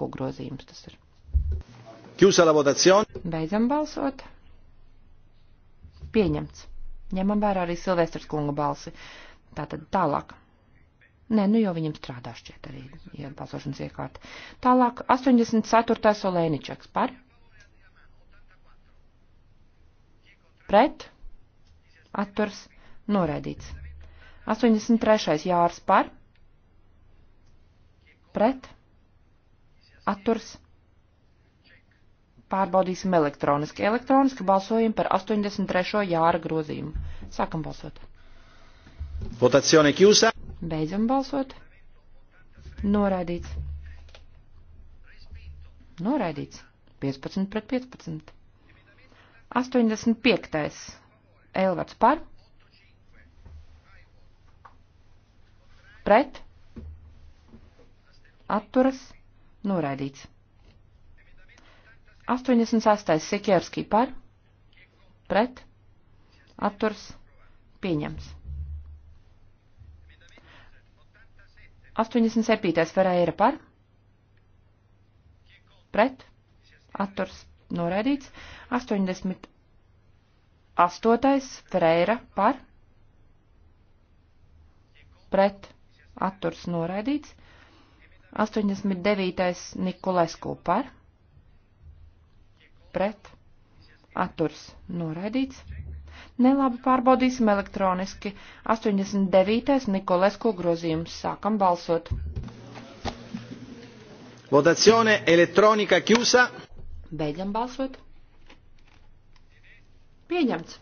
mutisko grozījums tas ir. Beidzam balsot. Pieņemts. Ņemam vērā arī Silvestras kunga balsi. Tātad tālāk. Nē, nu jau viņam strādā šķiet arī, ja balsošanas iekārta. Tālāk 84. Solēničaks par. Pret. Atturs. Noraidīts. 83. Jārs par. Pret atturs. Pārbaudīsim elektroniski. Elektroniski balsojam par 83. jāra grozījumu. Sākam balsot. Votazione chiusa. Beidzam balsot. Noraidīts. Noraidīts. 15 pret 15. 85. Elvards par. Pret. Atturas Noraidīts. 86. Sikierski par, pret, atturs, pieņems. 87. Ferēra par, pret, atturs, noraidīts. 88. Ferēra par, pret, atturs, noraidīts. 89. Nikolesku par, pret, atturs noraidīts. Nelabi pārbaudīsim elektroniski. 89. Nikolesku grozījums. Sākam balsot. Votazione elektronika chiusa. Beidzam balsot. Pieņemts.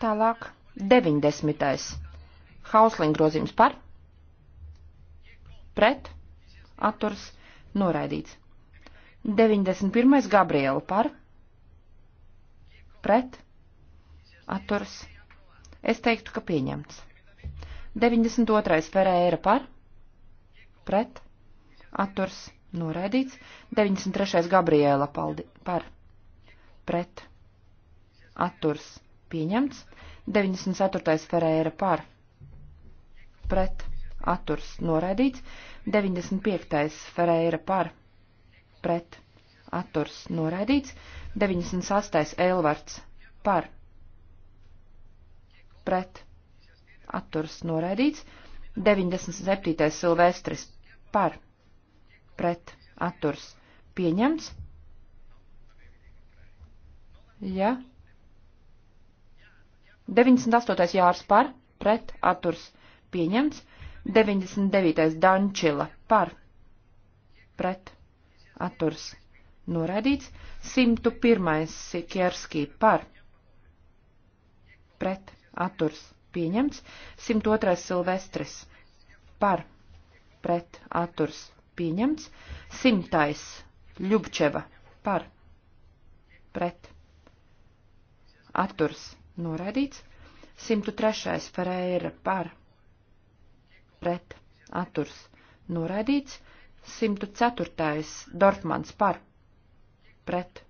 Tālāk 90. Hausling grozījums par, pret, atturs, noraidīts. 91. Gabriela par, pret, atturs, es teiktu, ka pieņemts. 92. Ferēra par, pret, atturs, noraidīts. 93. Gabriela paldi, par, pret, atturs, pieņemts. 94. Ferēra par, pret pret atturs noraidīts, 95. Ferreira par pret atturs noraidīts, 98. Elvarts par pret atturs noraidīts, 97. Silvestris par pret atturs pieņemts. Ja. 98. Jārs par pret atturs pieņemts. 99. Dančila par pret atturs noraidīts. 101. Sikierskī par pret atturs pieņemts. 102. Silvestris par pret atturs pieņemts. 100. Ļubčeva par pret atturs noraidīts. 103. Ferēra par pret atturs noraidīts, 104. Dorfmans par pret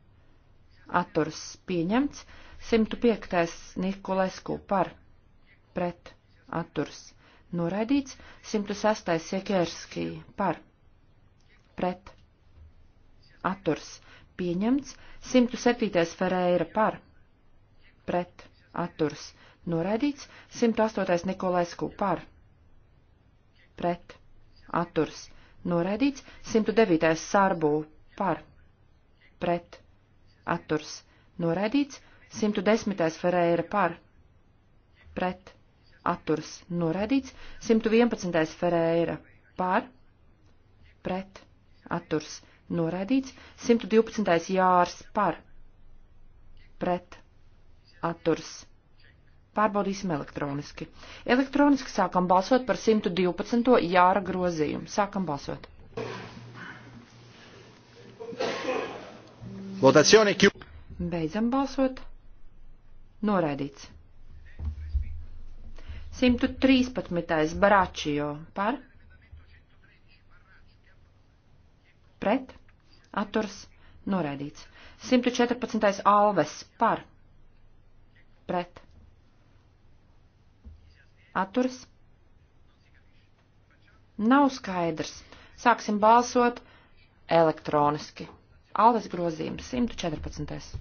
atturs pieņemts, 105. Nikolesku par pret atturs noraidīts, 106. Siekierskī par pret atturs pieņemts, 107. Ferēra par pret atturs noraidīts, 108. Nikolesku par pret pret, atturs, noraidīts, 109. sārbū par, pret, atturs, noraidīts, 110. ferēra par, pret, atturs, noraidīts, 111. ferēra par, pret, atturs, noraidīts, 112. jārs par, pret, atturs, Pārbaudīsim elektroniski. Elektroniski sākam balsot par 112. jāra grozījumu. Sākam balsot. Votazione chiusa. Beidzam balsot. Noraidīts. 113. Baračio par. Pret. Atturs. Noraidīts. 114. Alves par. Pret. Atturas? Nav skaidrs. Sāksim balsot elektroniski. Alves grozījums 114.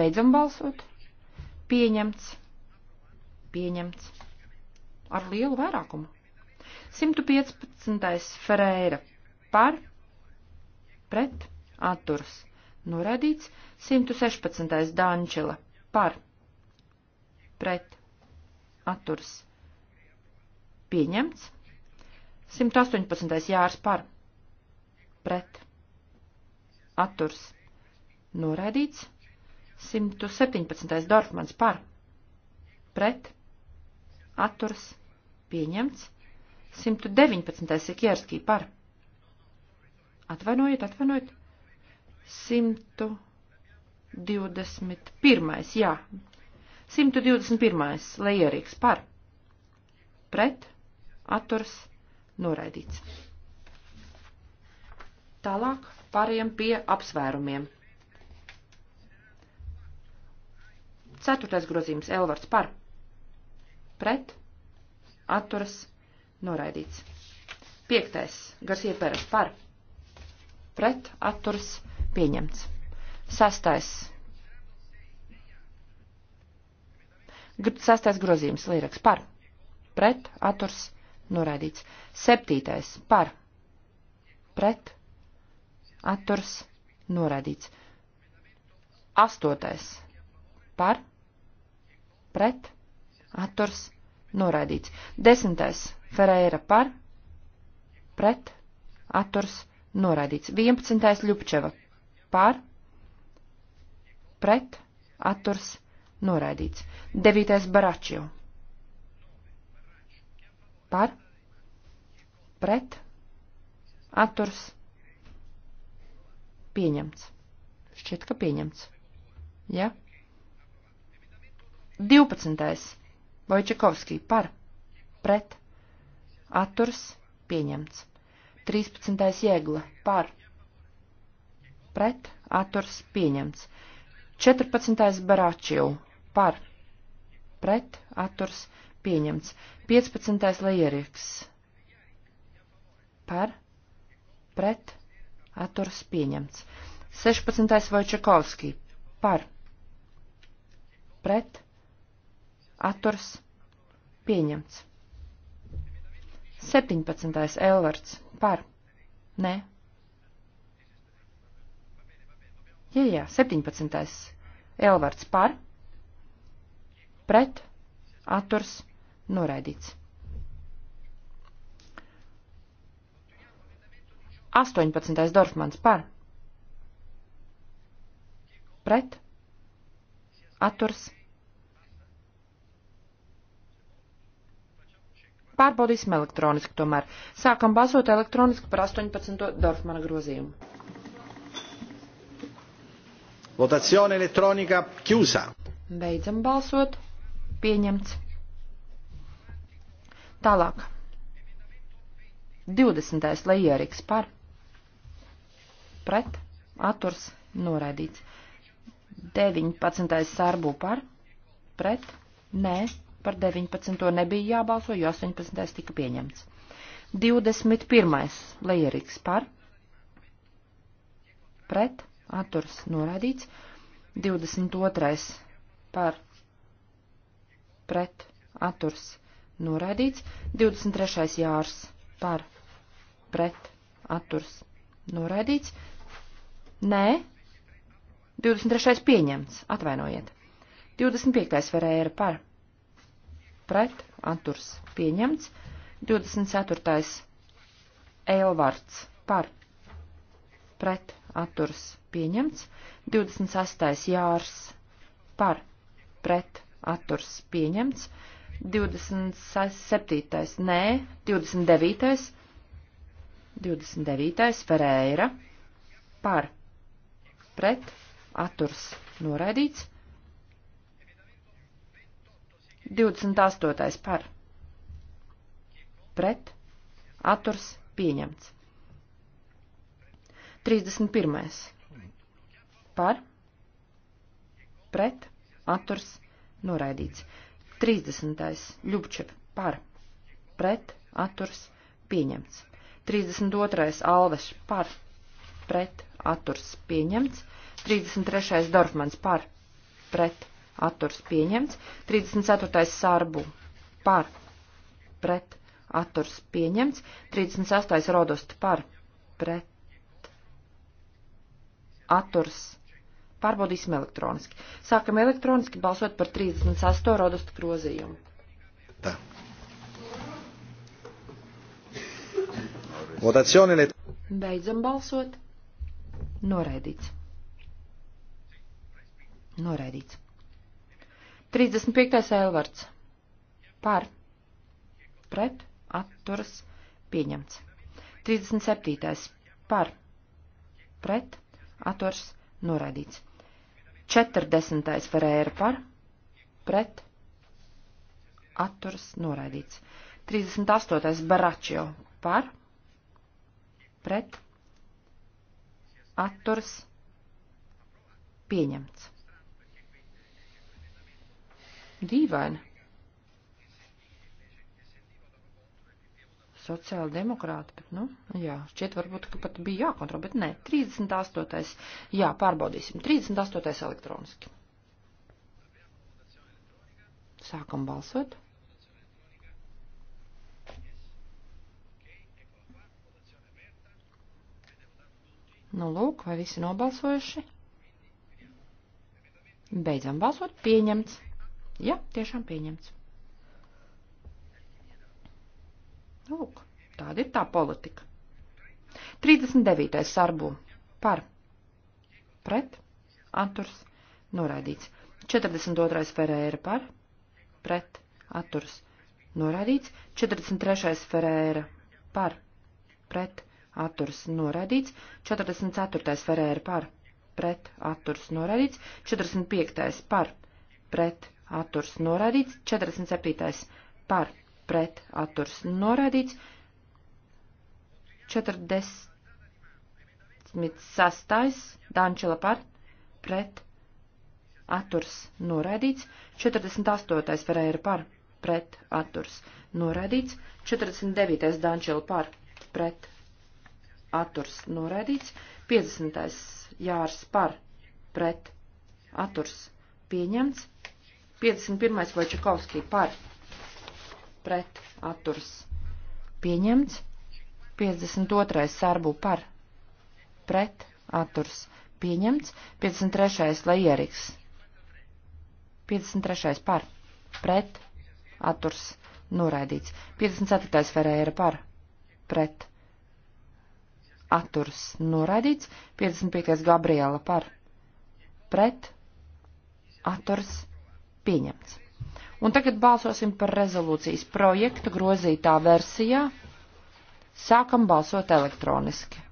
Beidzam balsot. Pieņemts. Pieņemts. Ar lielu vairākumu. 115. Ferreira par, pret, atturas. Noraidīts 116. Dančila par pret atturs pieņemts. 118. jārs par pret atturs noraidīts. 117. Dorfmans par pret atturs pieņemts. 119. Sikierskī par. Atvainojiet, atvainojiet. 100. 21. Jā. 121. Lejerīgs par. Pret. Atturs. Noraidīts. Tālāk pāriem pie apsvērumiem. Ceturtais grozījums Elvards par. Pret. Atturs. Noraidīts. Piektais. Garsie Peres par. Pret. Atturs. Pieņemts. Sastais. Sastais grozījums liraks par. Pret, aturs, norādīts. Septītais par. Pret, aturs, norādīts. Astotais par. Pret, aturs, norādīts. Desmitais Ferreira par. Pret, aturs, norādīts. Vienpadsmitais Ļupčeva par pret, atturs, noraidīts. Devītais baračio. Par, pret, atturs, pieņemts. Šķiet, ka pieņemts. Ja? 12. Vojčakovskij par, pret, atturs, pieņemts. 13. Jēgla par, pret, atturs, pieņemts. 14. Baračiju par pret atturs pieņemts. 15. Lieriks par pret atturs pieņemts. 16. Vojčakovski par pret atturs pieņemts. 17. Elvards par ne Jā, jā, 17. Elvards par, pret, atturs, noraidīts. 18. Dorfmans par, pret, atturs. Pārbaudīsim elektroniski tomēr. Sākam balsot elektroniski par 18. Dorfmana grozījumu. Votazione elettronika chiusa. Beidzam balsot. Pieņemts. Tālāk. 20. lejeriks par. Pret. Atturs. Noraidīts. 19. sarbu par. Pret. Nē. Par 19. nebija jābalso, jo 18. tika pieņemts. 21. lejeriks par. Pret atturs noraidīts, 22. par pret atturs noraidīts, 23. jārs par pret atturs noraidīts, nē, 23. pieņemts, atvainojiet, 25. varēja par pret atturs pieņemts, 24. Eilvards par pret atturs pieņemts, 26. jārs par pret atturs pieņemts, 27. nē, 29. 29. Ferēra par pret atturs noraidīts, 28. par pret atturs pieņemts. 31. Par, pret, atturs, noraidīts. 30. Ļubčev, par, pret, atturs, pieņemts. 32. Alveš, par, pret, atturs, pieņemts. 33. Dorfmans, par, pret, atturs, pieņemts. 34. Sārbu, par, pret, atturs, pieņemts. 38. Rodost, par, pret, atturs. Pārbaudīsim elektroniski. Sākam elektroniski balsot par 38 rodustu grozījumu. Tā. Votazione le... Beidzam balsot. Noraidīts. Noraidīts. 35. elvarts. Par. Pret. Atturas. Pieņemts. 37. Par. Pret atturs noraidīts. 40. Ferēra par, pret, atturs noraidīts. 38. Baračio par, pret, atturs pieņemts. Dīvaini sociāla demokrāta, bet, nu, jā, šķiet varbūt, ka pat bija jākontrol, bet nē, 38. jā, pārbaudīsim, 38. elektroniski. Sākam balsot. Nu, lūk, vai visi nobalsojuši? Beidzam balsot, pieņemts. Jā, tiešām pieņemts. Lūk, tāda ir tā politika. 39. sarbu par pret atturs noraidīts. 42. ferēra par pret atturs noraidīts. 43. ferēra par pret atturs noraidīts. 44. ferēra par pret atturs noraidīts. 45. par pret atturs noraidīts. 47. par pret pret atturs noraidīts. 46. Dančela par pret atturs noraidīts. 48. Ferēra par pret atturs noraidīts. 49. Dančela par pret atturs noraidīts. 50. Jārs par pret atturs pieņemts. 51. Vojčakovskī par pret pret atturs pieņemts, 52. sarbu par pret atturs pieņemts, 53. leijeriks 53. par pret atturs noraidīts, 54. ferēra par pret atturs noraidīts, 55. Gabriela par pret atturs pieņemts. Un tagad balsosim par rezolūcijas projektu grozītā versijā. Sākam balsot elektroniski.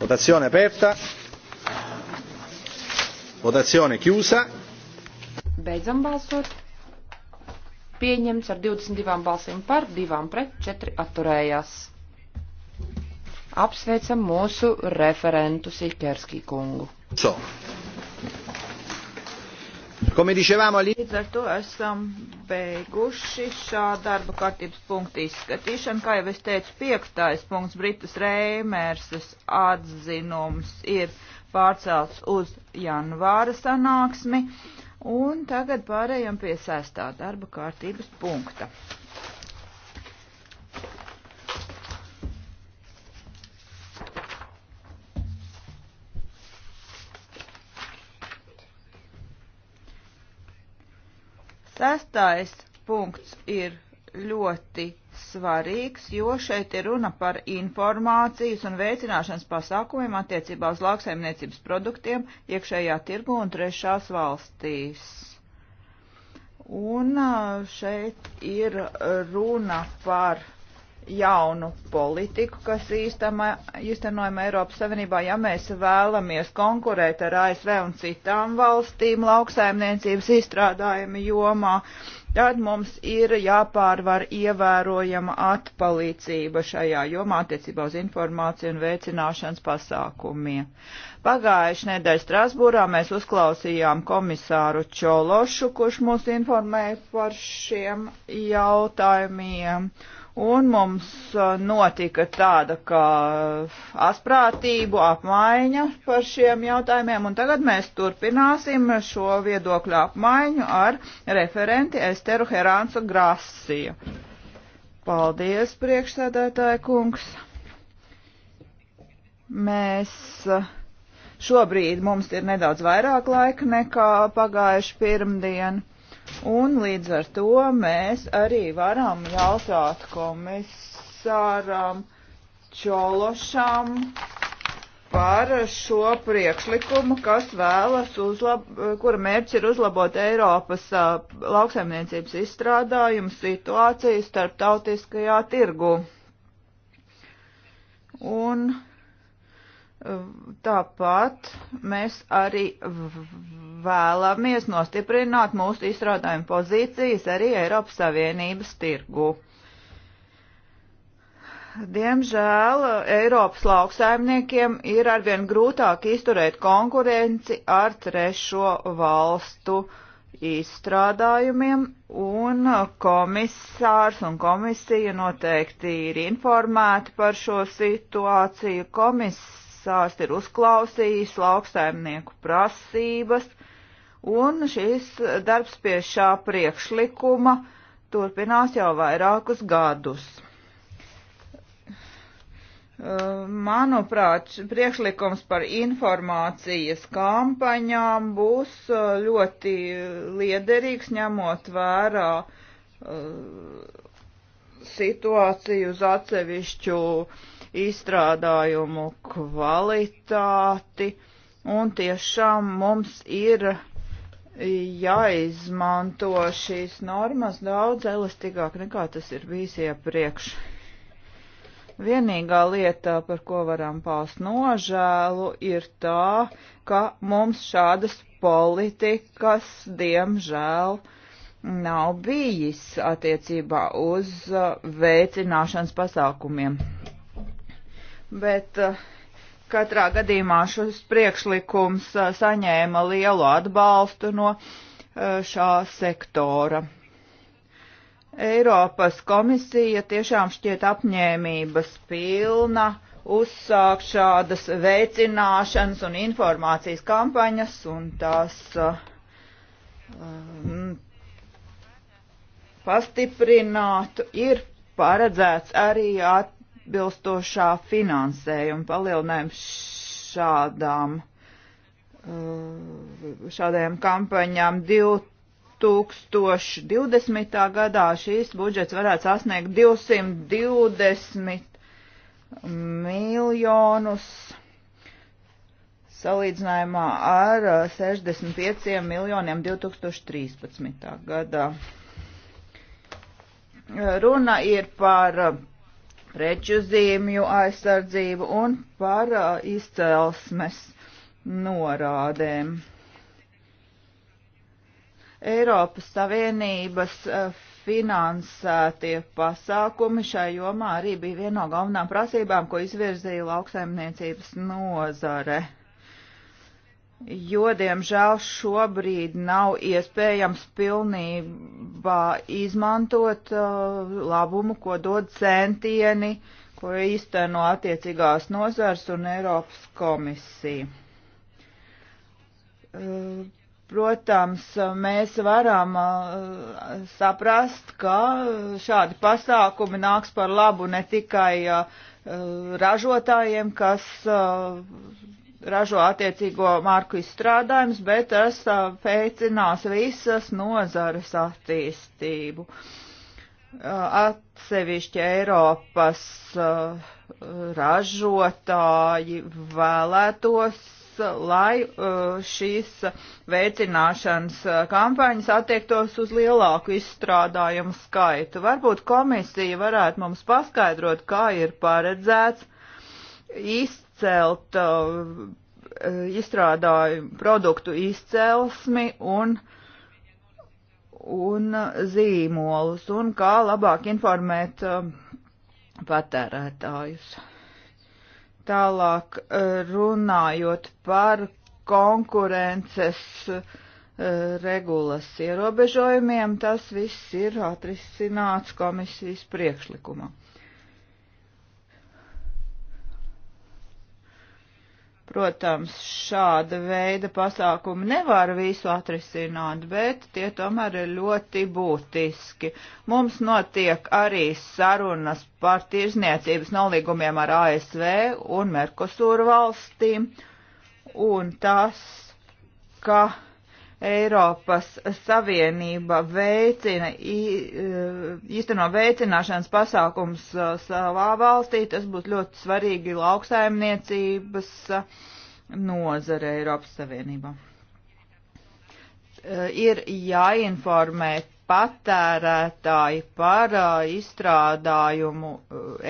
Votazione aperta. Votazione chiusa. Beidzam balsot. Pieņemts ar 22 balsīm par, 2 pret, 4 atturējās. Apsveicam mūsu referentu Sikerski kungu. So. Līdz ar to esam beiguši šā darba kārtības punktu izskatīšanu. Kā jau es teicu, piektais punkts Britas Reimērses atzinums ir pārcelts uz janvāra sanāksmi. Un tagad pārējām pie sestā darba kārtības punkta. Sestais punkts ir ļoti svarīgs, jo šeit ir runa par informācijas un veicināšanas pasākumiem attiecībā uz lauksaimniecības produktiem iekšējā tirgu un trešās valstīs. Un šeit ir runa par jaunu politiku, kas īstama, īstenojama Eiropas Savienībā, ja mēs vēlamies konkurēt ar ASV un citām valstīm lauksaimniecības izstrādājuma jomā, tad mums ir jāpārvar ievērojama atpalīdzība šajā jomā attiecībā uz informāciju un veicināšanas pasākumiem. Pagājuši nedēļ Strasbūrā mēs uzklausījām komisāru Čološu, kurš mūs informēja par šiem jautājumiem Un mums notika tāda kā asprātību apmaiņa par šiem jautājumiem, un tagad mēs turpināsim šo viedokļu apmaiņu ar referenti Esteru Herānsu Grasiju. Paldies, priekšsēdētāja kungs. Mēs šobrīd mums ir nedaudz vairāk laika nekā pagājuši pirmdien Un līdz ar to mēs arī varam jautāt komisāram Čološam par šo priekšlikumu, kas vēlas uzlab, kura mērķis ir uzlabot Eiropas uh, lauksaimniecības izstrādājumu situāciju starptautiskajā tirgu. Un tāpat mēs arī vēlamies nostiprināt mūsu izstrādājumu pozīcijas arī Eiropas Savienības tirgu. Diemžēl Eiropas lauksaimniekiem ir arvien grūtāk izturēt konkurenci ar trešo valstu izstrādājumiem, un komisārs un komisija noteikti ir informēti par šo situāciju. Komisārs ir uzklausījis lauksaimnieku prasības Un šis darbs pie šā priekšlikuma turpinās jau vairākus gadus. Manuprāt, priekšlikums par informācijas kampaņām būs ļoti liederīgs, ņemot vērā uh, situāciju uz atsevišķu izstrādājumu kvalitāti, un tiešām mums ir jāizmanto šīs normas daudz elastīgāk nekā tas ir bijis iepriekš. Vienīgā lieta, par ko varam paust nožēlu, ir tā, ka mums šādas politikas, diemžēl, nav bijis attiecībā uz uh, veicināšanas pasākumiem. Bet uh, Katrā gadījumā šis priekšlikums uh, saņēma lielu atbalstu no uh, šā sektora. Eiropas komisija tiešām šķiet apņēmības pilna uzsākt šādas veicināšanas un informācijas kampaņas un tās um, pastiprināt ir paredzēts arī at atbilstošā finansējuma palielinājums šādām, uh, šādajām kampaņām 2020. gadā šīs budžets varētu sasniegt 220 miljonus salīdzinājumā ar 65 uh, miljoniem 2013. gadā. Runa ir par uh, preču zīmju aizsardzību un par izcelsmes norādēm. Eiropas Savienības finansētie pasākumi šai jomā arī bija viena no galvenām prasībām, ko izvirzīja lauksaimniecības nozare jo, diemžēl, šobrīd nav iespējams pilnībā izmantot uh, labumu, ko dod centieni, ko īsteno attiecīgās nozars un Eiropas komisija. Uh, protams, mēs varam uh, saprast, ka šādi pasākumi nāks par labu ne tikai uh, ražotājiem, kas uh, ražo attiecīgo marku izstrādājumus, bet tas veicinās visas nozares attīstību. Atsevišķi Eiropas ražotāji vēlētos, lai šīs veicināšanas kampaņas attiektos uz lielāku izstrādājumu skaitu. Varbūt komisija varētu mums paskaidrot, kā ir paredzēts īstenībā atcelt uh, izstrādājumu produktu izcelsmi un, un zīmolus un kā labāk informēt uh, patērētājus. Tālāk uh, runājot par konkurences uh, regulas ierobežojumiem, tas viss ir atrisināts komisijas priekšlikumā. Protams, šāda veida pasākumi nevar visu atrisināt, bet tie tomēr ir ļoti būtiski. Mums notiek arī sarunas par tirzniecības nolīgumiem ar ASV un Merkosūru valstīm, un tas, ka Eiropas Savienība veicina, e, īsteno veicināšanas pasākums e, savā valstī, tas būtu ļoti svarīgi lauksaimniecības e, nozare Eiropas Savienībā. Ir jāinformē patērētāji par izstrādājumu,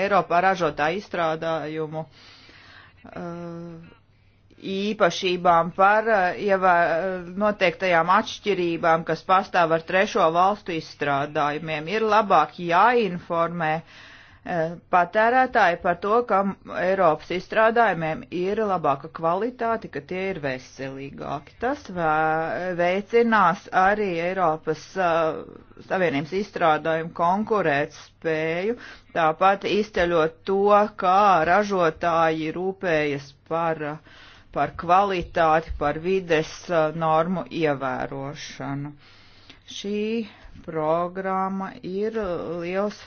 Eiropā ražotāju izstrādājumu uh, īpašībām, par uh, ievā, noteiktajām atšķirībām, kas pastāv ar trešo valstu izstrādājumiem. Ir labāk jāinformē uh, patērētāji par to, ka Eiropas izstrādājumiem ir labāka kvalitāte, ka tie ir veselīgāki. Tas veicinās arī Eiropas uh, Savienības izstrādājumu konkurēt spēju, tāpat izceļot to, kā ražotāji rūpējas par uh, par kvalitāti, par vides uh, normu ievērošanu. Šī programma ir uh, liels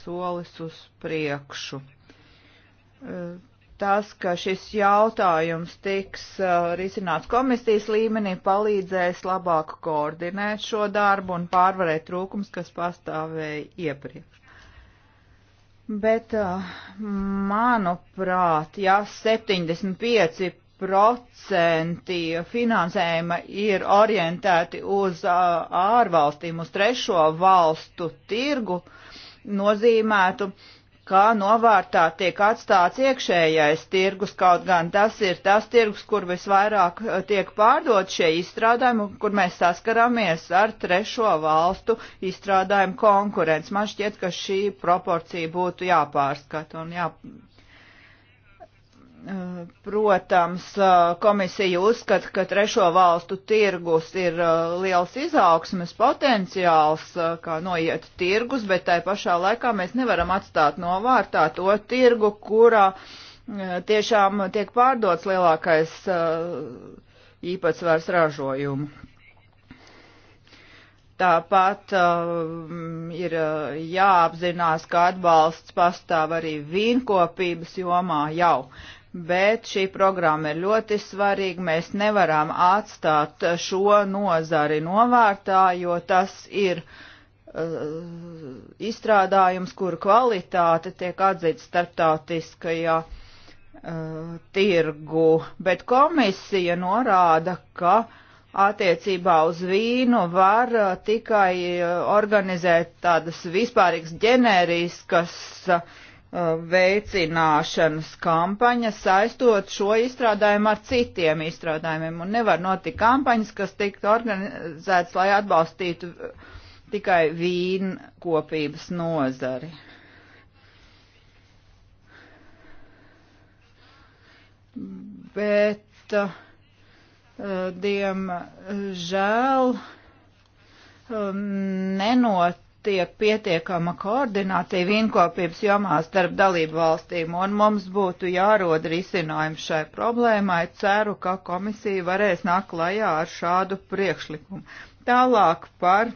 solis uz priekšu. Uh, tas, ka šis jautājums tiks risināts komisijas līmenī, palīdzēs labāk koordinēt šo darbu un pārvarēt trūkums, kas pastāvēja iepriekš. Bet, manuprāt, ja 75 procenti finansējuma ir orientēti uz ārvalstīm, uz trešo valstu tirgu, nozīmētu, kā novārtā tiek atstāts iekšējais tirgus, kaut gan tas ir tas tirgus, kur visvairāk tiek pārdot šie izstrādājumi, kur mēs saskaramies ar trešo valstu izstrādājumu konkurence. Man šķiet, ka šī proporcija būtu jāpārskata un jā, Protams, komisija uzskata, ka trešo valstu tirgus ir liels izaugsmes potenciāls, kā noiet tirgus, bet tai pašā laikā mēs nevaram atstāt novārtā to tirgu, kurā tiešām tiek pārdots lielākais īpatsvars ražojumu. Tāpat uh, ir jāapzinās, ka atbalsts pastāv arī vīnkopības jomā jau bet šī programma ir ļoti svarīga. Mēs nevaram atstāt šo nozari novārtā, jo tas ir uh, izstrādājums, kuru kvalitāte tiek atzīta starptautiskajā uh, tirgu, bet komisija norāda, ka attiecībā uz vīnu var uh, tikai uh, organizēt tādas vispārīgas ģenēriskas uh, Uh, veicināšanas kampaņa saistot šo izstrādājumu ar citiem izstrādājumiem. Un nevar notikt kampaņas, kas tiktu organizētas, lai atbalstītu tikai vīnkopības nozari. Bet, uh, diemžēl, um, nenot notiek pietiekama koordinācija vīnkopības jomā starp dalību valstīm, un mums būtu jārod risinājums šai problēmai. Ceru, ka komisija varēs nākt klajā ar šādu priekšlikumu. Tālāk par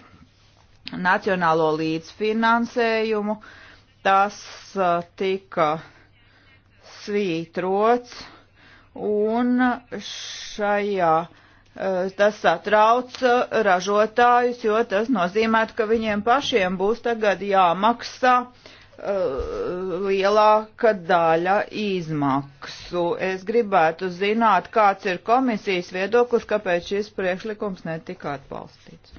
nacionālo līdzfinansējumu. Tas tika svītrots, un šajā Eh, tas satrauc eh, ražotājus, jo tas nozīmē, ka viņiem pašiem būs tagad jāmaksā uh, lielāka daļa izmaksu. Es gribētu zināt, kāds ir komisijas viedoklis, kāpēc šis priekšlikums netika atbalstīts.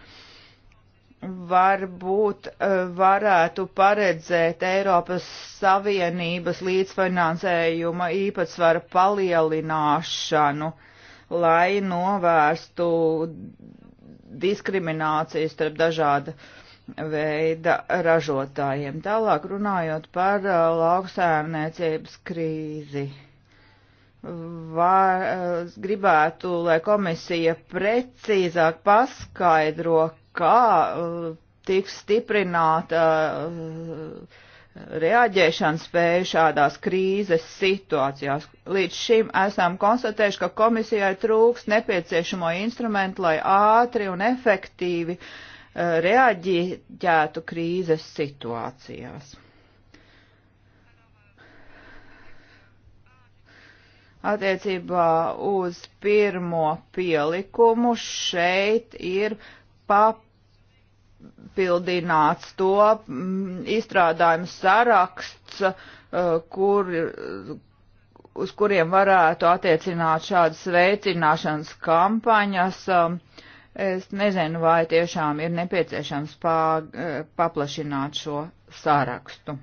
Varbūt uh, varētu paredzēt Eiropas Savienības līdzfinansējuma īpatsvara palielināšanu uh, lai novērstu diskrimināciju starp dažāda veida ražotājiem. Tālāk runājot par uh, lauksēmniecības krīzi. Var, es uh, gribētu, lai komisija precīzāk paskaidro, kā uh, tiks stiprināta uh, reaģēšanas spēju šādās krīzes situācijās. Līdz šim esam konstatējuši, ka komisijai trūks nepieciešamo instrumentu, lai ātri un efektīvi eh, reaģētu krīzes situācijās. Attiecībā uz pirmo pielikumu šeit ir pap papildināts to mm, izstrādājumu saraksts, uh, kur, uz kuriem varētu attiecināt šādas veicināšanas kampaņas. Um, es nezinu, vai tiešām ir nepieciešams pā, uh, paplašināt šo sārakstu.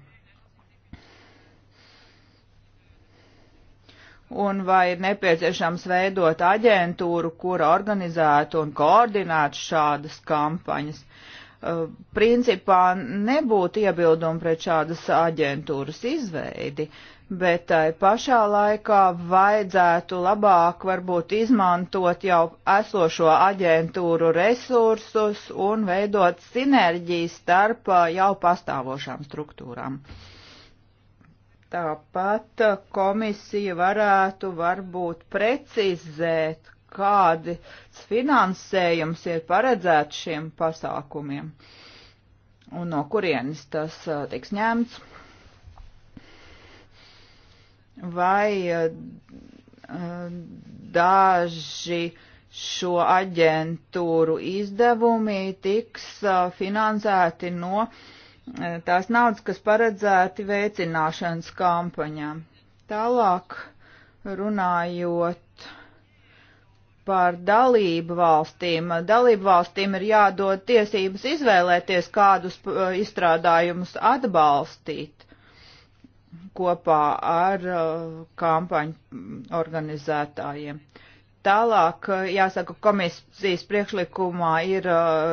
Un vai ir nepieciešams veidot aģentūru, kura organizētu un koordinētu šādas kampaņas? Uh, Uh, principā nebūtu iebildumi pret šādas aģentūras izveidi, bet tai pašā laikā vajadzētu labāk varbūt izmantot jau esošo aģentūru resursus un veidot sinerģijas starp uh, jau pastāvošām struktūrām. Tāpat uh, komisija varētu varbūt precizēt, kādi finansējums ir paredzēts šiem pasākumiem un no kurienes tas tiks ņemts. Vai daži šo aģentūru izdevumi tiks finansēti no tās naudas, kas paredzēti veicināšanas kampaņām. Tālāk runājot par dalību valstīm. Dalību valstīm ir jādod tiesības izvēlēties, kādus uh, izstrādājumus atbalstīt kopā ar uh, kampaņu organizētājiem. Tālāk, uh, jāsaka, komisijas priekšlikumā ir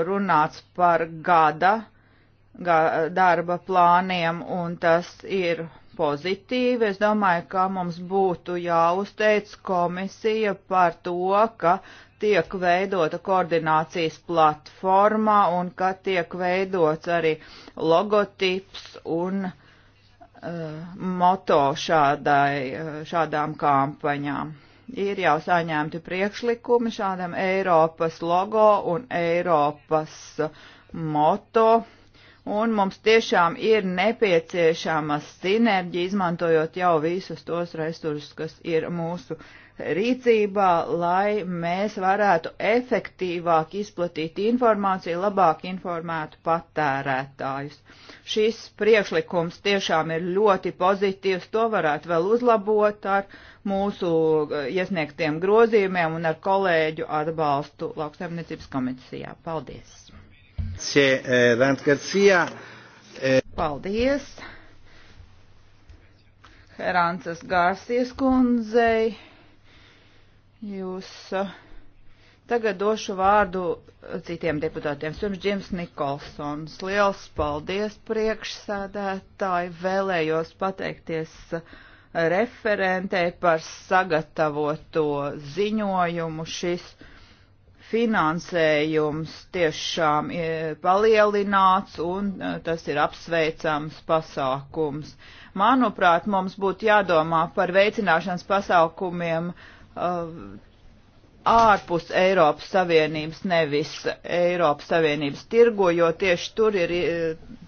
runāts par gada darba plāniem, un tas ir pozitīvi. Es domāju, ka mums būtu jāuzteic komisija par to, ka tiek veidota koordinācijas platforma un ka tiek veidots arī logotips un uh, moto šādai, uh, šādām kampaņām. Ir jau saņemti priekšlikumi šādam Eiropas logo un Eiropas moto un mums tiešām ir nepieciešama sinerģija, izmantojot jau visus tos resursus, kas ir mūsu rīcībā, lai mēs varētu efektīvāk izplatīt informāciju, labāk informētu patērētājus. Šis priekšlikums tiešām ir ļoti pozitīvs, to varētu vēl uzlabot ar mūsu iesniegtiem grozījumiem un ar kolēģu atbalstu lauksaimniecības komisijā. Paldies! Eh, eh, paldies! Herancas Gārsies kundzei. Jūs eh, tagad došu vārdu citiem deputātiem. Pirms Džims Nikolsons. Liels paldies priekšsēdētāji. Vēlējos pateikties referentei par sagatavoto ziņojumu. Šis finansējums tiešām e, palielināts un e, tas ir apsveicams pasākums. Manuprāt, mums būtu jādomā par veicināšanas pasākumiem uh, ārpus Eiropas Savienības, nevis Eiropas Savienības tirgo, jo tieši tur ir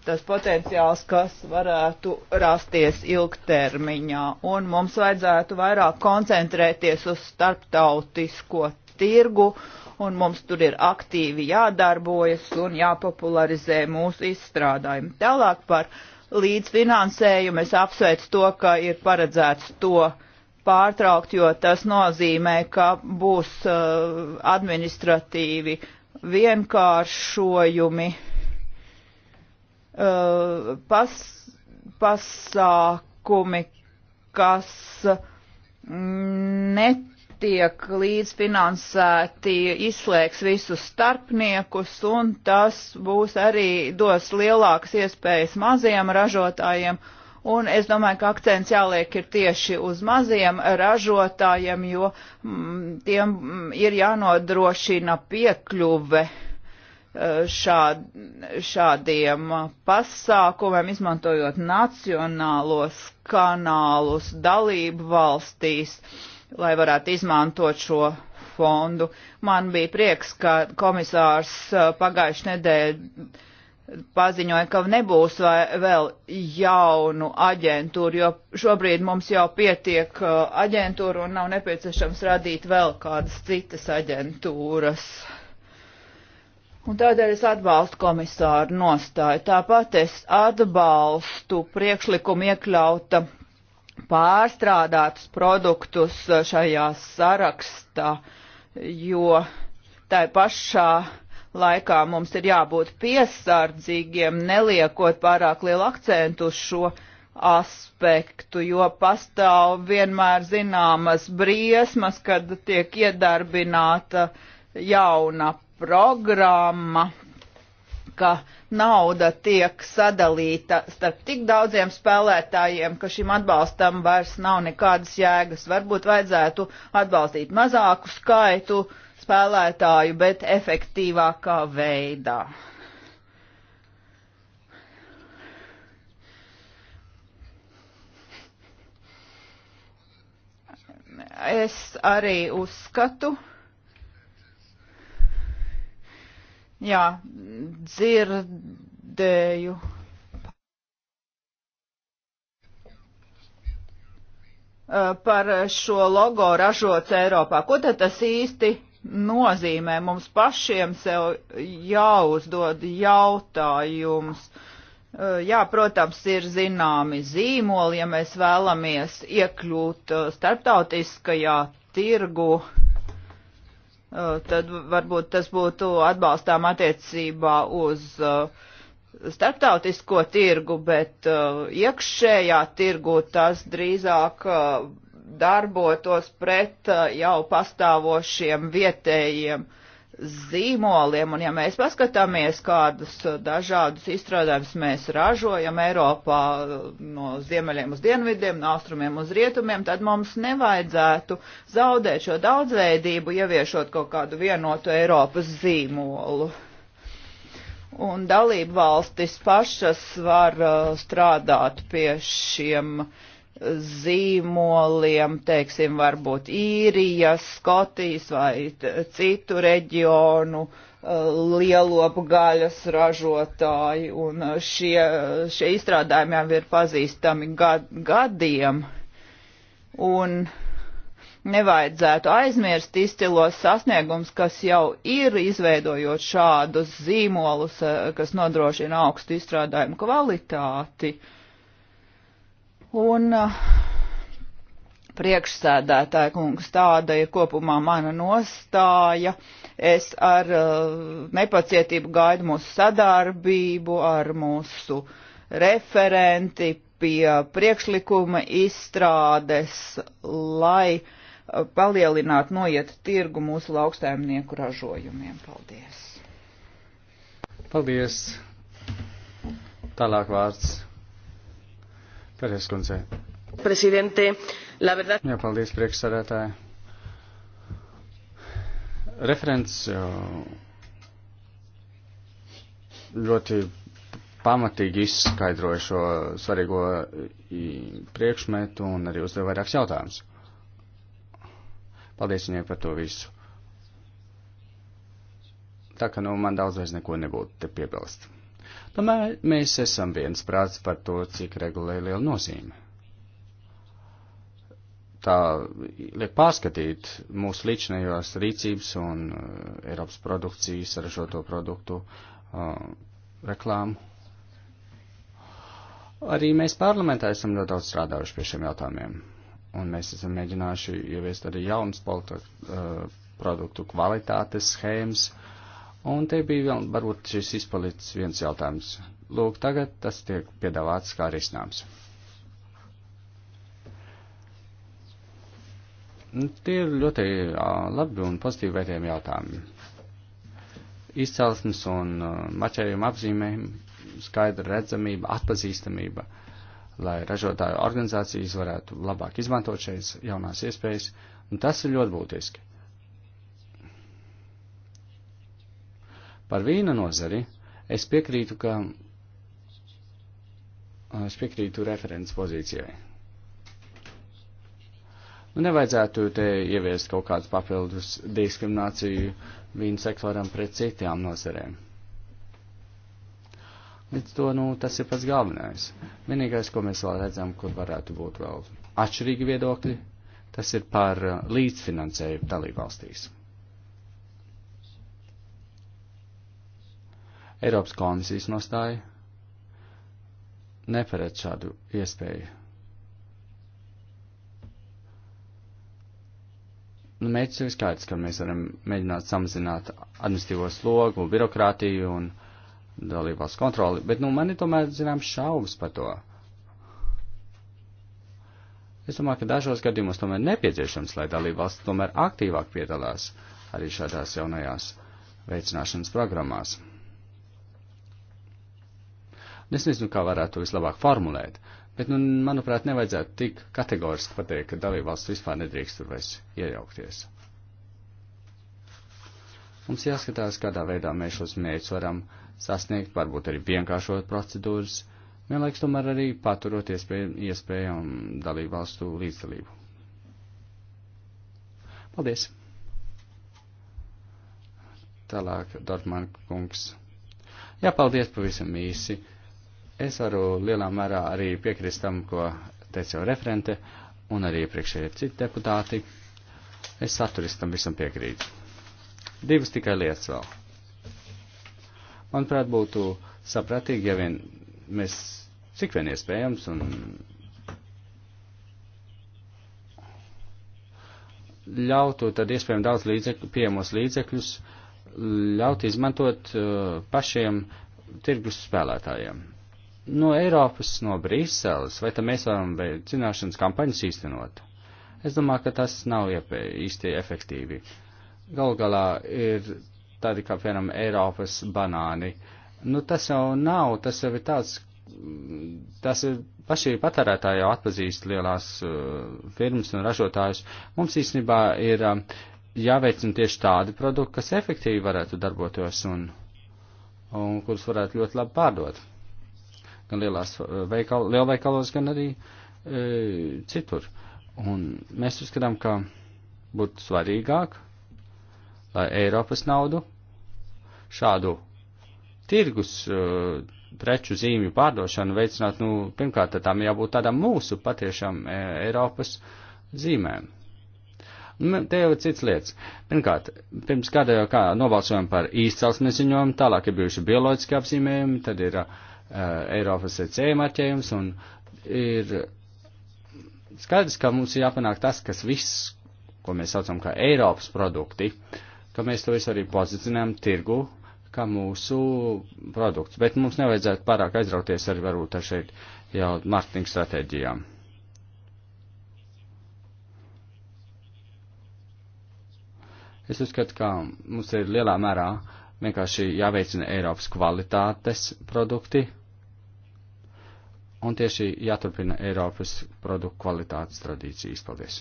tas potenciāls, kas varētu rasties ilgtermiņā. Un mums vajadzētu vairāk koncentrēties uz starptautisko tirgu, un mums tur ir aktīvi jādarbojas un jāpopularizē mūsu izstrādājumi. Tālāk par līdzfinansējumu es apsveicu to, ka ir paredzēts to pārtraukt, jo tas nozīmē, ka būs uh, administratīvi vienkāršojumi uh, pas, pasākumi, kas mm, net netiek līdzfinansēti, izslēgs visus starpniekus, un tas būs arī dos lielākas iespējas maziem ražotājiem. Un es domāju, ka akcents jāliek ir tieši uz maziem ražotājiem, jo m, mm, tiem mm, ir jānodrošina piekļuve e, šād, šādiem pasākumiem, izmantojot nacionālos kanālus dalību valstīs. Uh, lai varētu izmantot šo fondu. Man bija prieks, ka komisārs uh, pagājuši nedēļu paziņoja, ka nebūs vai, vēl jaunu aģentūru, jo šobrīd mums jau pietiek uh, aģentūru un nav nepieciešams radīt vēl kādas citas aģentūras. Un tādēļ es atbalstu komisāru nostāju. Tāpat es atbalstu priekšlikumu iekļauta pārstrādātus produktus uh, šajā sarakstā, jo tai pašā laikā mums ir jābūt piesardzīgiem, neliekot pārāk lielu akcentu uz šo aspektu, jo pastāv vienmēr zināmas briesmas, kad tiek iedarbināta jauna programma ka nauda tiek sadalīta starp tik daudziem spēlētājiem, ka šim atbalstam vairs nav nekādas jēgas. Varbūt vajadzētu atbalstīt mazāku skaitu spēlētāju, bet efektīvākā veidā. Es arī uzskatu, Jā, dzirdēju. Par šo logo ražots Eiropā. Ko tad tas īsti nozīmē? Mums pašiem sev jāuzdod jautājums. Jā, protams, ir zināmi zīmoli, ja mēs vēlamies iekļūt starptautiskajā tirgu Uh, tad varbūt tas būtu atbalstām attiecībā uz uh, starptautisko tirgu, bet uh, iekšējā tirgu tas drīzāk darbotos pret jau pastāvošiem vietējiem uh, zīmoliem, un ja mēs paskatāmies, kādus uh, dažādus izstrādājumus mēs ražojam Eiropā uh, no ziemeļiem uz dienvidiem, no austrumiem uz rietumiem, tad mums nevajadzētu zaudēt šo daudzveidību, ieviešot kaut kādu vienotu Eiropas zīmolu. Un dalību valstis pašas var uh, strādāt pie šiem uh, zīmoliem, teiksim, varbūt īrijas, Skotijas vai citu reģionu uh, lielopu gaļas ražotāji, un uh, šie, šie izstrādājumi jau ir pazīstami gad, gadiem, un nevajadzētu aizmirst izcilos sasniegums, kas jau ir izveidojot šādus zīmolus, uh, kas nodrošina augstu izstrādājumu kvalitāti. Uh, Un uh, priekšsēdētāja kungs, tāda ir kopumā mana nostāja. Es ar uh, nepacietību gaidu mūsu sadarbību ar mūsu referenti pie priekšlikuma izstrādes, lai uh, palielināt noiet tirgu mūsu lauksaimnieku ražojumiem. Paldies! Paldies! Tālāk vārds Karies kundze. Presidente, la verdad. Jā, paldies priekšsarētāji. Referents ļoti pamatīgi izskaidroja šo svarīgo priekšmetu un arī uzdeva vairākus jautājumus. Paldies viņai par to visu. Tā ka nu man daudzreiz neko nebūtu te piebilst. Tomēr mēs esam viens prāts par to, cik regulē liela nozīme. Tā liek pārskatīt mūsu līdzinējos rīcības un uh, Eiropas produkcijas ražoto produktu uh, reklāmu. Arī mēs parlamentā esam ļoti daudz strādājuši pie šiem jautājumiem, un mēs esam mēģinājuši ieviest arī jaunas politi, uh, produktu kvalitātes schēmas, uh, Un te bija vēl, varbūt šis izpalicis viens jautājums. Lūk, tagad tas tiek piedāvāts kā risinājums. Nu, tie ir ļoti labi un pozitīvi vērtējumi jautājumi. Izcelsmes un mačējuma apzīmējumi, skaidra redzamība, atpazīstamība, lai ražotāju organizācijas varētu labāk izmantot šīs jaunās iespējas, un tas ir ļoti būtiski. Par vīna nozari es piekrītu, ka es piekrītu referents pozīcijai. Nu, nevajadzētu te ieviest kaut kādus papildus diskrimināciju vīnu sektoram pret citām nozarēm. Līdz to, nu, tas ir pats galvenais. Vienīgais, ko mēs vēl redzam, kur varētu būt vēl atšķirīgi viedokļi, tas ir par līdzfinansējumu dalībvalstīs. Eiropas komisijas nostāja neparedz šādu iespēju. Nu, mērķis ir skaidrs, ka mēs varam mēģināt samazināt administīvo slogu, birokrātiju un dalībās kontroli, bet, nu, man ir tomēr, zinām, šaubas par to. Es domāju, ka dažos gadījumos tomēr nepieciešams, lai dalībvalsts tomēr aktīvāk piedalās arī šādās jaunajās veicināšanas programmās. Es nezinu, kā varētu to vislabāk formulēt, bet, nu, manuprāt, nevajadzētu tik kategoriski pateikt, ka dalībvalsts vispār nedrīkst tur vairs iejaukties. Mums jāskatās, kādā veidā mēs šos mērķus varam sasniegt, varbūt arī vienkāršot procedūras, vienlaiks tomēr arī paturot iespēju, iespējām dalībvalstu līdzdalību. Paldies! Tālāk, Dortmāna kungs. Jā, paldies pavisam īsi. Es varu lielā mērā arī piekrist tam, ko teica jau referente un arī priekšējie citi deputāti. Es saturiski tam visam piekrītu. Divas tikai lietas vēl. Manuprāt, būtu sapratīgi, ja vien mēs cik vien iespējams un ļautu tad iespējami daudz līdzekļu, pieejamos līdzekļus ļaut izmantot uh, pašiem tirgus spēlētājiem no Eiropas, no Brīseles, vai tad mēs varam zināšanas kampaņas īstenot? Es domāju, ka tas nav īsti efektīvi. Galu galā ir tādi kā, piemēram, Eiropas banāni. Nu, tas jau nav, tas jau ir tāds, tas ir paši patērētāji jau atpazīst lielās uh, firmas un ražotājus. Mums īstenībā ir um, jāveicina tieši tādi produkti, kas efektīvi varētu darboties un, un kurus varētu ļoti labi pārdot gan lielās eh, veikal, lielveikalos, gan arī e, citur. Un mēs uzskatām, ka būtu svarīgāk, lai Eiropas naudu šādu tirgus e, preču zīmju pārdošanu veicināt, nu, pirmkārt, tam jābūt tādam mūsu patiešām e, Eiropas zīmēm. Nu, te jau ir cits lietas. Pirmkārt, pirms kāda jau kā nobalsojam par izcelsmes ziņojumu, tālāk ir bijuši bioloģiski apzīmējumi, tad ir uh, Eh, Eiropas C marķējums, un ir skaidrs, ka mums ir jāpanāk tas, kas viss, ko mēs saucam kā Eiropas produkti, ka mēs to visu arī pozicionējam tirgu, kā mūsu produkts, bet mums nevajadzētu pārāk aizrauties arī varbūt ar šeit jau marketinga stratēģijām. Es uzskatu, ka mums ir lielā mērā vienkārši jāveicina Eiropas kvalitātes produkti, Un tieši jāturpina Eiropas produktu kvalitātes tradīcijas. Paldies!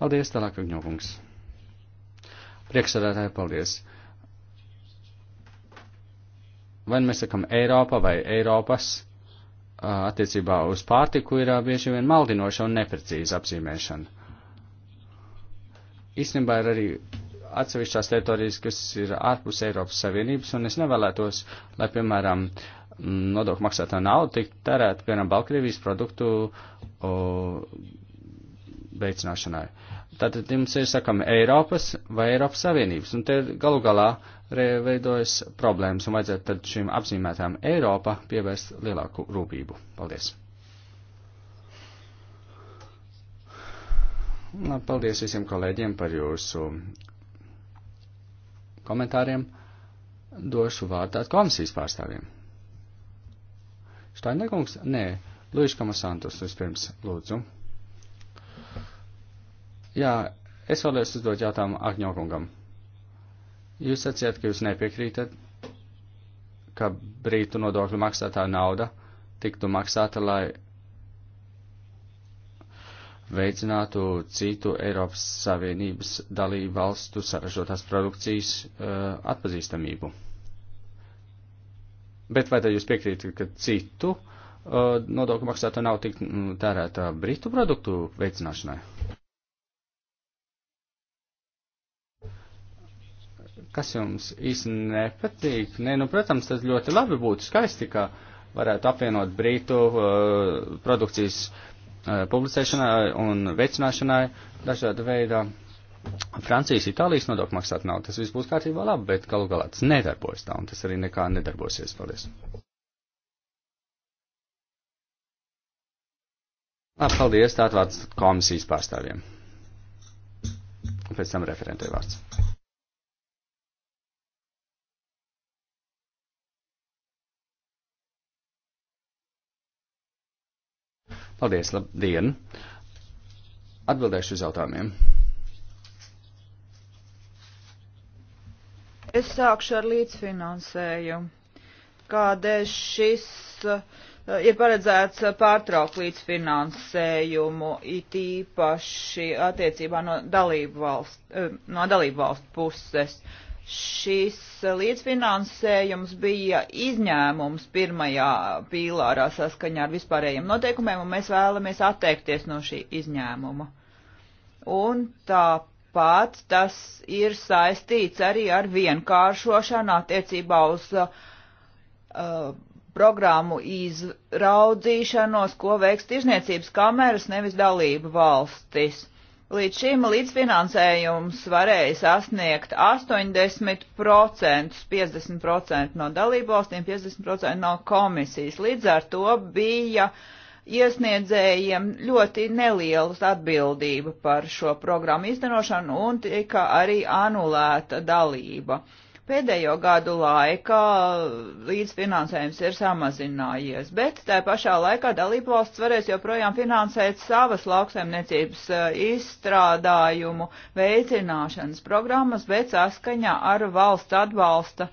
Paldies, tālāk, Agņokungs. Priekšsēdētāji, paldies. Vai nu mēs sakam Eiropa vai Eiropas attiecībā uz pārtiku ir bieži vien maldinoša un neprecīza apzīmēšana. Īstenībā ir arī atsevišķās teritorijas, kas ir ārpus Eiropas Savienības, un es nevēlētos, lai, piemēram, nodokļu maksātā nauda tiktu tērēta, piemēram, Baltkrievijas produktu o, veicināšanai. Tātad jums ir, sakam, Eiropas vai Eiropas Savienības, un te galu galā veidojas problēmas, un vajadzētu tad šīm apzīmētām Eiropa pievērst lielāku rūpību. Paldies! Paldies visiem kolēģiem par jūsu komentāriem, došu vārdu komisijas pārstāvjiem. Štaindekungs? Nē, Luīša Kamasantus vispirms lūdzu. Jā, es vēlēs uzdot jautājumu Agņokungam. Jūs sacījāt, ka jūs nepiekrītat, ka brītu nodokļu maksātā nauda tiktu maksāta, lai veicinātu citu Eiropas Savienības dalību valstu saražotās produkcijas uh, atpazīstamību. Bet vai tad jūs piekrītat, ka citu uh, nodokļu maksātu nav tik mm, tērēta britu produktu veicināšanai? Kas jums īsti nepatīk? Nē, nu, protams, tas ļoti labi būtu skaisti, ka varētu apvienot brītu uh, eh, produkcijas uh, Uh, publicēšanai un veicināšanai dažāda veida Francijas, Itālijas nodokļu maksāt nav. Tas viss būs kārtībā labi, bet galu galā tas nedarbojas tā, un tas arī nekā nedarbosies. Paldies. Labi, paldies. Tātad vārds komisijas pārstāvjiem. Pēc tam referentē vārds. Paldies, labdien! Atbildēšu uz jautājumiem. Es sākšu ar līdzfinansējumu. Kādēļ šis eh, ir paredzēts pārtraukt līdzfinansējumu, it īpaši attiecībā no dalību valstu, eh, no dalību valstu puses? Uh, šis līdzfinansējums bija izņēmums pirmajā pīlārā saskaņā ar vispārējiem noteikumiem, un mēs vēlamies atteikties no šī izņēmuma. Un tāpat tas ir saistīts arī ar vienkāršošanu attiecībā uz uh, programmu izraudzīšanos, ko veiks tirzniecības kameras, nevis dalību valstis. Uh, Līdz šim līdzfinansējums varēja sasniegt 80%, 50% no dalībvalstīm, 50% no komisijas. Līdz ar to bija iesniedzējiem ļoti nelielas atbildība par šo programmu izdenošanu un tika arī anulēta dalība. Uh, Pēdējo gadu laikā līdzfinansējums ir samazinājies, bet tā pašā laikā dalībvalsts varēs joprojām finansēt savas lauksaimniecības eh, izstrādājumu veicināšanas programmas, bet saskaņā ar valsts atbalsta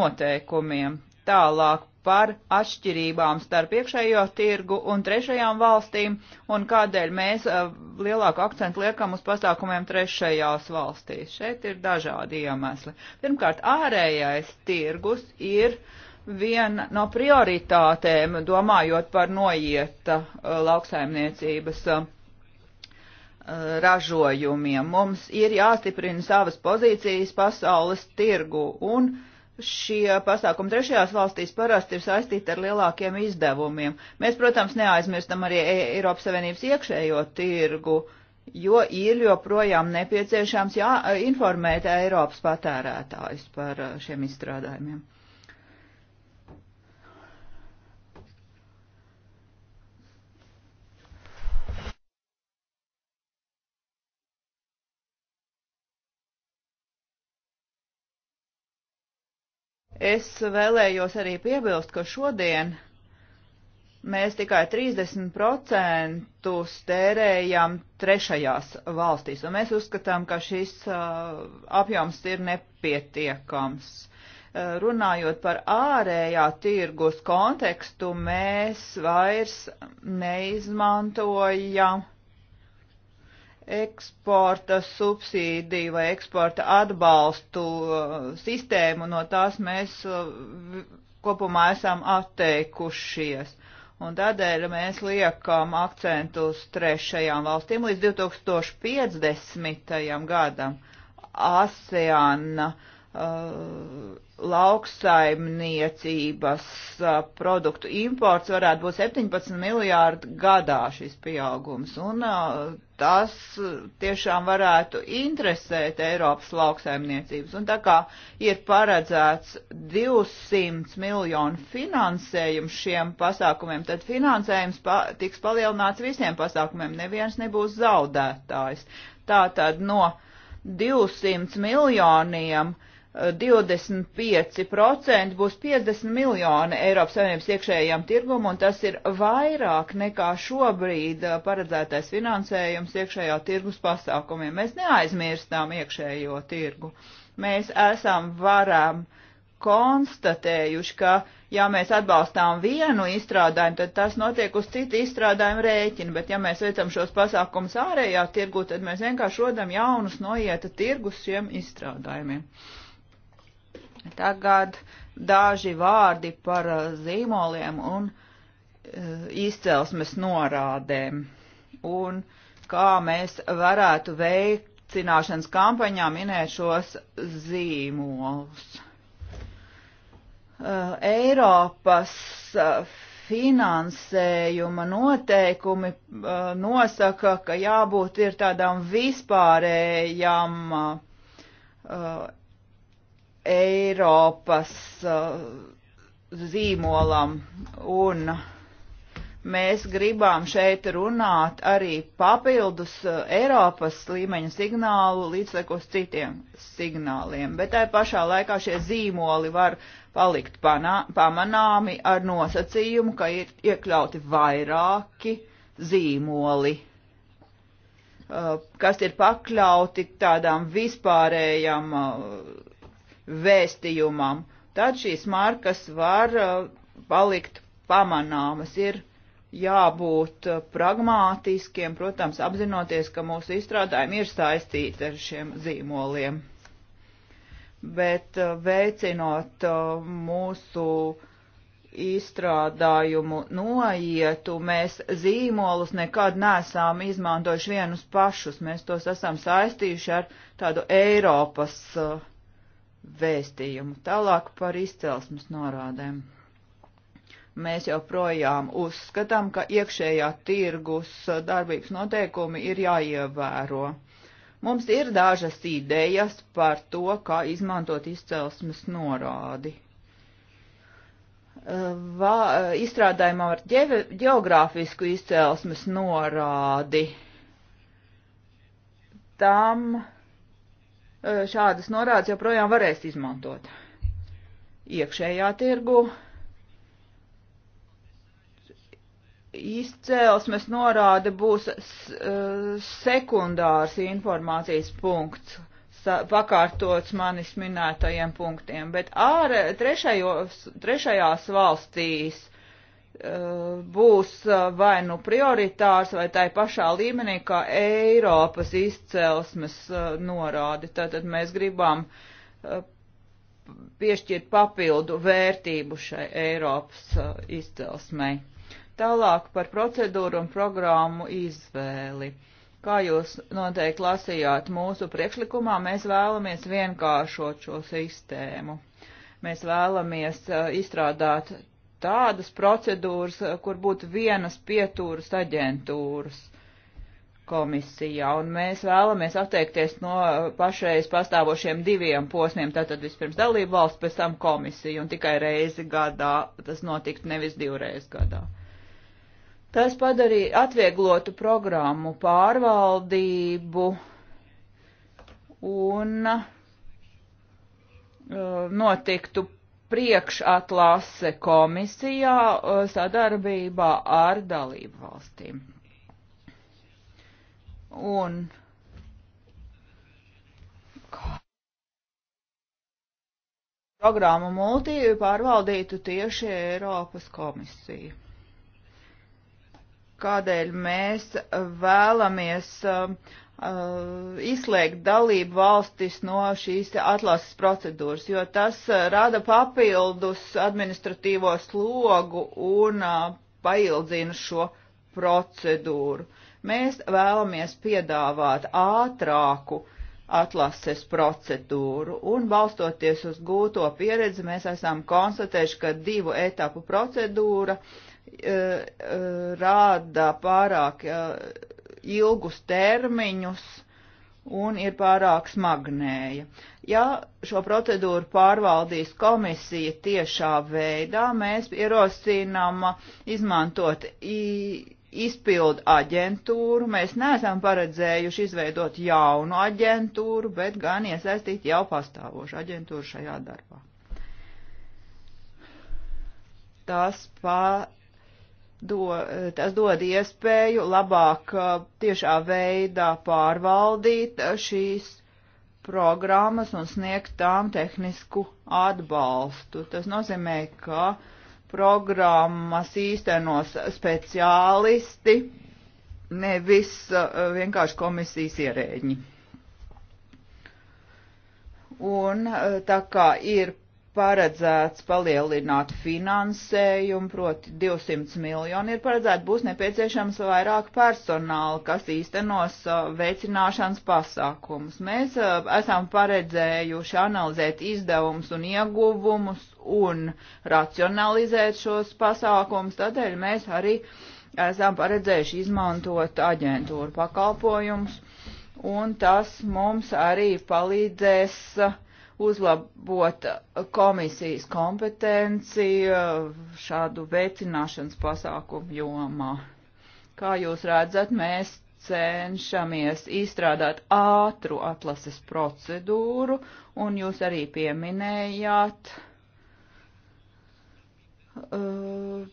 noteikumiem. Tālāk par atšķirībām starp iekšējo tirgu un trešajām valstīm un kādēļ mēs eh, lielāku akcentu liekam uz pasākumiem trešajās valstīs. Šeit ir dažādi iemesli. Pirmkārt, ārējais tirgus ir viena no prioritātēm, domājot par noieta eh, lauksaimniecības eh, ražojumiem. Mums ir jāstiprina savas pozīcijas pasaules tirgu un uh, šie pasākumi trešajās valstīs parasti ir saistīti ar lielākiem izdevumiem. Mēs, protams, neaizmirstam arī e- Eiropas Savienības iekšējo tirgu, jo ir joprojām nepieciešams jā, informēt Eiropas patērētājus par eh, šiem izstrādājumiem. Es vēlējos arī piebilst, ka šodien mēs tikai 30% tērējam trešajās valstīs, un mēs uzskatām, ka šis uh, apjoms ir nepietiekams. Uh, runājot par ārējā tirgus kontekstu, mēs vairs neizmantojam uh, eksporta subsīdiju vai eksporta atbalstu uh, sistēmu, no tās mēs uh, kopumā esam atteikušies. Un tādēļ mēs liekam akcentu uz trešajām valstīm līdz 2050. gadam. ASEAN uh, Uh, lauksaimniecības uh, produktu imports varētu būt 17 miljārdi gadā šis pieaugums. Un uh, tas tiešām varētu interesēt Eiropas lauksaimniecības. Un tā kā ir paredzēts 200 miljonu finansējums šiem pasākumiem, tad finansējums pa tiks palielināts visiem pasākumiem. Neviens nebūs zaudētājs. Tātad no 200 miljoniem uh, 25% būs 50 miljoni Eiropas Savienības iekšējām tirgum, un tas ir vairāk nekā šobrīd uh, paredzētais finansējums iekšējā tirgus pasākumiem. Mēs neaizmirstām iekšējo tirgu. Mēs esam varam konstatējuši, ka ja mēs atbalstām vienu izstrādājumu, tad tas notiek uz citu izstrādājumu rēķina, bet ja mēs veicam šos pasākumus ārējā tirgu, tad mēs vienkārši rodam jaunus noieta tirgus šiem izstrādājumiem. Uh, Tagad daži vārdi par uh, zīmoliem un uh, izcelsmes norādēm un kā mēs varētu veicināšanas kampaņā minēt šos zīmolus. Uh, Eiropas finansējuma noteikumi nosaka, ka jābūt ir tādām vispārējām Eiropas uh, zīmolam un mēs gribām šeit runāt arī papildus uh, Eiropas līmeņa signālu līdzekos citiem signāliem, bet tai pašā laikā šie zīmoli var palikt panā, pamanāmi ar nosacījumu, ka ir iekļauti vairāki zīmoli, uh, kas ir pakļauti tādām vispārējām vēstījumam. Tad šīs markas var uh, palikt pamanāmas, ir jābūt uh, pragmātiskiem, protams, apzinoties, ka mūsu izstrādājumi ir saistīti ar šiem zīmoliem. Bet uh, veicinot mūsu izstrādājumu noietu, mēs zīmolus nekad nesām izmantojuši vienus pašus, mēs tos esam saistījuši ar tādu Eiropas uh, vēstījumu. Tālāk par izcelsmes norādēm. Mēs joprojām uzskatām, ka iekšējā tirgus darbības noteikumi ir jāievēro. Mums ir dažas idejas par to, kā izmantot izcelsmes norādi. Va, izstrādājumā ar geogrāfisku izcelsmes norādi. Tam šādas norādes joprojām varēs izmantot. Iekšējā tirgu izcēlesmes norāde būs sekundārs informācijas punkts, pakārtots manis minētajiem punktiem, bet ār, trešajos, trešajās valstīs Eh, būs eh, vai nu prioritārs vai tai pašā līmenī kā Eiropas izcelsmes eh, norādi. Tātad mēs gribam piešķirt papildu vērtību šai Eiropas izcelsmei. Tālāk par procedūru un programmu izvēli. Kā jūs noteikti lasījāt mūsu priekšlikumā, mēs vēlamies vienkāršot šo sistēmu. Mēs vēlamies izstrādāt tādas procedūras, eh, kur būtu vienas pietūras aģentūras komisijā, un mēs vēlamies atteikties no eh, pašreiz pastāvošiem diviem posmiem, tātad vispirms dalību valsts, pēc tam komisija, un tikai reizi gadā tas notiktu nevis divreiz gadā. Tas padarīja atvieglotu programmu pārvaldību un uh, notiktu priekšatlase komisijā uh, sadarbībā ar dalību valstīm. Un programmu multīvi pārvaldītu tieši Eiropas komisija. Kādēļ mēs vēlamies uh, Uh, izslēgt dalību valstis no šīs atlases procedūras, jo tas uh, rada papildus administratīvo slogu un uh, paildzina šo procedūru. Mēs vēlamies piedāvāt ātrāku atlases procedūru un balstoties uz gūto pieredzi mēs esam konstatējuši, ka divu etapu procedūra e, e, rāda pārāk e, ilgus termiņus un ir pārāk smagnēja. Ja šo procedūru pārvaldīs komisija tiešā veidā, mēs ierosinām izmantot izpildu aģentūru. Mēs neesam paredzējuši izveidot jaunu aģentūru, bet gan iesaistīt jau pastāvošu aģentūru šajā darbā. Tas pa do, tas dod iespēju labāk uh, tiešā veidā pārvaldīt uh, šīs programmas un sniegt tām tehnisku atbalstu. Tas nozīmē, ka programmas īstenos speciālisti, nevis uh, vienkārši komisijas ierēģi. Un tā kā ir paredzēts palielināt finansējumu, proti 200 miljoni ir paredzēts, būs nepieciešams vairāk personāla, kas īstenos veicināšanas pasākumus. Mēs esam paredzējuši analizēt izdevumus un ieguvumus un racionalizēt šos pasākumus, tādēļ mēs arī esam paredzējuši izmantot aģentūru pakalpojumus, un tas mums arī palīdzēs uh, uzlabot uh, komisijas kompetenci uh, šādu veicināšanas pasākumu jomā. Kā jūs redzat, mēs cenšamies izstrādāt ātru atlases procedūru, un jūs arī pieminējāt uh,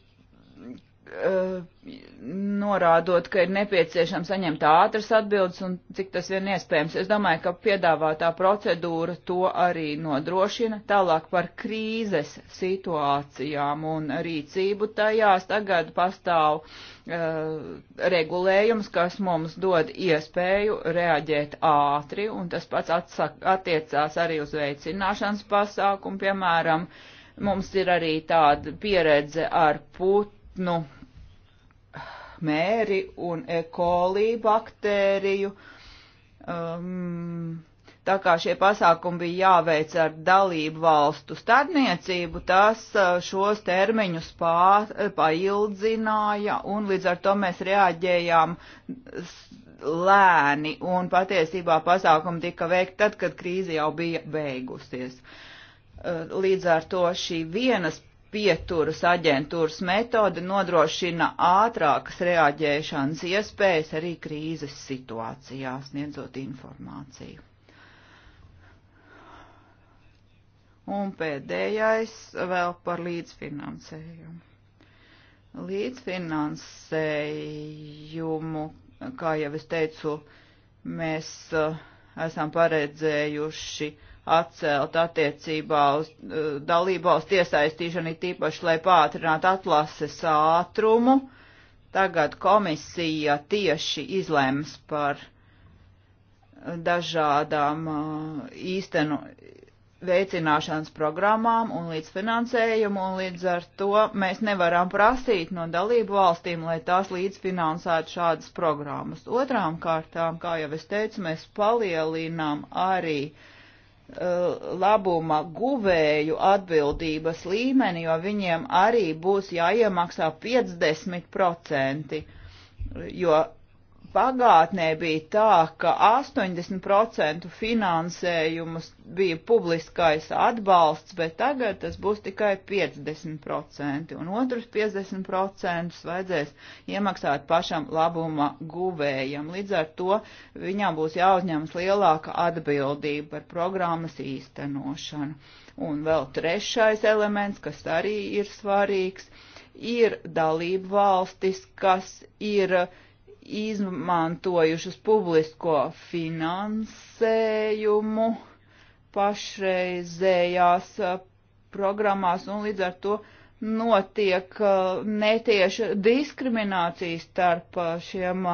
norādot, ka ir nepieciešams saņemt ātras atbildes un cik tas vien iespējams. Es domāju, ka piedāvātā procedūra to arī nodrošina. Tālāk par krīzes situācijām un rīcību tajās tagad pastāv uh, regulējums, kas mums dod iespēju reaģēt ātri, un tas pats atsak, attiecās arī uz veicināšanas pasākumu, piemēram, mums ir arī tāda pieredze ar putnu mēri un ekolī baktēriju. Um, tā kā šie pasākumi bija jāveic ar dalību valstu starpniecību, tas uh, šos termiņus pā, paildzināja un līdz ar to mēs reaģējām lēni un patiesībā pasākumi tika veikti tad, kad krīze jau bija beigusies. Uh, līdz ar to šī vienas pieturas aģentūras metode nodrošina ātrākas reaģēšanas iespējas arī krīzes situācijā, sniedzot informāciju. Un pēdējais vēl par līdzfinansējumu. Līdzfinansējumu, kā jau es teicu, mēs uh, esam paredzējuši uh, atcelt attiecībā uz uh, eh, dalībvalstu iesaistīšanu, it īpaši, lai pātrinātu atlases ātrumu. Tagad komisija tieši izlems par dažādām uh, īstenu veicināšanas programmām un līdz finansējumu, un līdz ar to mēs nevaram prasīt no dalību valstīm, lai tās līdzfinansētu šādas programmas. Otrām kārtām, kā jau es teicu, mēs palielinām arī uh, Uh, labuma guvēju atbildības līmeni, jo viņiem arī būs jāiemaksā 50%, jo pagātnē bija tā, ka 80% finansējumus bija publiskais atbalsts, bet tagad tas būs tikai 50%, un otrus 50% vajadzēs iemaksāt pašam labuma guvējam. Līdz ar to viņam būs jāuzņemas lielāka atbildība par programmas īstenošanu. Un vēl trešais elements, kas arī ir svarīgs, ir dalību valstis, kas ir uh, izmantojušas publisko finansējumu pašreizējās uh, programmās un līdz ar to notiek uh, netieša diskriminācija starp uh, šiem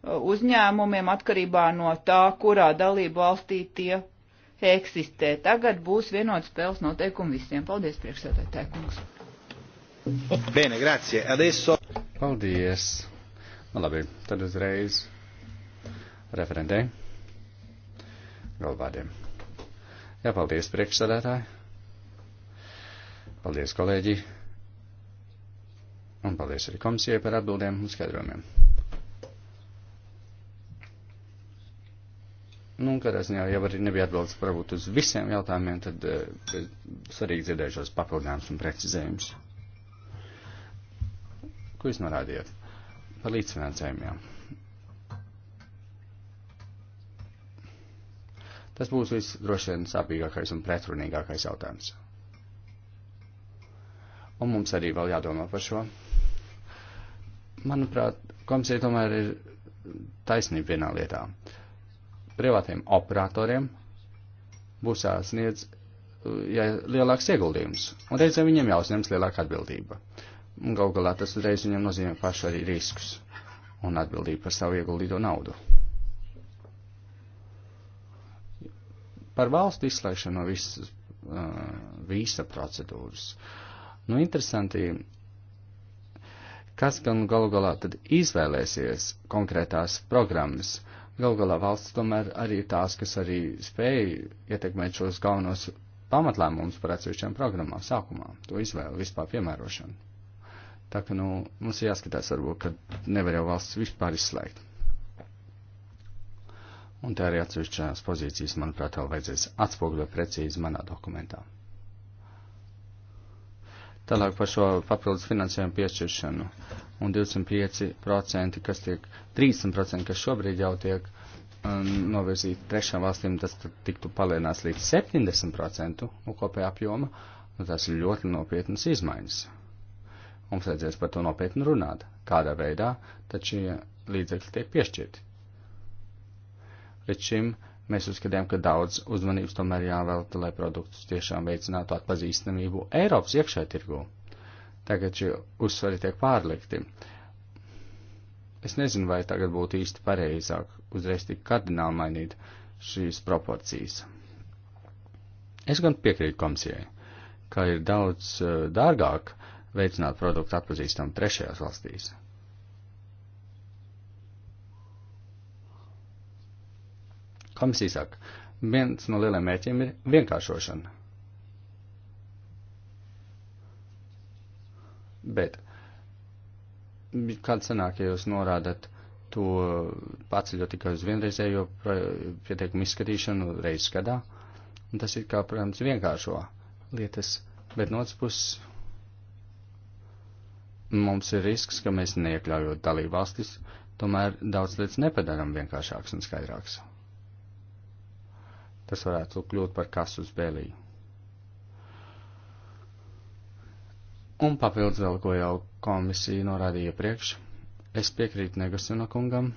uzņēmumiem atkarībā no tā, kurā dalību valstī tie eksistē. Tagad būs vienots spēles noteikumi visiem. Paldies, priekšsēdētāji kungs. Bene, grazie. Adesso. Paldies. Nu, labi, tad uzreiz referentē galvādiem. Jā, paldies priekšsādātāji. Paldies kolēģi. Un paldies arī komisijai par atbildēm un skaidrojumiem. Nu, kādā ziņā jau arī nebija atbildes varbūt uz visiem jautājumiem, tad uh, eh, svarīgi dzirdējušos papildinājumus un precizējumus. Ko jūs norādījāt? par līdzfinansējumiem. Tas būs viss droši vien sāpīgākais un pretrunīgākais jautājums. Un mums arī vēl jādomā par šo. Manuprāt, komisija tomēr ir taisnība vienā lietā. Privātiem operatoriem būs jāsniedz ja lielāks ieguldījums, un reizē viņiem jāuzņems lielāka atbildība. Uh, Un gal galā tas uzreiz viņam nozīmē pašu arī riskus un atbildību par savu ieguldīto naudu. Par valstu izslēgšanu no visas, uh, visa procedūras. Nu, interesanti, kas gan galu galā tad izvēlēsies konkrētās programmas. Galu galā valsts tomēr arī ir tās, kas arī spēj ietekmēt šos galvenos pamatlēmumus par atsevišķām programmām sākumā, to izvēlu vispār piemērošanu. Tā ka, nu, mums ir jāskatās varbūt, ka nevar jau valsts vispār izslēgt. Un tā arī atsevišķās pozīcijas, manuprāt, vēl vajadzēs atspoguļot precīzi manā dokumentā. Tālāk par šo papildus finansējumu piešķiršanu un 25%, kas tiek, 30%, kas šobrīd jau tiek um, novirzīti trešām valstīm, tas tiktu palielināts līdz 70% no kopējā apjoma, un nu, tas ir ļoti nopietnas izmaiņas. Mums vajadzēs par to nopietni runāt, kādā veidā tad šie līdzekļi tiek piešķirti. Līdz šim mēs uzskatījām, ka daudz uzmanības tomēr jāvelta, lai produktus tiešām veicinātu atpazīstamību Eiropas iekšē tirgū. Tagad šie uzsveri tiek pārlikti. Es nezinu, vai tagad būtu īsti pareizāk uzreiz tik kardināli mainīt šīs proporcijas. Es gan piekrītu komisijai, ka ir daudz uh, dārgāk veicināt produktu atpazīstam trešajās valstīs. Komisija saka, viens no lieliem mērķiem ir vienkāršošana. Bet kāds sanāk, ja jūs norādat to paceļot tikai uz vienreizējo pieteikumu izskatīšanu reizes gadā? Un tas ir kā, protams, vienkāršo lietas, bet no otras puses mums ir risks, ka mēs neiekļaujot dalību valstis, tomēr daudz lietas nepadaram vienkāršāks un skaidrāks. Tas varētu kļūt par kasus bēlī. Un papildus vēl, ko jau komisija norādīja priekš, es piekrītu Negasuna kungam.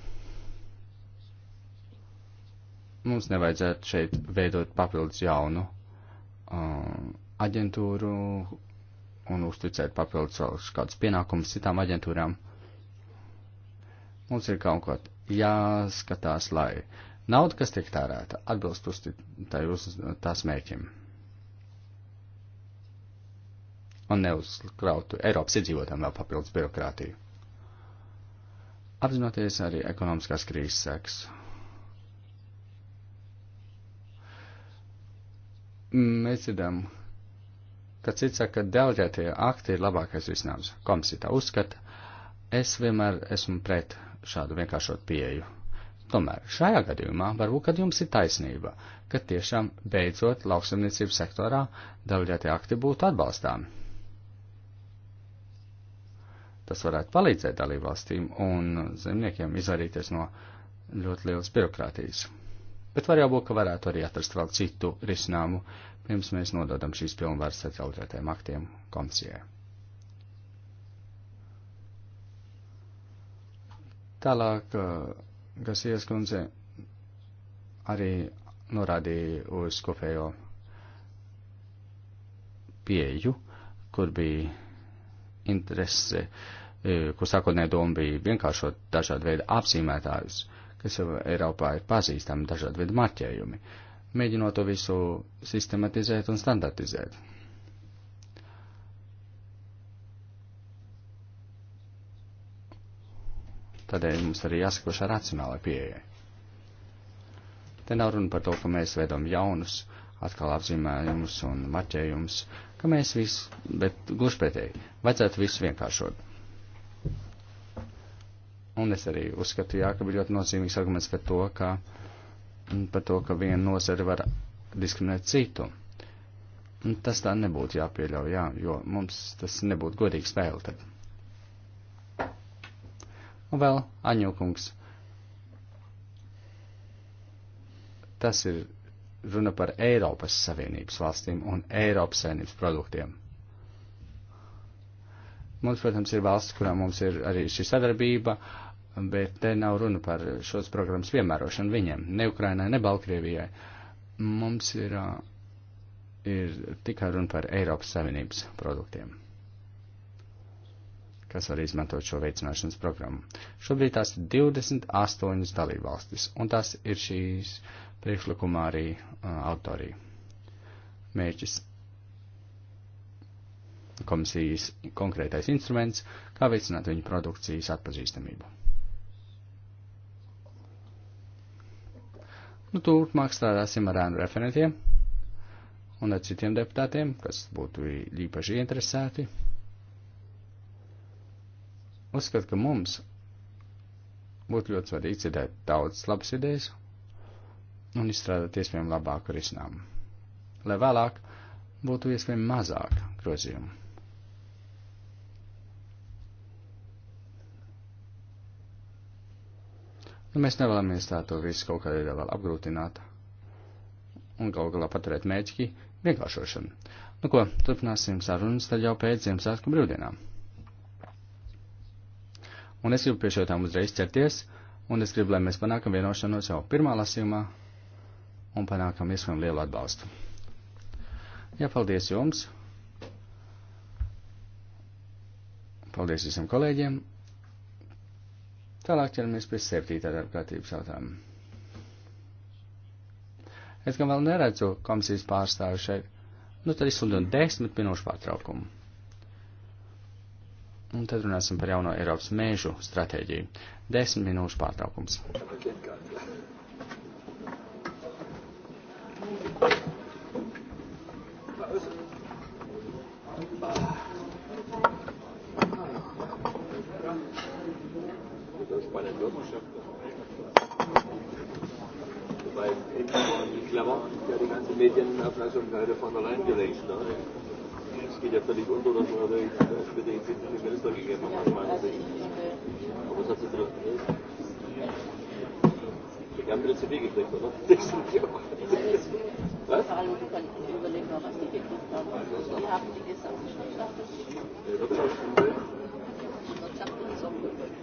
Mums nevajadzētu šeit veidot papildus jaunu um, aģentūru, un uzticēt papildus vēl kādus pienākumus citām aģentūrām. Mums ir kaut kā jāskatās, lai nauda, kas tiek tērēta, atbilst uzticētai uz tās mērķim. Un neuzkrautu Eiropas iedzīvotājiem vēl papildus birokrātiju. Apzinoties arī ekonomiskās krīzes sekas. Mēs dzirdam, kad cits saka, ka delģētie akti ir labākais risinājums. Komisija tā uzskata. Es vienmēr esmu pret šādu vienkāršotu pieeju. Tomēr šajā gadījumā varbūt, kad jums ir taisnība, ka tiešām beidzot lauksaimniecības sektorā delģētie akti būtu atbalstāmi. Tas varētu palīdzēt dalībvalstīm un zemniekiem izvairīties no ļoti lielas birokrātijas. Bet var jau būt, ka varētu arī atrast vēl citu risinājumu, pirms mēs nododam šīs pilnvaras specializētajiem aktiem komisijai. Tālāk, kas eh, ieskundze arī norādīja uz kopējo pieju, kur bija interese, eh, kur sākotnē doma bija vienkāršot dažādu veidu apzīmētājus, kas jau Eiropā ir pazīstami dažādu veidu marķējumi. Uh, mēģinot to visu sistematizēt un standartizēt. Tādēļ mums arī jāsako šā racionālai pieejai. Te nav runa par to, ka mēs veidojam jaunus atkal apzīmējumus un marķējumus, ka mēs visu, bet gluži pretēji, vajadzētu visu vienkāršot. Un es arī uzskatu, jā, ka bija ļoti nozīmīgs arguments par to, ka uh, par to, ka viena nozara var diskriminēt citu. Un tas tā nebūtu jāpieļauj, jā, jo mums tas nebūtu godīgi spēle tad. Un vēl Aņokungs. Tas ir runa par Eiropas Savienības valstīm un Eiropas Savienības produktiem. Mums, protams, ir valsts, kurām mums ir arī šī sadarbība, uh, bet te nav runa par šos programmas piemērošanu viņiem, ne Ukrainai, ne Baltkrievijai. Mums ir, ir tikai runa par Eiropas Savienības produktiem, kas var izmantot šo veicināšanas programmu. Šobrīd tās ir 28 dalībvalstis, un tas ir šīs priekšlikumā arī uh, autorija. Mērķis komisijas konkrētais instruments, kā veicināt viņu produkcijas atpazīstamību. Nu, turpmāk strādāsim ar ēnu referentiem un ar citiem deputātiem, kas būtu īpaši interesēti. Uzskat, ka mums būtu ļoti svarīgi dzirdēt daudz labas idejas un izstrādāt iespējami labāku risinājumu, lai vēlāk būtu iespējami mazāk grozījumu. Nu, mēs nevēlamies tā to visu kaut kādā veidā vēl apgrūtināt un galu galā paturēt mēķi vienkāršošanu. Nu ko, turpināsim sarunas tad jau pēc Ziemassvētku brīvdienām. Un es gribu pie šo tām uzreiz ķerties, un es gribu, lai mēs panākam vienošanos jau pirmā lasījumā un panākam iespējami lielu atbalstu. Jā, paldies jums! Paldies visiem kolēģiem! Tālāk ķeramies pie septītā darba kārtības jautājuma. Es gan vēl neredzu komisijas pārstāvi šeit. Nu, tad izsludinu desmit minūšu pārtraukumu. Un tad runāsim par jauno Eiropas mēžu stratēģiju. Desmit minūšu pārtraukums. Ah. das bei der Bürgerschaft Wobei in die Klammer ja die ganze Medienauffassung heute von allein gelegt. Ne? Es geht ja völlig unter, dass man das mit den sitzenden Minister gegeben hat, aus meiner Sicht. Aber es hat sich wieder. Die haben wieder zu viel gekriegt, oder? Das sind die auch. Was? Vor allem, du kannst überlegen, was die gekriegt haben. Wie haben die gesagt? Ich dachte, das ist. Wirtschaft und Wirtschaft und Sonne.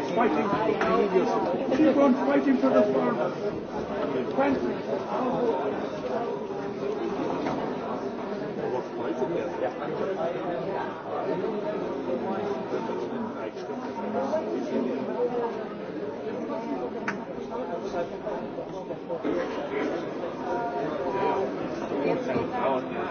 on fighting. Keep on fighting for the farmers. Country. Ja, ja.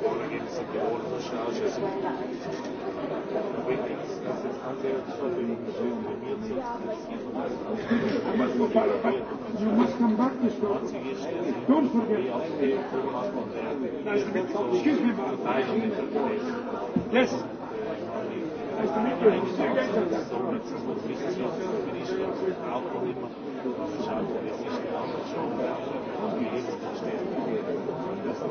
born again sind geborene Schnauze sind. Wirklich, das ist andere Zollbedingungen, die wir You must come back this way. Don't forget. Nice to meet you. Excuse me, ma'am. Yes. Nice to meet you. See you guys later.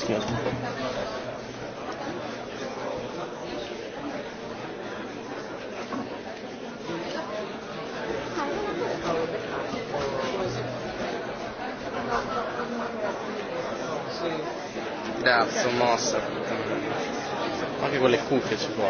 Sicherheitsgärten. Cazzo, mossa. Anche con le cuffie ci può.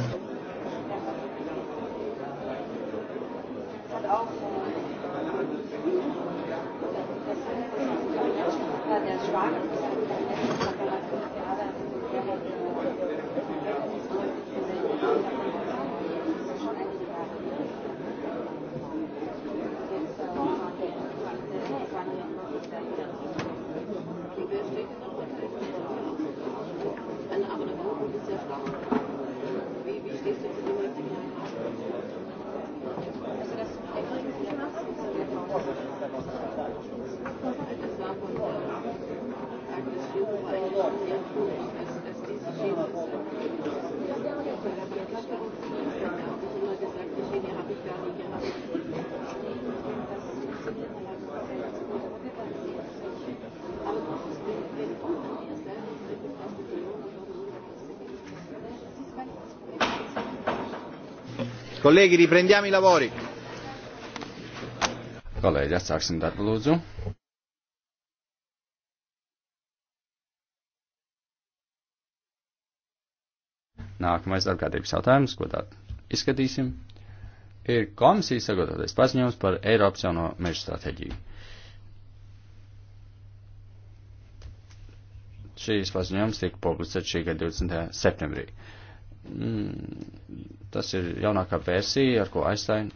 Kolēģi, riprendiam i lavori. Kolēģi, atsāksim darbu lūdzu. Nākamais darbkārtības jautājums, ko tā izskatīsim, ir komisijas sagatavotais paziņojums par Eiropas jauno mežu stratēģiju. Šīs paziņojums tika publicēts šī gada 20. septembrī. Uh, Mm, tas ir jaunākā versija, ar ko aizstāja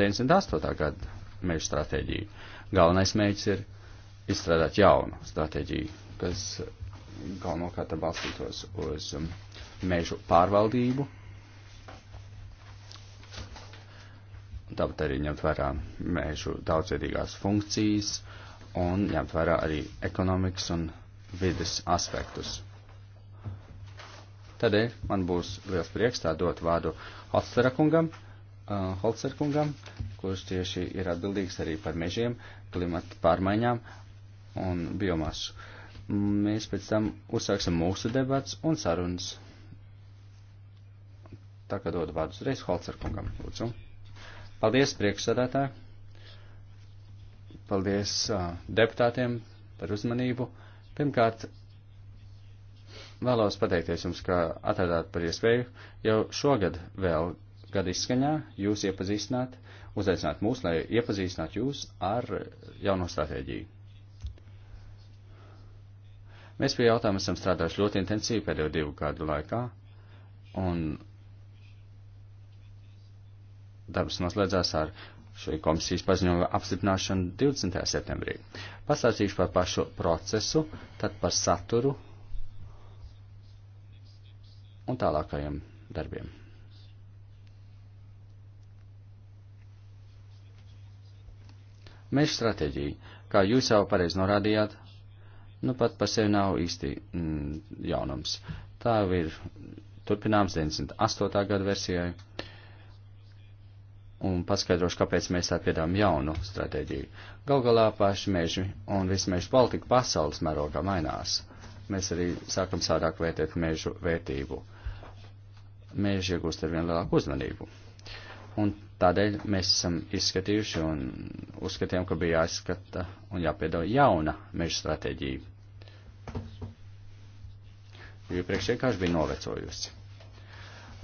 98. gada meža stratēģiju. Galvenais mērķis ir izstrādāt jaunu stratēģiju, kas galvenokārt balstītos uz um, mežu pārvaldību. Tāpat arī ņemt vērā mežu daudzveidīgās funkcijas un ņemt vērā arī ekonomikas un vides aspektus. Tādēļ man būs liels prieks tā dot vārdu Holstera kungam, uh, Holster kungam, kurš tieši ir atbildīgs arī par mežiem, klimata pārmaiņām un biomasu. Mēs pēc tam uzsāksim mūsu debats un sarunas. Tā kā dodu vārdu uzreiz Holcer kungam, lūdzu. Paldies, priekšsādātāji! Paldies uh, deputātiem par uzmanību! Pirmkārt, Vēlos pateikties jums, ka atradāt par iespēju jau šogad vēl gada izskaņā jūs iepazīstināt, uzaicināt mūs, lai iepazīstinātu jūs ar jauno stratēģiju. Mēs pie jautājuma esam strādājuši ļoti intensīvi pēdējo divu gadu laikā, un darbs noslēdzās ar šī komisijas paziņojuma apstiprināšanu 20. septembrī. Pastāstīšu par pašu procesu, tad par saturu un tālākajiem darbiem. Mērķa stratēģija, kā jūs jau pareizi norādījāt, nu pat par sevi nav īsti mm, jaunums. Tā ir turpināms 98. gada versijai, un paskaidrošu, kāpēc mēs tā piedām jaunu stratēģiju. Gal galā paši meži un visu mežu politika pasaules mērogā mainās. Mēs arī sākam sādāk vērtēt mežu vērtību meži iegūst ar vien lielāku uzmanību. Un tādēļ mēs esam izskatījuši un uzskatījām, ka bija jāizskata un jāpiedāvā jauna meža stratēģija. Jo iepriekš vienkārši bija novecojusi.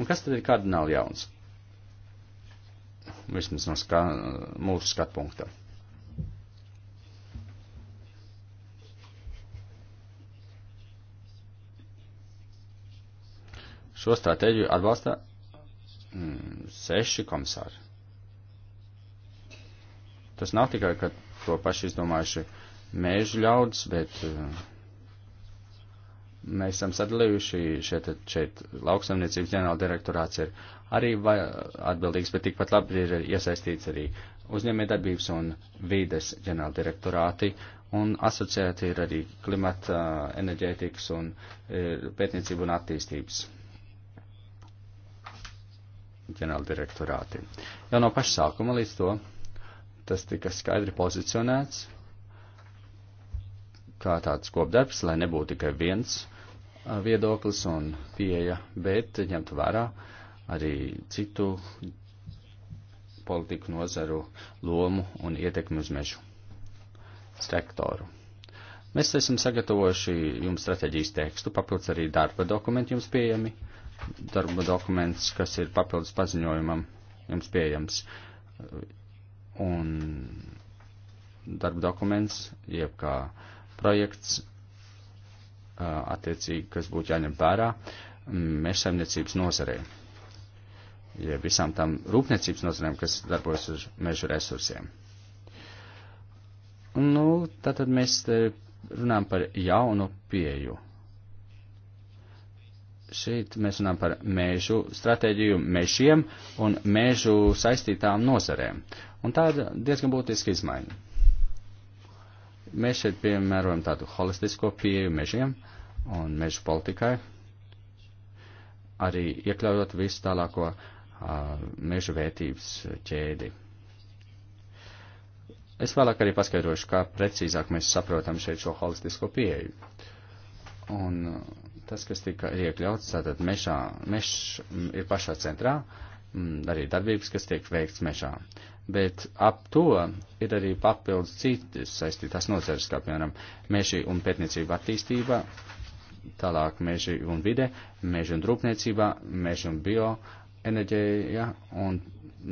Un kas tad ir kardināli jauns? Vismaz no ska, mūsu skatpunkta. Šo stratēģiju atbalsta mm, seši komisāri. Tas nav tikai, ka to paši izdomājuši mēžu ļaudis, bet uh, mēs esam sadalījuši šeit, šeit lauksamniecības ģenerāla direktorāts ir arī vai, atbildīgs, bet tikpat labi ir iesaistīts arī uzņēmējdarbības un vīdes ģenerāla direktorāti, un asociēti ir arī klimata, enerģētikas un e, pētniecību un attīstības ģenerāldirektorāti. Jau no paša sākuma līdz to tas tika skaidri pozicionēts kā tāds kopdarbs, lai nebūtu tikai viens viedoklis un pieeja, bet ņemt vērā arī citu politiku nozaru lomu un ietekmi uz mežu sektoru. Mēs esam sagatavojuši jums strateģijas tekstu, papildus arī darba dokumenti jums pieejami. Uh, darba dokuments, kas ir papildus paziņojumam jums pieejams. Un darba dokuments, jeb kā projekts, attiecīgi, kas būtu jāņem vērā mežsaimniecības nozarei, jeb visām tām rūpniecības nozarēm, kas darbojas uz mežu resursiem. Nu, tātad mēs runājam par jaunu pieju šeit mēs runājam par mēžu stratēģiju, mežiem un mēžu saistītām nozarēm. Un tā ir diezgan būtiska izmaiņa. Mēs šeit piemērojam tādu holistisko pieeju mežiem un mežu politikai, arī iekļaujot visu tālāko uh, mežu vērtības ķēdi. Es vēlāk arī paskaidrošu, kā precīzāk mēs saprotam šeit šo holistisko pieeju. Un uh, Tas, kas tika iekļauts, tātad mešā, mešs ir pašā centrā, arī darbības, kas tiek veikts mešā. Bet ap to ir arī papildus citas saistītās nozares, kā piemēram meži un pētniecība attīstība, tālāk meži un vide, meži un rūpniecība, meži un bioenerģija, un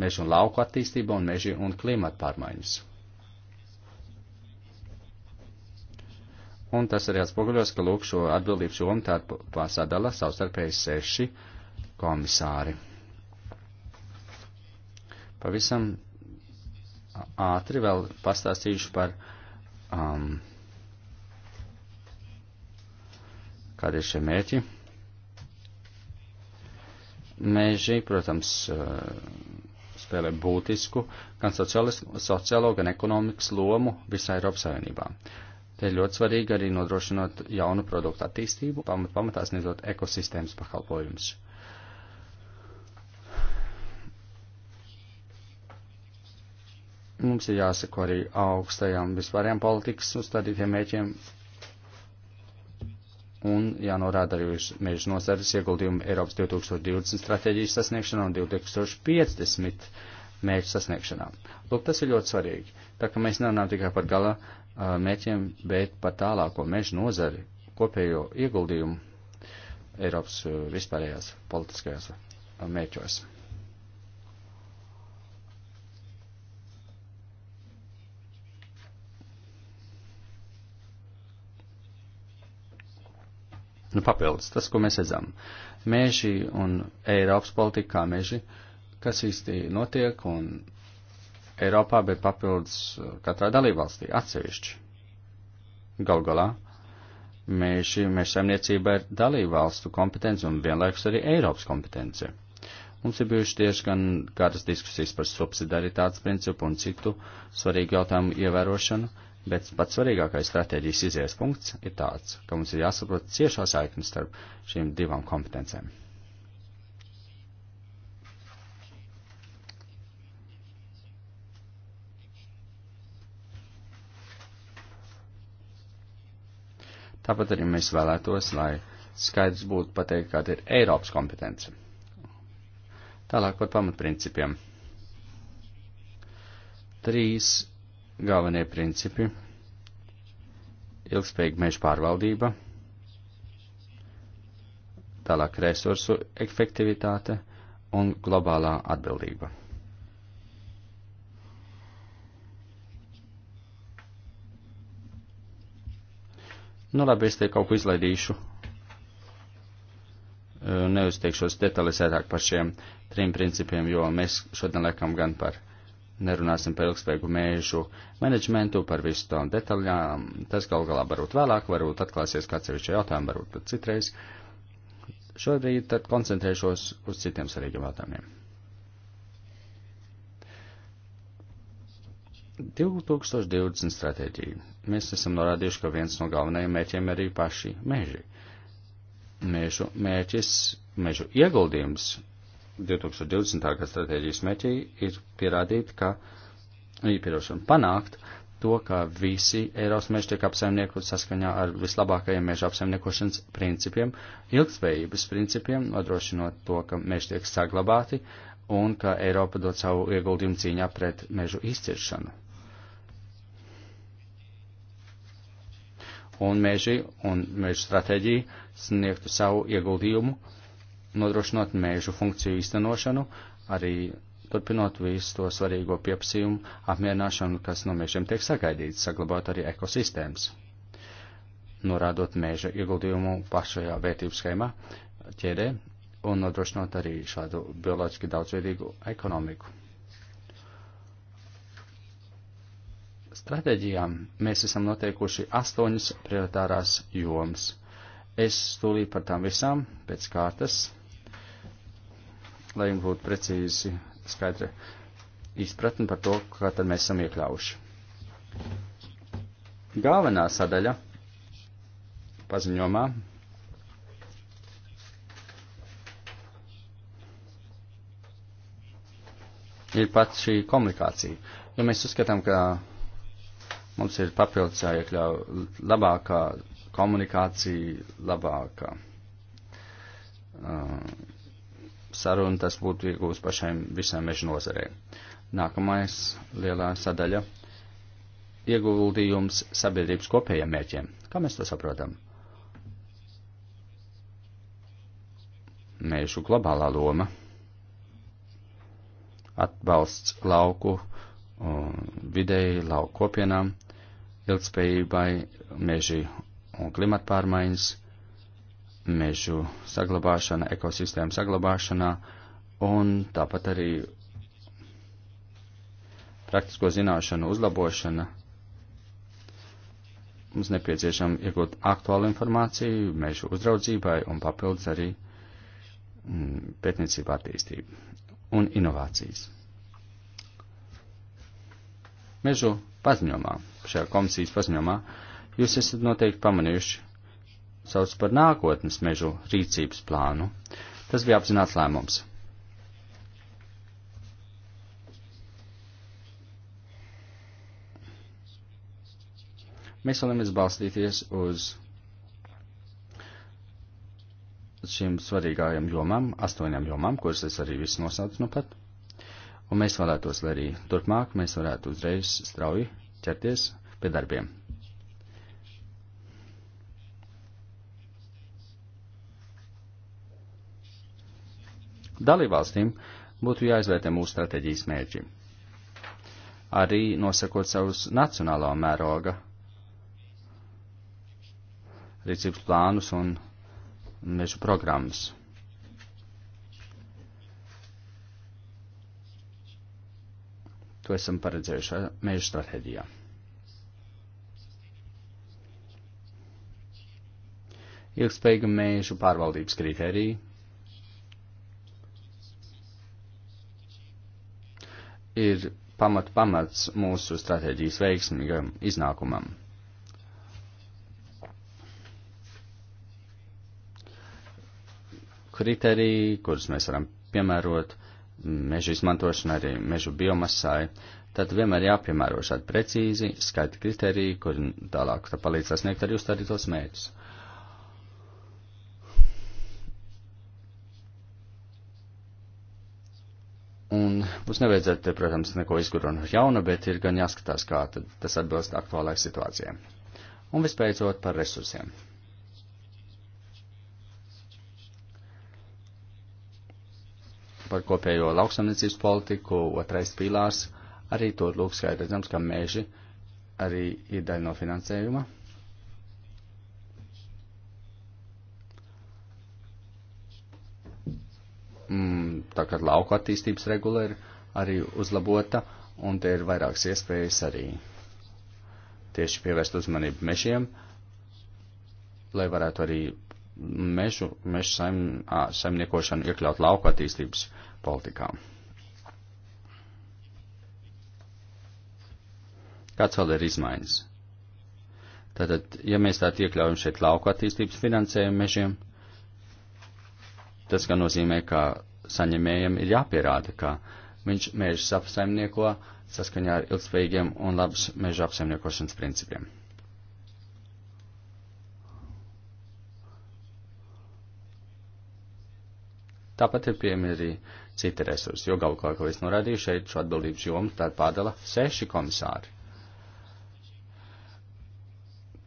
meži un lauku attīstība un meži un klimata pārmaiņas. Un tas arī atspoguļos, ka lūk šo atbildību jomu tā pārsādala savstarpēji seši komisāri. Pavisam ātri vēl pastāstīšu par um, kādi ir šie mērķi. Mēži, protams, spēlē būtisku gan sociālo, gan ekonomikas lomu visā Eiropas Savienībā. Te ir ļoti svarīgi arī nodrošināt jaunu produktu attīstību, pamat, pamatā sniedzot ekosistēmas pakalpojumus. Mums ir jāsako arī augstajām vispārējām politikas uzstādītiem mēķiem un jānorāda arī uz mēģu nozares ieguldījumu Eiropas 2020 stratēģijas sasniegšanā un 2050 mērķu sasniegšanā. Lūk, tas ir ļoti svarīgi. Tā ka mēs nerunājam tikai par gala mērķiem, bet par tālāko mežu nozari, kopējo ieguldījumu Eiropas vispārējās politiskajās mērķos. Nu, papildus tas, ko mēs redzam. Meži un Eiropas politika kā meži uh, kas īsti notiek un Eiropā, bet papildus uh, katrā dalībvalstī atsevišķi. Gal galā meži, meža saimniecība ir dalībvalstu kompetence un vienlaikus arī Eiropas kompetence. Mums ir bijuši diezgan garas diskusijas par subsidaritātes principu un citu svarīgu jautājumu ievērošanu, bet pats svarīgākais stratēģijas izies punkts ir tāds, ka mums ir jāsaprot ciešā saikne starp šīm divām kompetencēm. Tāpat arī mēs vēlētos, lai skaidrs būtu pateikt, kāda ir Eiropas kompetence. Tālāk par pamatprincipiem. Trīs galvenie principi - ilgspējīga meža pārvaldība, tālāk resursu efektivitāte un globālā atbildība. Nu, labi, es te kaut ko izlaidīšu. Neuzteikšos detalizētāk par šiem trim principiem, jo mēs šodien liekam gan par nerunāsim par ilgspējīgu mēžu menedžmentu, par visu tām detaļām. Tas gal galā varbūt vēlāk, varbūt atklāsies kāds sevišķi jautājumi, varbūt pat citreiz. Šobrīd tad koncentrēšos uz citiem svarīgiem jautājumiem. 2020 stratēģija. Mēs esam norādījuši, ka viens no galvenajiem mērķiem arī paši meži. Mēžu mērķis, mežu ieguldījums 2020. gada stratēģijas mērķī ir pierādīt, ka īpierošana panākt to, ka visi Eiropas meži tiek apsaimniekot saskaņā ar vislabākajiem meža apsaimniekošanas principiem, ilgspējības principiem, nodrošinot to, ka meži tiek saglabāti un ka Eiropa dod savu ieguldījumu cīņā pret mežu izciršanu. un meži un mežu stratēģija sniegtu savu ieguldījumu, nodrošinot mēžu funkciju īstenošanu, arī turpinot visu to svarīgo pieprasījumu apmierināšanu, kas no mežiem tiek sagaidīts, saglabāt arī ekosistēmas. Norādot mēža ieguldījumu pašajā vērtības schēmā ķēdē un nodrošinot arī šādu bioloģiski daudzveidīgu ekonomiku. stratēģijām mēs esam noteikuši astoņas prioritārās jomas. Es stūlīju par tām visām pēc kārtas, lai jums būtu precīzi skaidra izpratni par to, kā tad mēs esam iekļauši. Galvenā sadaļa paziņojumā ir pat šī komunikācija. Jo mēs uzskatām, ka Mums ir papildus jāiekļauj labākā komunikācija, labākā uh, saruna, tas būtu iegūst pašiem visām meža nozarēm. Nākamais lielā sadaļa - ieguldījums sabiedrības kopējiem mērķiem. Kā mēs to saprotam? Mēžu globālā loma atbalsts lauku vidēji lauku kopienām, ilgspējībai, meži un klimata pārmaiņas, mežu saglabāšana, ekosistēmu saglabāšanā un tāpat arī praktisko zināšanu uzlabošana. Mums nepieciešama iegūt aktuālu informāciju mežu uzraudzībai un papildus arī mm, pētniecību attīstību un inovācijas. Mežu paziņojumā šajā komisijas paziņojumā, jūs esat noteikti pamanījuši sauc par nākotnes mežu rīcības plānu. Tas bija apzināts lēmums. Mēs vēlamies balstīties uz šīm svarīgajām jomām, astoņām jomām, kuras es arī visu nosaucu nu pat. Un mēs vēlētos, lai arī turpmāk mēs varētu uzreiz strauji ķerties pie darbiem. Dalībvalstīm būtu jāizvērtē mūsu stratēģijas mērķi, arī nosakot savus nacionālā mēroga rīcības plānus un mežu programmas. To esam paredzējuši meža stratēģijā. ilgspējīga mēžu pārvaldības kritērija, ir pamat pamats mūsu stratēģijas veiksmīgam iznākumam. Kriteriji, kurus mēs varam piemērot mežu izmantošanai, arī mežu biomasai, tad vienmēr jāpiemēro šādi precīzi skaita kriteriji, kur tālāk tā palīdz sasniegt arī uzstādītos mērķus. Un mums nevajadzētu, te, protams, neko izgudrot no jauna, bet ir gan jāskatās, kā tas atbilst aktuālai situācijai. Un vispēcot par resursiem. Par kopējo lauksamniecības politiku, otrais pīlārs, arī tur lūk skaidrs, ka mēži arī ir daļa no finansējuma. mm, tā kā lauku attīstības regula ir arī uzlabota, un te ir vairākas iespējas arī tieši pievērst uzmanību mežiem, lai varētu arī mežu, mežu saim, ā, saimniekošanu iekļaut lauku attīstības politikā. Kāds vēl ir izmaiņas? Tātad, ja mēs tā iekļaujam šeit lauku attīstības finansējumu mežiem, Tas gan nozīmē, ka saņemējiem ir jāpierāda, ka viņš mežus apsaimnieko saskaņā ar ilgspējīgiem un labus mežu apsaimniekošanas principiem. Tāpat ir pieejami arī citi resursi, jo galu galā, kā es norādīju, šeit šo atbildības jomu tad pārdala seši komisāri.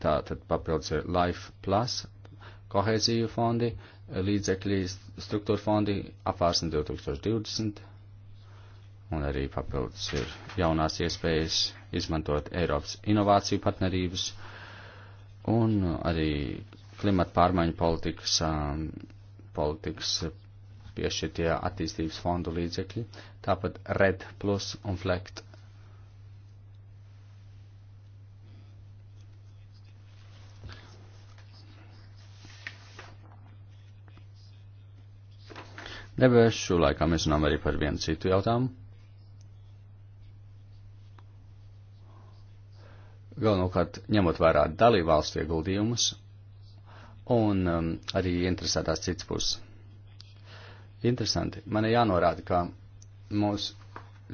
Tā tad papildus ir Life Plus, kohēziju fondi, uh, līdzekļi, struktūra fondi apvārsni 2020, un arī papildus ir jaunās iespējas izmantot Eiropas inovāciju partnerības, un arī klimata pārmaiņu politikas, um, politikas piešķirtie attīstības fondu līdzekļi, tāpat RED plus un FLECT Debešu laikā mēs runājam arī par vienu citu jautājumu. Galvenokārt, ņemot vērā dalībvalstu ieguldījumus un um, arī interesētās citas puses. Interesanti, man ir jānorāda, ka mūs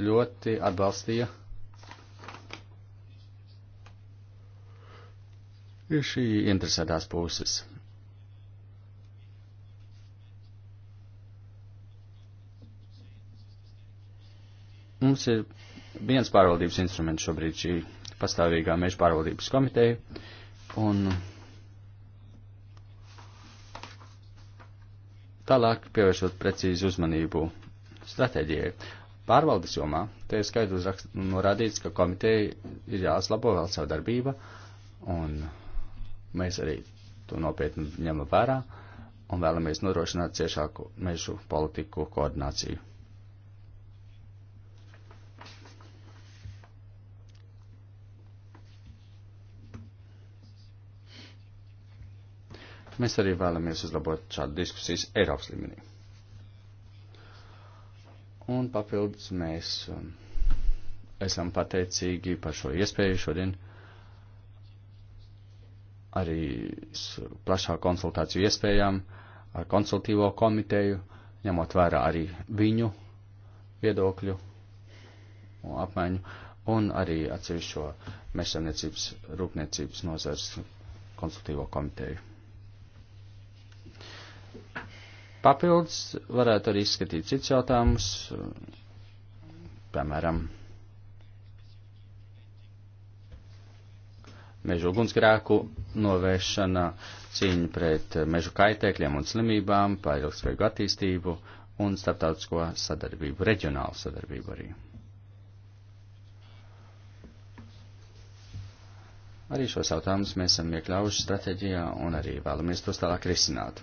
ļoti atbalstīja ir šī interesētās puses. Mums ir viens pārvaldības instruments šobrīd šī pastāvīgā meža pārvaldības komiteja, un tālāk pievēršot precīzi uzmanību stratēģijai. Pārvaldes jomā te ir skaidri norādīts, ka komiteja ir jāuzlabo vēl savu darbību, un mēs arī to nopietni ņemam vērā un vēlamies nodrošināt ciešāku mežu politiku koordināciju. Mēs arī vēlamies uzlabot šādu diskusijas Eiropas līmenī. Un papildus mēs um, esam pateicīgi par šo iespēju šodien arī plašā konsultāciju iespējām ar konsultīvo komiteju, ņemot vērā arī viņu viedokļu un apmaiņu, un arī atsevišķo mežsaimniecības rūpniecības nozars konsultīvo komiteju. Papildus varētu arī izskatīt cits jautājumus, piemēram, mežu ugunsgrēku novēršana, cīņa pret mežu kaitēkļiem un slimībām, par ilgspējīgu attīstību un starptautisko sadarbību, reģionālu sadarbību arī. Arī šos jautājumus mēs esam iekļaujuši stratēģijā un arī vēlamies tos tālāk risināt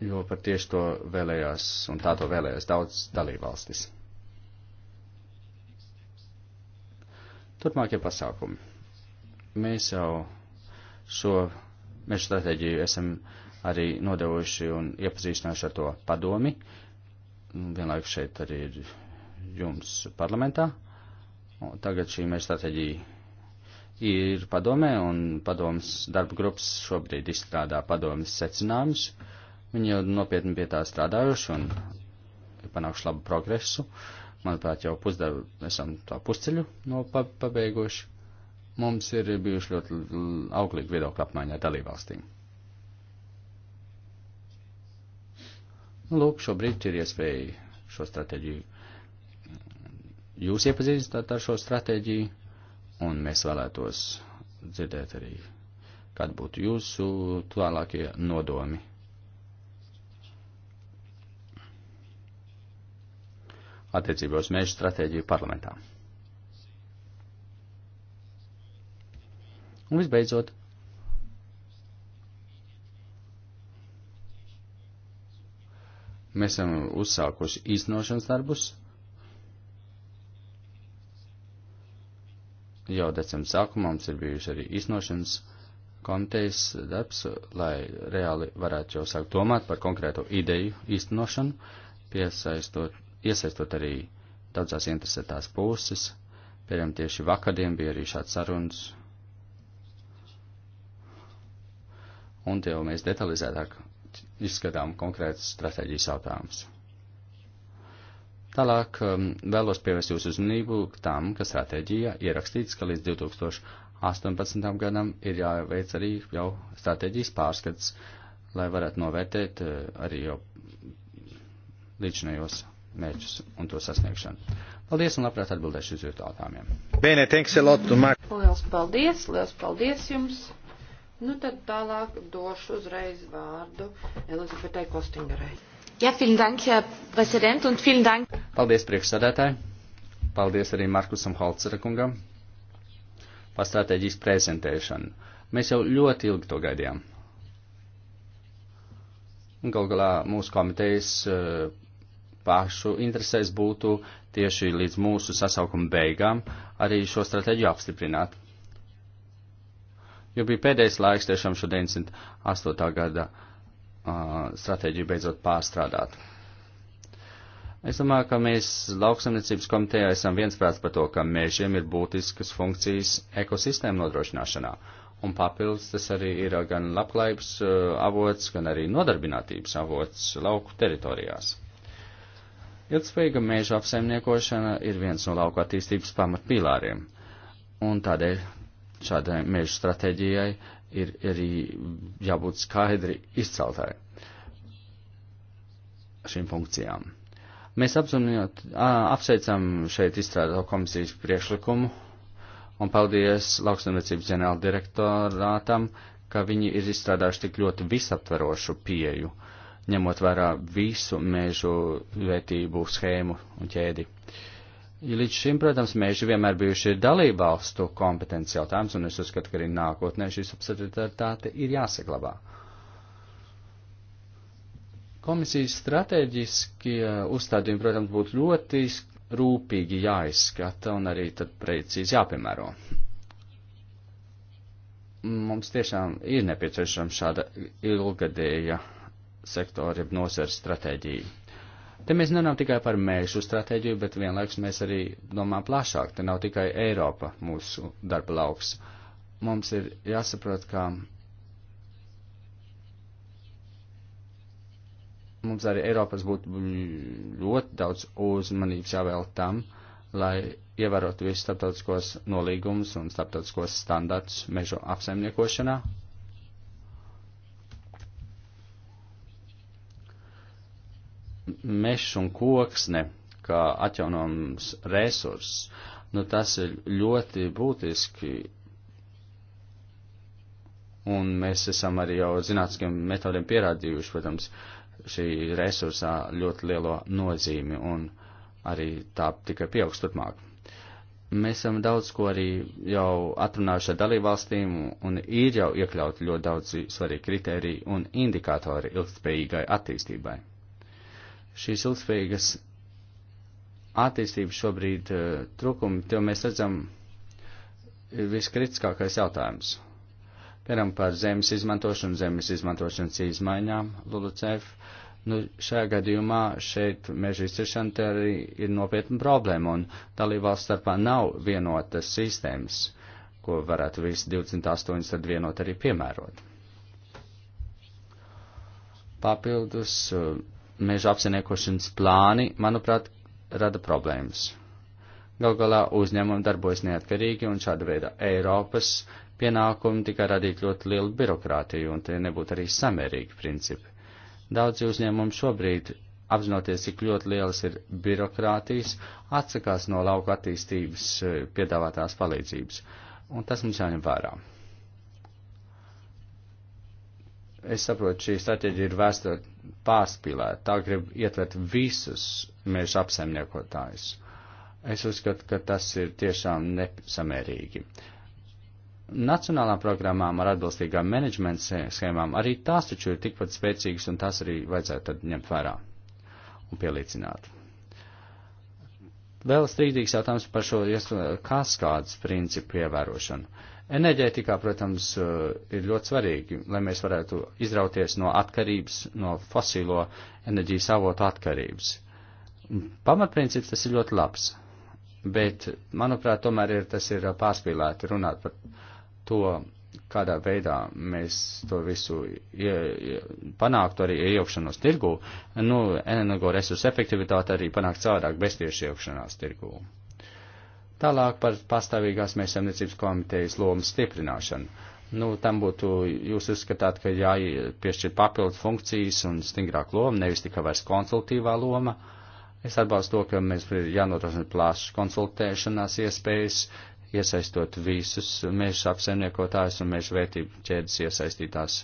jo par tieši to vēlējās, un tā to vēlējās daudz dalībvalstis. Turpmākie pasākumi. Mēs jau šo meža stratēģiju esam arī nodevuši un iepazīstinājuši ar to padomi. Vienlaikus šeit arī ir jums parlamentā. Un tagad šī meža stratēģija ir padomē, un padomas darba grupas šobrīd izstrādā padomas secinājumus. Uh, Viņi jau nopietni pie tā strādājuši un ir panākuši labu progresu. Manuprāt, jau pusdarbu esam tā pusceļu no pabeiguši. Mums ir bijuši ļoti auglīgi viedokļu apmaiņā dalībvalstīm. Nu, lūk, šobrīd ir iespēja šo stratēģiju. Jūs iepazīstināt ar šo stratēģiju, un mēs vēlētos dzirdēt arī, kāda būtu jūsu tālākie nodomi. attiecībā uz mēžu stratēģiju parlamentā. Un visbeidzot, mēs esam uzsākuši īstenošanas darbus jau decembra sākumā mums ir bijuši arī iznošanas komitejas darbs, lai reāli varētu jau sākt domāt par konkrēto ideju īstenošanu, piesaistot iesaistot arī daudzās interesētās puses. Piemēram, tieši vakardien bija arī šāds sarunas. Un jau mēs detalizētāk izskatām konkrētas stratēģijas jautājumus. Tālāk um, vēlos pievērst jūsu uzmanību tam, ka stratēģijā ierakstīts, ka līdz 2018. gadam ir jāveic arī jau stratēģijas pārskats, lai varētu novērtēt uh, arī jau līdzinējos mērķus un to sasniegšanu. Paldies un labprāt atbildēšu uz jūsu jautājumiem. Bene, thanks a lot, Mark. Liels paldies, liels paldies jums. Nu tad tālāk došu uzreiz vārdu Elizabetei Kostingerai. Jā, ja, vielen dank, Herr Präsident, un vielen dank. Paldies priekšsādātāji. Paldies arī Markusam Holcerakungam par stratēģijas prezentēšanu. Mēs jau ļoti ilgi to gaidījām. Galu galā mūsu komitejas uh, pašu interesēs būtu tieši līdz mūsu sasaukuma beigām arī šo stratēģiju apstiprināt. Jo bija pēdējais laiks tiešām šo 98. gada uh, stratēģiju beidzot pārstrādāt. Es domāju, ka mēs lauksamniecības komitejā esam viensprāts par to, ka mežiem ir būtiskas funkcijas ekosistēmu nodrošināšanā, un papildus tas arī ir gan labklājības avots, gan arī nodarbinātības avots lauku teritorijās. Ilgspējīga mēža apsaimniekošana ir viens no lauka attīstības pamatpīlāriem, un tādēļ šādai mēža stratēģijai ir arī jābūt skaidri izceltai šīm funkcijām. Mēs apsveicam šeit izstrādāto komisijas priekšlikumu un paldies lauksaimniecības ģenerāla direktorātam, ka viņi ir izstrādājuši tik ļoti visaptverošu pieju uh, ņemot vērā visu mēžu vērtību schēmu un ķēdi. Līdz šim, protams, mēži vienmēr bijuši dalībvalstu kompetenci jautājums, un es uzskatu, ka arī nākotnē šī subsidiaritāte ir jāsaglabā. Komisijas stratēģiskie uzstādījumi, protams, būtu ļoti rūpīgi jāizskata un arī tad precīzi jāpiemēro mums tiešām ir nepieciešama šāda ilgadēja sektoru, jeb nozars stratēģiju. Te mēs nenam tikai par mēžu stratēģiju, bet vienlaiks mēs arī domājam plašāk. Te nav tikai Eiropa mūsu darba lauks. Mums ir jāsaprot, ka mums arī Eiropas būtu ļoti daudz uzmanības jāvēl tam, lai ievērotu visus starptautiskos nolīgumus un starptautiskos standartus mežu apsaimniekošanā mešs un koksne, kā atjaunojams resurss, nu tas ir ļoti būtiski. Un mēs esam arī jau zinātniskiem metodiem pierādījuši, protams, šī resursā ļoti lielo nozīmi un arī tā tikai pieaugs turpmāk mēs esam daudz ko arī jau atrunājuši ar dalībvalstīm, un ir jau iekļauti ļoti daudz svarīgi kriteriji un indikatori ilgspējīgai attīstībai šīs ilgspējīgas attīstības šobrīd uh, trūkumi, jo mēs redzam, ir viskritiskākais jautājums. Piemēram, par zemes izmantošanu, zemes izmantošanas izmaiņām, LULUCEF. Nu, šajā gadījumā šeit meža izciršana te arī ir nopietna problēma, un dalībvalsts starpā nav vienotas sistēmas, ko varētu visi 28 tad vienot arī piemērot. Papildus uh, meža apsainiekošanas plāni, manuprāt, rada problēmas. Gal galā uzņēmumi darbojas neatkarīgi, un šāda veida Eiropas pienākumi tikai radīt ļoti lielu birokrātiju, un tie nebūtu arī samērīgi principi. Daudzi uzņēmumi šobrīd, apzinoties, cik ļoti lielas ir birokrātijas, atsakās no lauka attīstības eh, piedāvātās palīdzības, un tas mums jāņem vērā. Es saprotu, šī strateģija ir vēsturē pārspīlēt, tā grib ietvert visus meža apsaimniekotājus. Es uzskatu, ka tas ir tiešām nesamērīgi. Nacionālām programmām ar atbilstīgām menedžmenta schēmām arī tās taču ir tikpat spēcīgas un tās arī vajadzētu tad ņemt vērā un pielīdzināt. Vēl strīdīgs jautājums par šo kaskādas principu ievērošanu. Enerģētikā, protams, eh, ir ļoti svarīgi, lai mēs varētu izrauties no atkarības, no fosīlo enerģijas avotu atkarības. Pamatprincips tas ir ļoti labs, bet, manuprāt, tomēr ir, tas ir pārspīlēti runāt par to, kādā veidā mēs to visu ie, ie, panāktu arī iejaukšanos tirgū. Nu, energo resursu efektivitāte arī panākt savādāk bez tieši iejaukšanās tirgū. Uh, Tālāk par pastāvīgās mērķsaimniecības komitejas lomas stiprināšanu. Nu, tam būtu, jūs uzskatāt, ka jāpiešķir papildu funkcijas un stingrāk loma, nevis tikai vairs konsultīvā loma. Es atbalstu to, ka mēs jānodrošina plāšas konsultēšanās iespējas, iesaistot visus meža apsaimniekotājus un meža vērtību ķēdes iesaistītās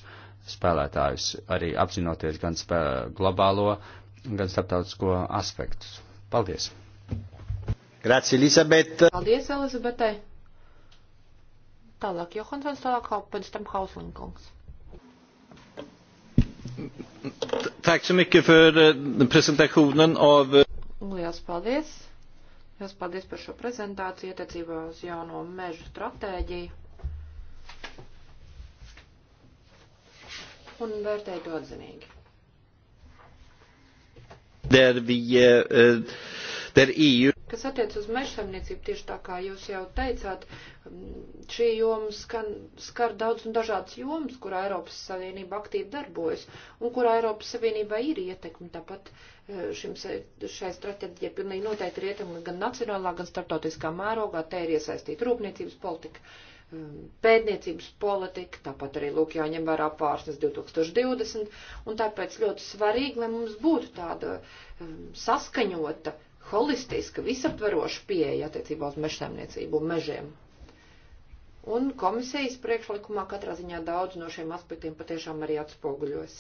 spēlētājus, arī apzinoties gan globālo, gan starptautisko aspektus. Paldies! Grācija, Elizabete. Paldies, Elizabetei. Tālāk Johansons, tālāk pēc tam Hauslinkungs. Tack så mycket för eh, presentationen av... Eh, Lielas paldies. Lielas paldies par šo prezentāciju attiecībā uz jauno mežu stratēģiju. Un vērtēju to atzinīgi. Der vi, eh, der EU Kas attiec uz mežsaimniecību, tieši tā kā jūs jau teicāt, šī joma skan, skar daudz un dažādas jomas, kurā Eiropas Savienība aktīvi darbojas un kurā Eiropas Savienībā ir ietekme. Tāpat e, šim, šai strateģijai pilnīgi noteikti ir ietekme gan nacionālā, gan starptautiskā mērogā. Te ir iesaistīta rūpniecības politika pētniecības politika, tāpat arī lūk jāņem vērā pārsnes 2020, un tāpēc ļoti svarīgi, lai mums būtu tāda um, saskaņota holistiska, visaptveroša pieeja attiecībā uz mežsaimniecību un mežiem. Un komisijas priekšlikumā katrā ziņā daudz no šiem aspektiem patiešām arī atspoguļos.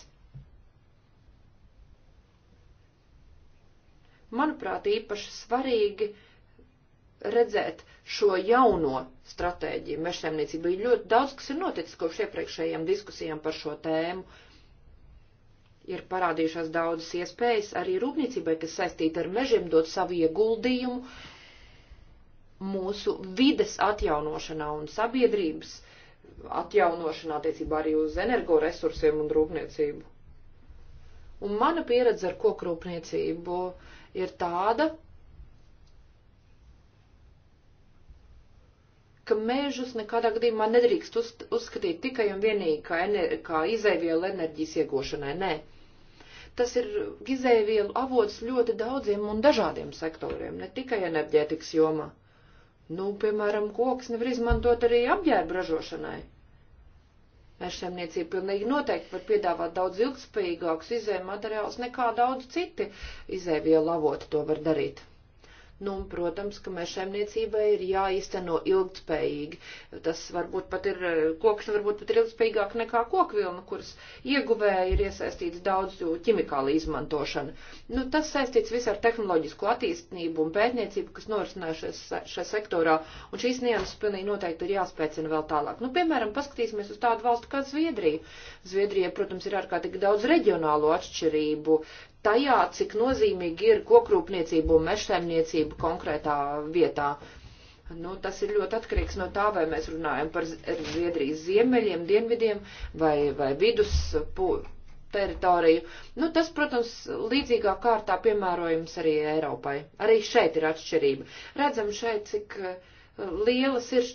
Manuprāt, īpaši svarīgi redzēt šo jauno stratēģiju mežsaimniecībai. Ļoti daudz, kas ir noticis kopš iepriekšējiem diskusijām par šo tēmu. Uh, ir parādījušās daudzas iespējas arī rūpniecībai, kas saistīta ar mežiem, dot savu ieguldījumu mūsu vides atjaunošanā un sabiedrības atjaunošanā attiecībā arī uz energoresursiem un rūpniecību. Un mana pieredze ar kokrūpniecību ir tāda, ka mēžus nekādā gadījumā nedrīkst uz, uzskatīt tikai un vienīgi kā, ener, kā izēvielu enerģijas iegūšanai. Nē. Ne tas ir gizēvielu avots ļoti daudziem un dažādiem sektoriem, ne tikai enerģētikas jomā. Nu, piemēram, koks nevar izmantot arī apģērbu ražošanai. Mežsaimniecība pilnīgi noteikti var piedāvāt daudz ilgspējīgākus izējumu materiālus nekā daudz citi izēvielu avoti to var darīt. Nu, un, protams, ka mēs šemniecībai ir jāizteno ilgtspējīgi. Tas varbūt pat ir, koks varbūt pat ir ilgtspējīgāk nekā kokvilna, kuras ieguvēja ir iesaistīts daudz ķimikālu izmantošana. Nu, tas saistīts viss ar tehnoloģisko attīstību un pētniecību, kas norisinājušies šajā sektorā, un šīs nianses pilnīgi noteikti ir jāspēcina vēl tālāk. Nu, piemēram, paskatīsimies uz tādu valstu kā Zviedrija. Zviedrija, protams, ir ārkārtīgi daudz reģionālo atšķirību, tajā, cik nozīmīgi ir kokrūpniecība un mežsaimniecība konkrētā vietā. Nu, tas ir ļoti atkarīgs no tā, vai mēs runājam par Zviedrijas ziemeļiem, dienvidiem vai, vai vidus teritoriju. Nu, tas, protams, līdzīgā kārtā piemērojams arī Eiropai. Arī šeit ir atšķirība. Redzam šeit, cik uh, lielas ir,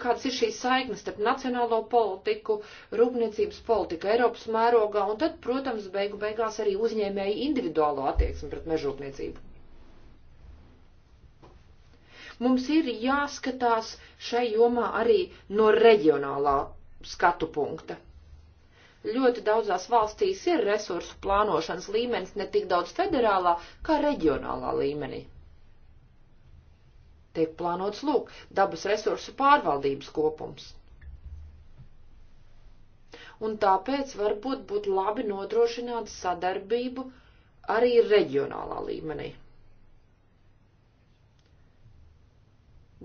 kādas ir šīs saiknes starp nacionālo politiku, rūpniecības politiku Eiropas mērogā un tad, protams, beigu beigās arī uzņēmēji individuālo attieksmi pret mežrūpniecību. Mums ir jāskatās šai jomā arī no reģionālā skatu punkta. Ļoti daudzās valstīs ir resursu plānošanas līmenis ne tik daudz federālā, kā reģionālā līmenī. Tiek plānots lūk dabas resursu pārvaldības kopums. Un tāpēc varbūt būtu labi nodrošināt sadarbību arī reģionālā līmenī.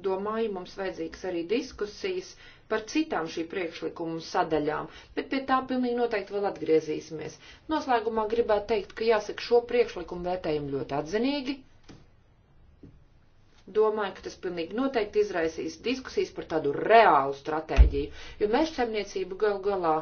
Domāju, mums vajadzīgs arī diskusijas par citām šī priekšlikuma sadaļām, bet pie tā pilnīgi noteikti vēl atgriezīsimies. Noslēgumā gribētu teikt, ka jāsaka šo priekšlikumu vērtējumu ļoti atzinīgi. Domāju, ka tas pilnīgi noteikti izraisīs diskusijas par tādu reālu stratēģiju, jo mežsaimniecība gal galā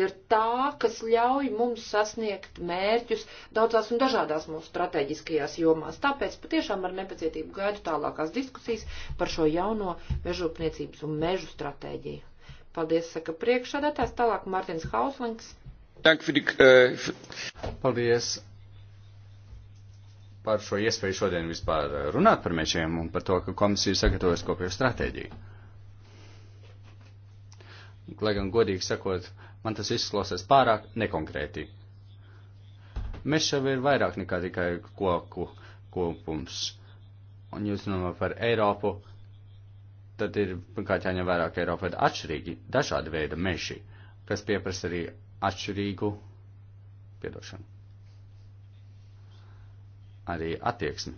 ir tā, kas ļauj mums sasniegt mērķus daudzās un dažādās mūsu strateģiskajās jomās. Tāpēc patiešām ar nepacietību gaidu tālākās diskusijas par šo jauno mežrūpniecības un mežu stratēģiju. Paldies, saka priekšsādātājs, tālāk Mārtiņš Hauslings. Eh, Paldies par šo iespēju šodien vispār runāt par mečiem un par to, ka komisija sagatavojas kopēju stratēģiju. Lai gan godīgi sakot, man tas izklausās pārāk nekonkrēti. Mešs jau ir vairāk nekā tikai koku kopums. Un jūs runājat par Eiropu, tad ir, kā jāņem vērā, ka Eiropa ir atšķirīgi, dažādi veidi meži, kas pieprasa arī atšķirīgu piedošanu arī attieksmi.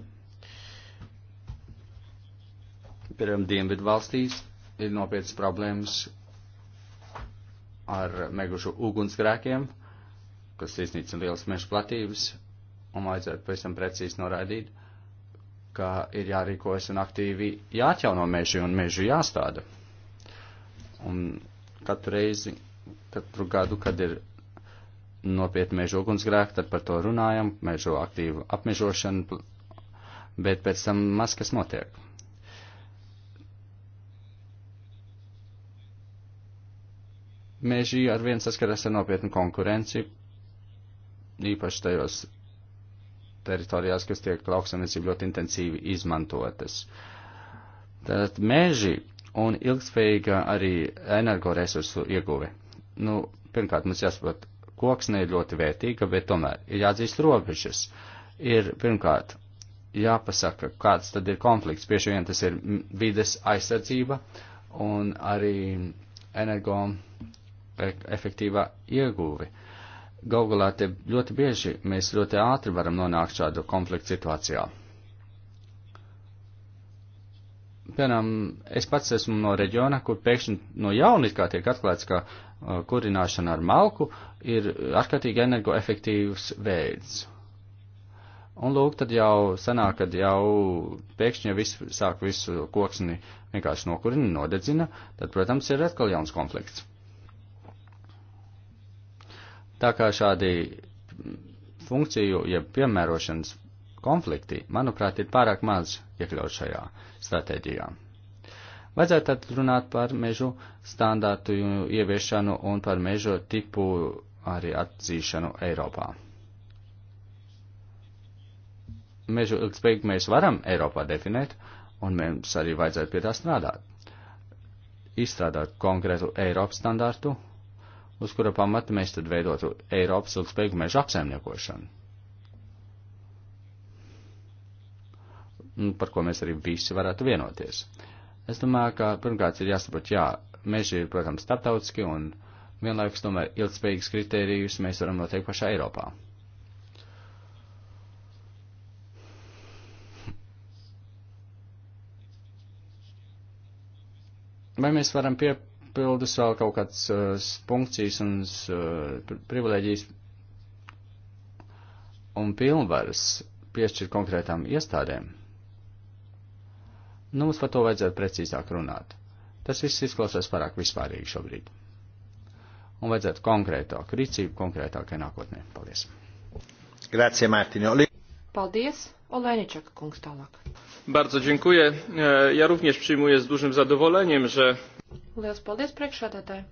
Piemēram, Dienvidu valstīs ir nopietnas problēmas ar megušu ugunsgrēkiem, kas iznīcina lielas meža platības, un vajadzētu pavisam precīzi noraidīt, ka ir jārīkojas un aktīvi jāatjauno meži un mežu jāstāda. Un katru reizi, katru gadu, kad ir nopietni mežu ugunsgrēki, tad par to runājam, mežu aktīvu apmežošanu, bet pēc tam maz kas notiek. Meži ar vien saskaras ar nopietnu konkurenci, īpaši tajos teritorijās, kas tiek lauksaimniecība ļoti intensīvi izmantotas. Tad meži un ilgspējīga arī energoresursu ieguve. Nu, pirmkārt, mums jāsaprot, koksne ir ļoti vērtīga, bet tomēr ir jāatzīst robežas. Ir pirmkārt jāpasaka, kāds tad ir konflikts. Bieži vien tas ir vides aizsardzība un arī energo e-, efektīvā ieguve. Gaugulā te ļoti bieži mēs ļoti ātri varam nonākt šādu konfliktu situācijā. Piemēram, es pats esmu no reģiona, kur pēkšņi no jauna it kā tiek atklāts, ka uh, kurināšana ar malku ir ārkārtīgi energoefektīvs veids. Un lūk, tad jau sanāk, kad jau pēkšņi vis, sāk visu koksni vienkārši nokurina, nodedzina, tad, protams, ir atkal jauns konflikts. Tā kā šādi funkciju, ja piemērošanas konflikti, manuprāt, ir pārāk maz iekļaut šajā stratēģijā. Vajadzētu tad runāt par mežu standārtu ieviešanu un par mežu tipu arī atzīšanu Eiropā. Mežu ilgspējīgi mēs varam Eiropā definēt, un mums arī vajadzētu pie tā strādāt. Izstrādāt konkrētu Eiropas standārtu, uz kura pamata mēs tad veidotu Eiropas ilgspējīgu mežu apsaimniekošanu. Par ko mēs arī visi varētu vienoties. Uh, Es domāju, ka pirmkārt ir jāsaprot, jā, meži ir, protams, starptautiski un vienlaikus tomēr ilgspējīgas kritērijus mēs varam noteikt pašā Eiropā. Vai mēs varam piepildus vēl kaut kāds uh, funkcijas un uh, privilēģijas un pilnvaras piešķirt konkrētām iestādēm? Nu, mums par to vajadzētu precīzāk runāt. Tas viss izklausās pārāk vispārīgi šobrīd. Un vajadzētu konkrētāku rīcību, konkrētākai nākotnē. Paldies. Grazie, Mārtiņo. Paldies, Olēničak, kungs tālāk. Bardzo dziękuję. Ja również przyjmuję z dużym zadowoleniem, że... Liels paldies, priekšādātāji.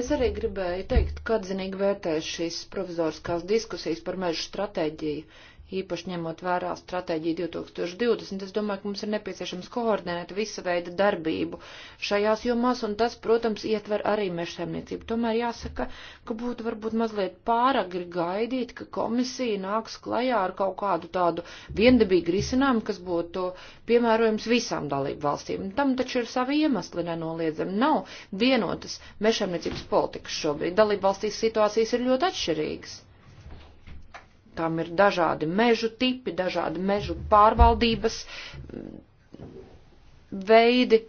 Es arī gribēju teikt, ka atzinīgi vērtēju šīs provizoriskās diskusijas par mežu stratēģiju, īpaši ņemot vērā stratēģiju 2020, es domāju, ka mums ir nepieciešams koordinēt visa veida darbību šajās jomās, un tas, protams, ietver arī mežsaimniecību. Tomēr jāsaka, ka būtu varbūt mazliet pāragri gaidīt, ka komisija nāks klajā ar kaut kādu tādu viendabīgu risinājumu, kas būtu piemērojams visām dalību valstīm. Tam taču ir savi iemesli nenoliedzami. Nav vienotas mežsaimniecības politikas šobrīd. Dalību valstīs situācijas ir ļoti atšķirīgas. Tām ir dažādi mežu tipi, dažādi mežu pārvaldības veidi.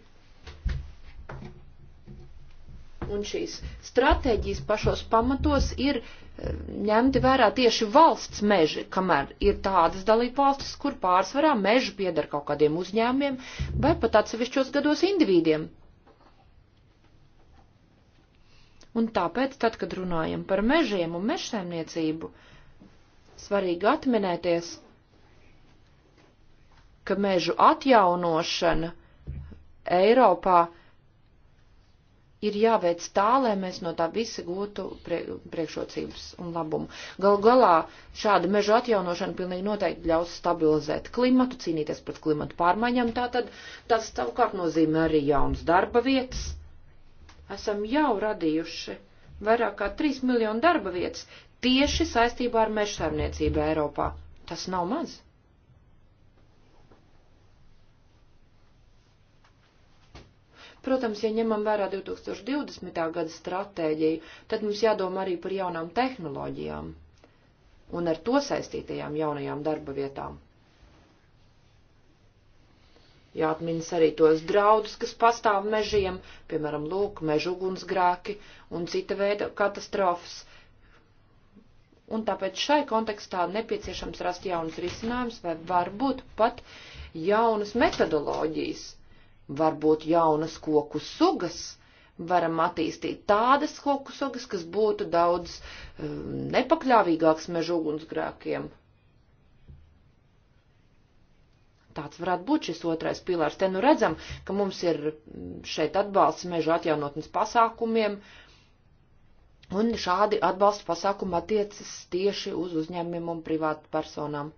Un šīs stratēģijas pašos pamatos ir eh, ņemti vērā tieši valsts meži, kamēr ir tādas dalība valstis, kur pārsvarā meži piedar kaut kādiem uzņēmumiem vai pat atsevišķos gados individiem. Un tāpēc, tad, kad runājam par mežiem un mežsēmniecību, uh, svarīgi atminēties, ka mežu atjaunošana Eiropā ir jāveic tā, lai mēs no tā visa gūtu priekšrocības un labumu. Gal galā šāda meža atjaunošana pilnīgi noteikti ļaus stabilizēt klimatu, cīnīties pret klimatu pārmaiņām, tātad tas savukārt nozīmē arī jaunas darba vietas. Esam jau radījuši vairāk kā 3 miljonu darba vietas, tieši saistībā ar mežsaimniecību Eiropā. Tas nav maz. Protams, ja ņemam vērā 2020. gada stratēģiju, tad mums jādomā arī par jaunām tehnoloģijām un ar to saistītajām jaunajām darba vietām. Jāatminas arī tos draudus, kas pastāv mežiem, piemēram, lūk, mežu ugunsgrēki un cita veida katastrofas Un tāpēc šai kontekstā nepieciešams rast jaunus risinājumus vai varbūt pat jaunas metodoloģijas, varbūt jaunas koku sugas. Varam attīstīt tādas koku sugas, kas būtu daudz um, nepakļāvīgāks mežu ugunsgrēkiem. Tāds varētu būt šis otrais pilārs. Te nu redzam, ka mums ir šeit atbalsts mežu atjaunotnes pasākumiem, uh, Un šādi atbalsta pasākumi attiecas tieši uz uzņēmumiem un privātu personām.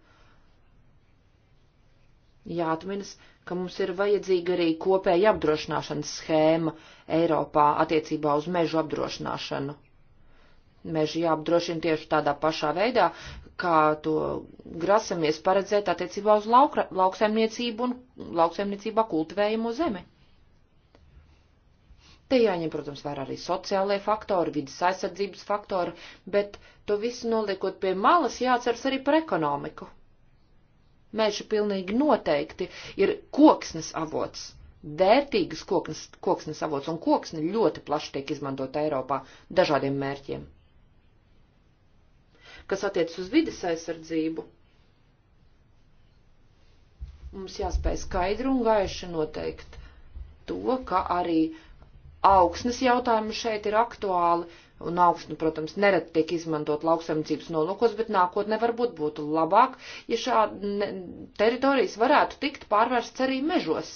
Jāatminas, ka mums ir vajadzīga arī kopēja apdrošināšanas schēma Eiropā attiecībā uz mežu apdrošināšanu. Meži jāapdrošina tieši tādā pašā veidā, kā to grasamies paredzēt attiecībā uz laukra, lauksaimniecību un lauksaimniecībā kultivējamo zemi. Te jāņem, protams, vērā arī sociālai faktori, vidas aizsardzības faktori, bet to visu noliekot pie malas jāceras arī par ekonomiku. Meža pilnīgi noteikti ir koksnes avots, vērtīgas koksnes, koksnes avots, un koksne ļoti plaši tiek izmantot Eiropā dažādiem mērķiem. Kas attiec uz vidas aizsardzību, mums jāspēj skaidri un gaiši noteikt to, ka arī uh, augsnes jautājumi šeit ir aktuāli, un augsne, protams, nereti tiek izmantot lauksaimniecības nolūkos, bet nākotnē varbūt būtu labāk, ja šāda teritorijas varētu tikt pārvērsts arī mežos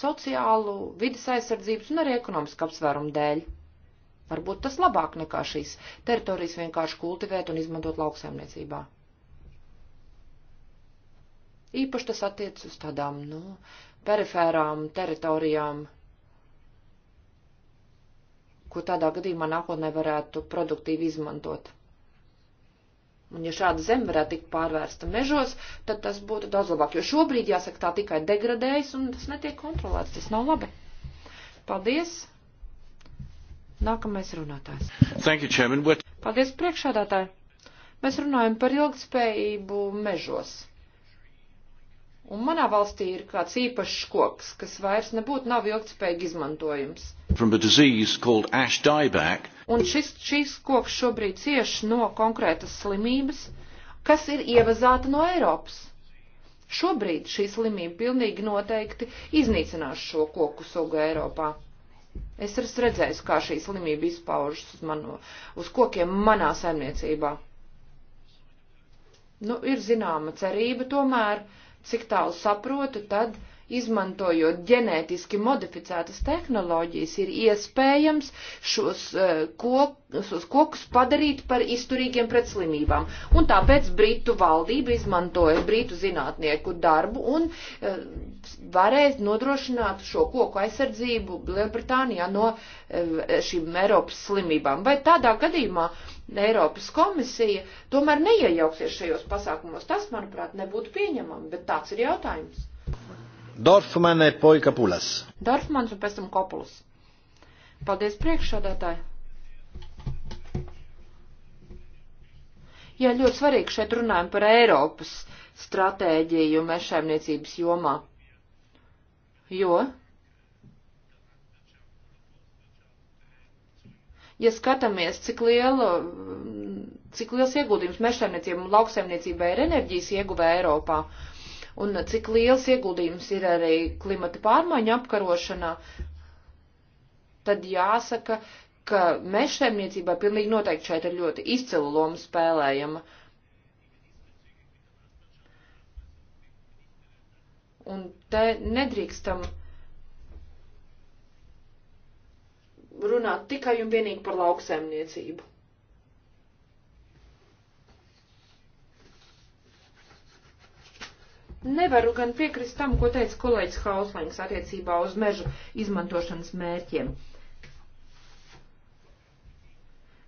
sociālu, vidas aizsardzības un arī ekonomisku apsvērumu dēļ. Varbūt tas labāk nekā šīs teritorijas vienkārši kultivēt un izmantot lauksaimniecībā. Īpaši tas attiec uz tādām, nu, perifērām teritorijām, ko tādā gadījumā nākotnē varētu produktīvi izmantot. Un ja šāda zeme varētu tikt pārvērsta mežos, tad tas būtu daudz labāk, jo šobrīd, jāsaka, tā tikai degradējas un tas netiek kontrolēts. Tas nav labi. Paldies! Nākamais runātājs. Thank you, Chairman. What... Paldies, priekšādātāji! Mēs runājam par ilgspējību mežos. Un manā valstī ir kāds īpašs koks, kas vairs nebūtu nav ilgspējīgi izmantojums. Un šis, šis koks šobrīd cieš no konkrētas slimības, kas ir ievazāta no Eiropas. Šobrīd šī slimība pilnīgi noteikti iznīcinās šo koku sugu Eiropā. Es esmu redzējis, kā šī slimība izpaužas uz, manu, uz kokiem manā saimniecībā. Nu, ir zināma cerība tomēr, cik tālu saprotu, tad izmantojot ģenētiski modificētas tehnoloģijas, ir iespējams šos, eh, kok, šos kokus padarīt par izturīgiem pret slimībām. Un tāpēc Britu valdība izmantoja Britu zinātnieku darbu un e, varēs nodrošināt šo koku aizsardzību Lielbritānijā no e, šīm Eiropas slimībām. Vai tādā gadījumā Eiropas komisija tomēr neiejauksies šajos pasākumos? Tas, manuprāt, nebūtu pieņemami, bet tāds ir jautājums. Thank you. Dorfman e poi Kapulas. Dorfmans un pēc tam Kopulas. Paldies priekšsādātāji. Jā, ļoti svarīgi šeit runājam par Eiropas stratēģiju mešēmniecības jomā. Jo? Ja skatāmies, cik liela cik liels ieguldījums mežsaimniecībai un lauksaimniecībai ir enerģijas ieguvē Eiropā, un cik liels ieguldījums ir arī klimata pārmaiņu apkarošanā, tad jāsaka, ka mežsaimniecībā pilnīgi noteikti šeit ir ļoti izcilu lomu spēlējama. Un te nedrīkstam runāt tikai un vienīgi par lauksaimniecību. nevaru gan piekrist tam, ko teica kolēģis Hauslings attiecībā uz mežu izmantošanas mērķiem.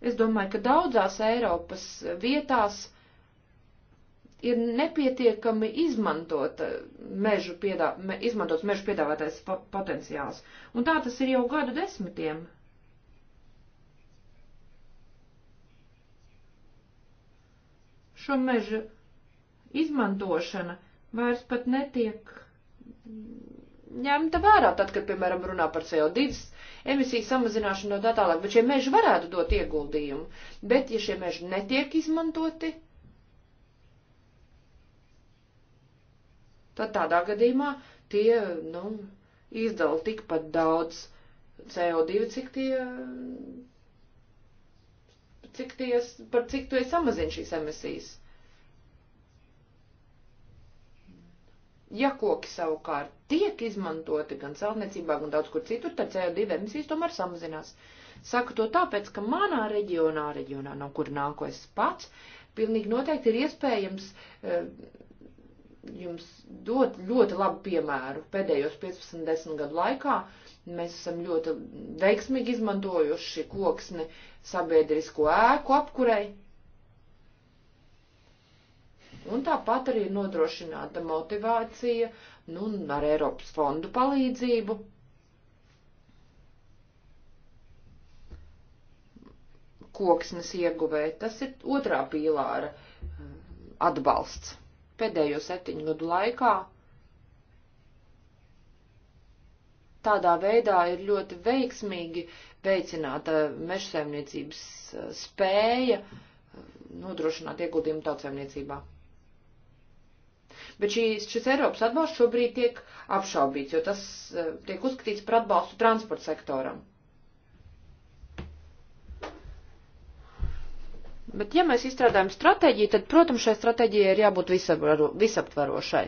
Es domāju, ka daudzās Eiropas vietās ir nepietiekami izmantot eh, mežu piedā, me, izmantots mežu piedāvātais pa, potenciāls. Un tā tas ir jau gadu desmitiem. Šo mežu izmantošana vairs pat netiek ņemta vērā, tad, kad, piemēram, runā par CO2 emisiju samazināšanu un tā tālāk, bet šie meži varētu dot ieguldījumu, bet ja šie meži netiek izmantoti, tad tādā gadījumā tie, nu, izdala tikpat daudz CO2, cik tie, cik tie, par cik to ir samazina šīs emisijas. Ja koki savukārt tiek izmantoti gan celtniecībā, gan daudz kur citur, tad CO2 emisijas tomēr samazinās. Saku to tāpēc, ka manā reģionā, reģionā, no kur nāku es pats, pilnīgi noteikti ir iespējams eh, jums dot ļoti labu piemēru. Pēdējos 15-10 gadu laikā mēs esam ļoti veiksmīgi izmantojuši koksni sabiedrisko ēku apkurei Un tāpat arī ir nodrošināta motivācija, nu, ar Eiropas fondu palīdzību. Koksnes ieguvē, tas ir otrā pīlāra eh, atbalsts. Pēdējo septiņu gadu laikā tādā veidā ir ļoti veiksmīgi veicināta mežsaimniecības eh, spēja eh, nodrošināt ieguldījumu tautsēmniecībā bet šis, šis Eiropas atbalsts šobrīd tiek apšaubīts, jo tas eh, tiek uzskatīts par atbalstu transporta sektoram. Bet, ja mēs izstrādājam stratēģiju, tad, protams, šai stratēģijai ir jābūt visaptvarošai.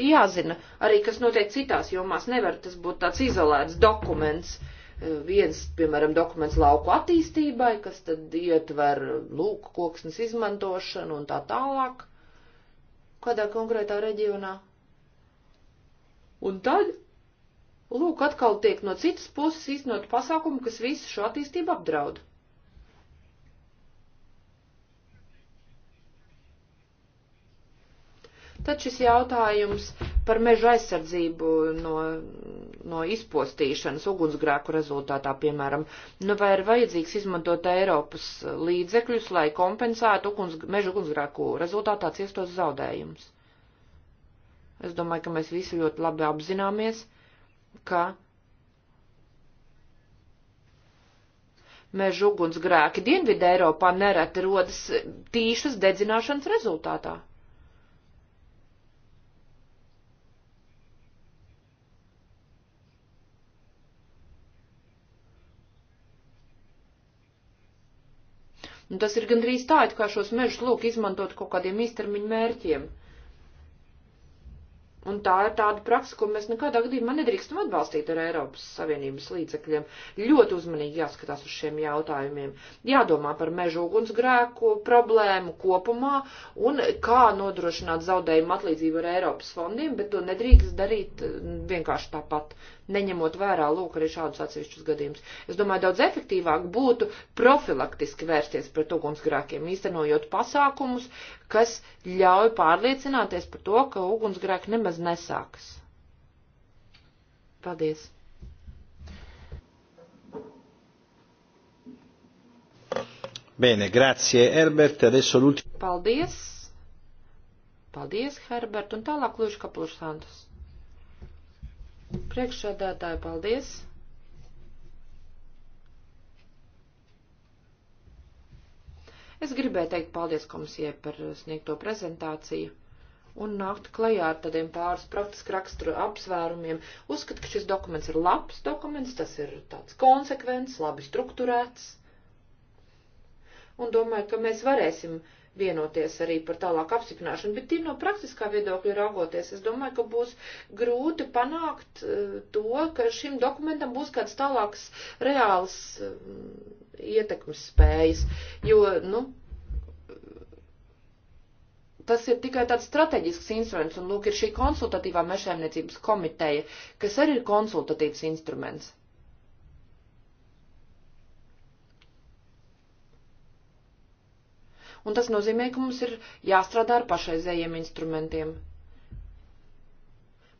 Ir jāzina arī, kas notiek citās jomās. Nevar tas būt tāds izolēts dokuments. Eh, viens, piemēram, dokuments lauku attīstībai, kas tad ietver lūk, koksnes izmantošanu un tā tālāk kādā konkrētā reģionā. Un tad, lūk, atkal tiek no citas puses īstenot pasākumu, kas visu šo attīstību apdraud. Tad šis jautājums par meža aizsardzību no no izpostīšanas ugunsgrēku rezultātā, piemēram, nu vai ir vajadzīgs izmantot Eiropas eh, līdzekļus, lai kompensētu uguns, mežu ugunsgrēku rezultātā ciestos zaudējumus. Es domāju, ka mēs visi ļoti labi apzināmies, ka mežu ugunsgrēki Dienvidē Eiropā nereti rodas eh, tīšas dedzināšanas rezultātā. Un nu, tas ir gandrīz tā, it kā šos mežus lūk izmantot kaut kādiem īstermiņu mērķiem. Un tā ir tāda praksa, ko mēs nekādā gadījumā nedrīkstam atbalstīt ar Eiropas Savienības līdzekļiem. Ļoti uzmanīgi jāskatās uz šiem jautājumiem. Jādomā par mežu ugunsgrēku problēmu kopumā un kā nodrošināt zaudējumu atlīdzību ar Eiropas fondiem, bet to nedrīkst darīt eh, vienkārši tāpat neņemot vērā lūk arī šādus atsevišķus gadījumus. Es domāju, daudz efektīvāk būtu profilaktiski vērsties pret ugunsgrēkiem, īstenojot pasākumus, kas ļauj pārliecināties par to, ka ugunsgrēki nemaz nesākas. Paldies! Bene, grazie Herbert, adesso l'ultimo. Paldies! Paldies, Herbert, un tālāk Lūža Kaplušantus. Priekšsēdētāji, paldies! Es gribēju teikt paldies komisijai par sniegto prezentāciju un nākt klajā ar tādiem pāris praktiski raksturu apsvērumiem. Uzskat, ka šis dokuments ir labs dokuments, tas ir tāds konsekvents, labi strukturēts. Un domāju, ka mēs varēsim uh, vienoties arī par tālāku apstiprināšanu, bet ir no praktiskā viedokļa raugoties. Es domāju, ka būs grūti panākt eh, to, ka šim dokumentam būs kāds tālāks reāls eh, ietekmes spējas, jo, nu, tas ir tikai tāds strateģisks instruments, un lūk ir šī konsultatīvā mešēmniecības komiteja, kas arī ir konsultatīvs instruments. un tas nozīmē, ka mums ir jāstrādā ar pašreizējiem instrumentiem.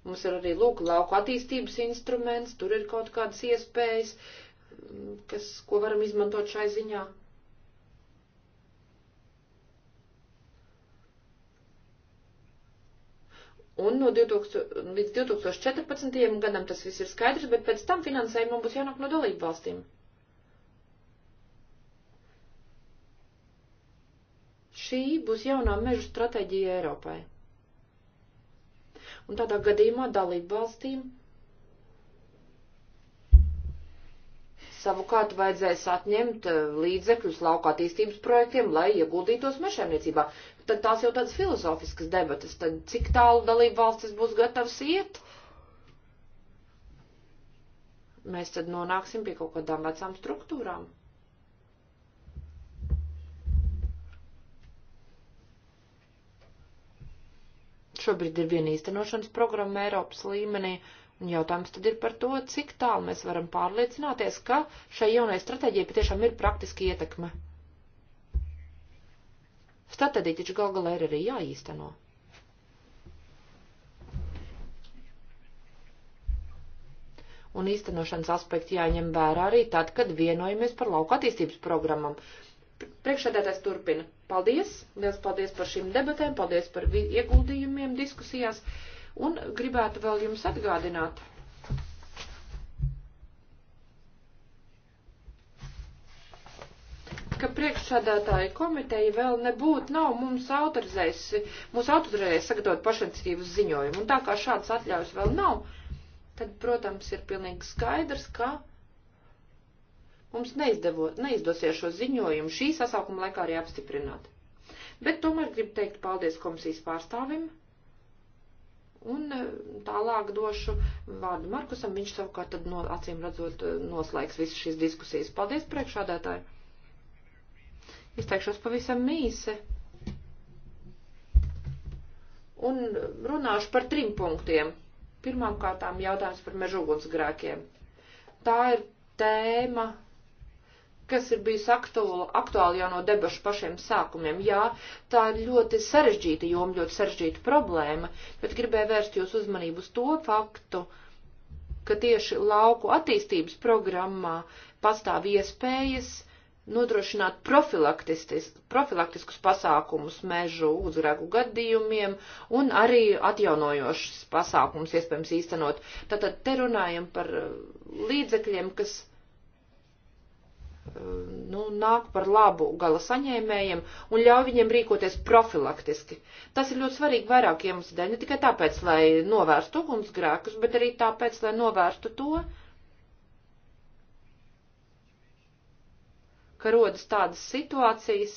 Mums ir arī, lūk, lauku attīstības instruments, tur ir kaut kādas iespējas, kas, ko varam izmantot šai ziņā. Un no 2000, līdz 2014. gadam tas viss ir skaidrs, bet pēc tam finansējumam būs jānāk no dalību valstīm. Šī būs jaunā mežu stratēģija Eiropai. Un tādā gadījumā dalību valstīm savukārt vajadzēs atņemt eh, līdzekļus lauka attīstības projektiem, lai ieguldītos mežsaimniecībā. Tad tās jau tādas filozofiskas debatas, tad cik tālu dalību valstis būs gatavs iet? Mēs tad nonāksim pie kaut kādām vecām struktūrām. Šobrīd ir viena īstenošanas programma Eiropas līmenī, un jautājums tad ir par to, cik tālu mēs varam pārliecināties, ka šai jaunai stratēģijai patiešām ir praktiski ietekme. Stratēģija taču gal galā ir arī jāīsteno. Un īstenošanas aspekti jāņem vērā arī tad, kad vienojamies par lauka attīstības programmam. Priekšsēdētājs turpina. Paldies! Liels paldies par šīm debatēm, paldies par ieguldījumiem diskusijās. Un gribētu vēl jums atgādināt. ka priekšsādātāja komiteja vēl nebūtu, nav mums autorizējusi, mūs autorizējusi sagatavot pašinicitīvas ziņojumu. Un tā kā šādas atļaujas vēl nav, tad, protams, ir pilnīgi skaidrs, ka Mums neizdavo, neizdosies šo ziņojumu šī sasaukuma laikā arī apstiprināt. Bet tomēr gribu teikt paldies komisijas pārstāvim. Un e, tālāk došu vārdu Markusam, viņš savukārt tad no, acīm redzot e, noslēgs visas šīs diskusijas. Paldies priekšādātāji! Izteikšos pavisam mīsi un runāšu par trim punktiem. Pirmkārt, jautājums par mežugunsgrēkiem. Tā ir tēma, kas ir bijis aktuāli, aktuāli jau no debašu pašiem sākumiem. Jā, tā ir ļoti sarežģīta joma, ļoti sarežģīta problēma, bet gribēju vērst jūs uzmanību uz to faktu, ka tieši lauku attīstības programmā pastāv iespējas nodrošināt profilaktiskus pasākumus mežu uzragu gadījumiem un arī atjaunojošas pasākumus iespējams īstenot. Tātad te runājam par uh, līdzekļiem, kas Eh, nu, nāk par labu gala saņēmējiem un ļauj viņiem rīkoties profilaktiski. Tas ir ļoti svarīgi vairāk iemeslu dēļ, ne tikai tāpēc, lai novērstu ugunsgrēkus, bet arī tāpēc, lai novērstu to, ka rodas tādas situācijas,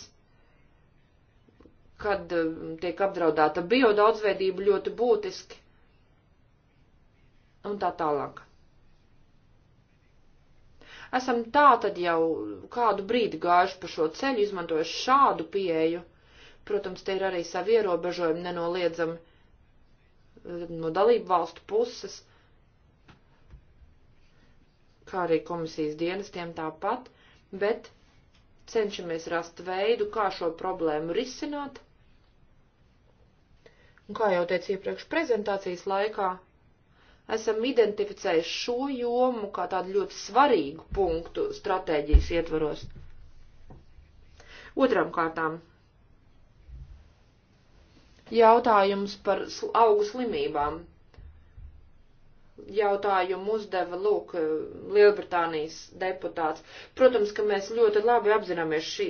kad eh, tiek apdraudēta biodaudzveidība ļoti būtiski un tā tālāk. Esam tā tad jau kādu brīdi gājuši pa šo ceļu, izmantojuši šādu pieeju. Protams, te ir arī savi ierobežojumi nenoliedzami eh, no dalību valstu puses, kā arī komisijas dienestiem tāpat, bet cenšamies rast veidu, kā šo problēmu risināt. Un kā jau teicu iepriekš prezentācijas laikā, esam identificējuši šo jomu kā tādu ļoti svarīgu punktu stratēģijas ietvaros. Otram kārtām jautājums par augu slimībām jautājumu uzdeva lūk Lielbritānijas deputāts. Protams, ka mēs ļoti labi apzināmies šī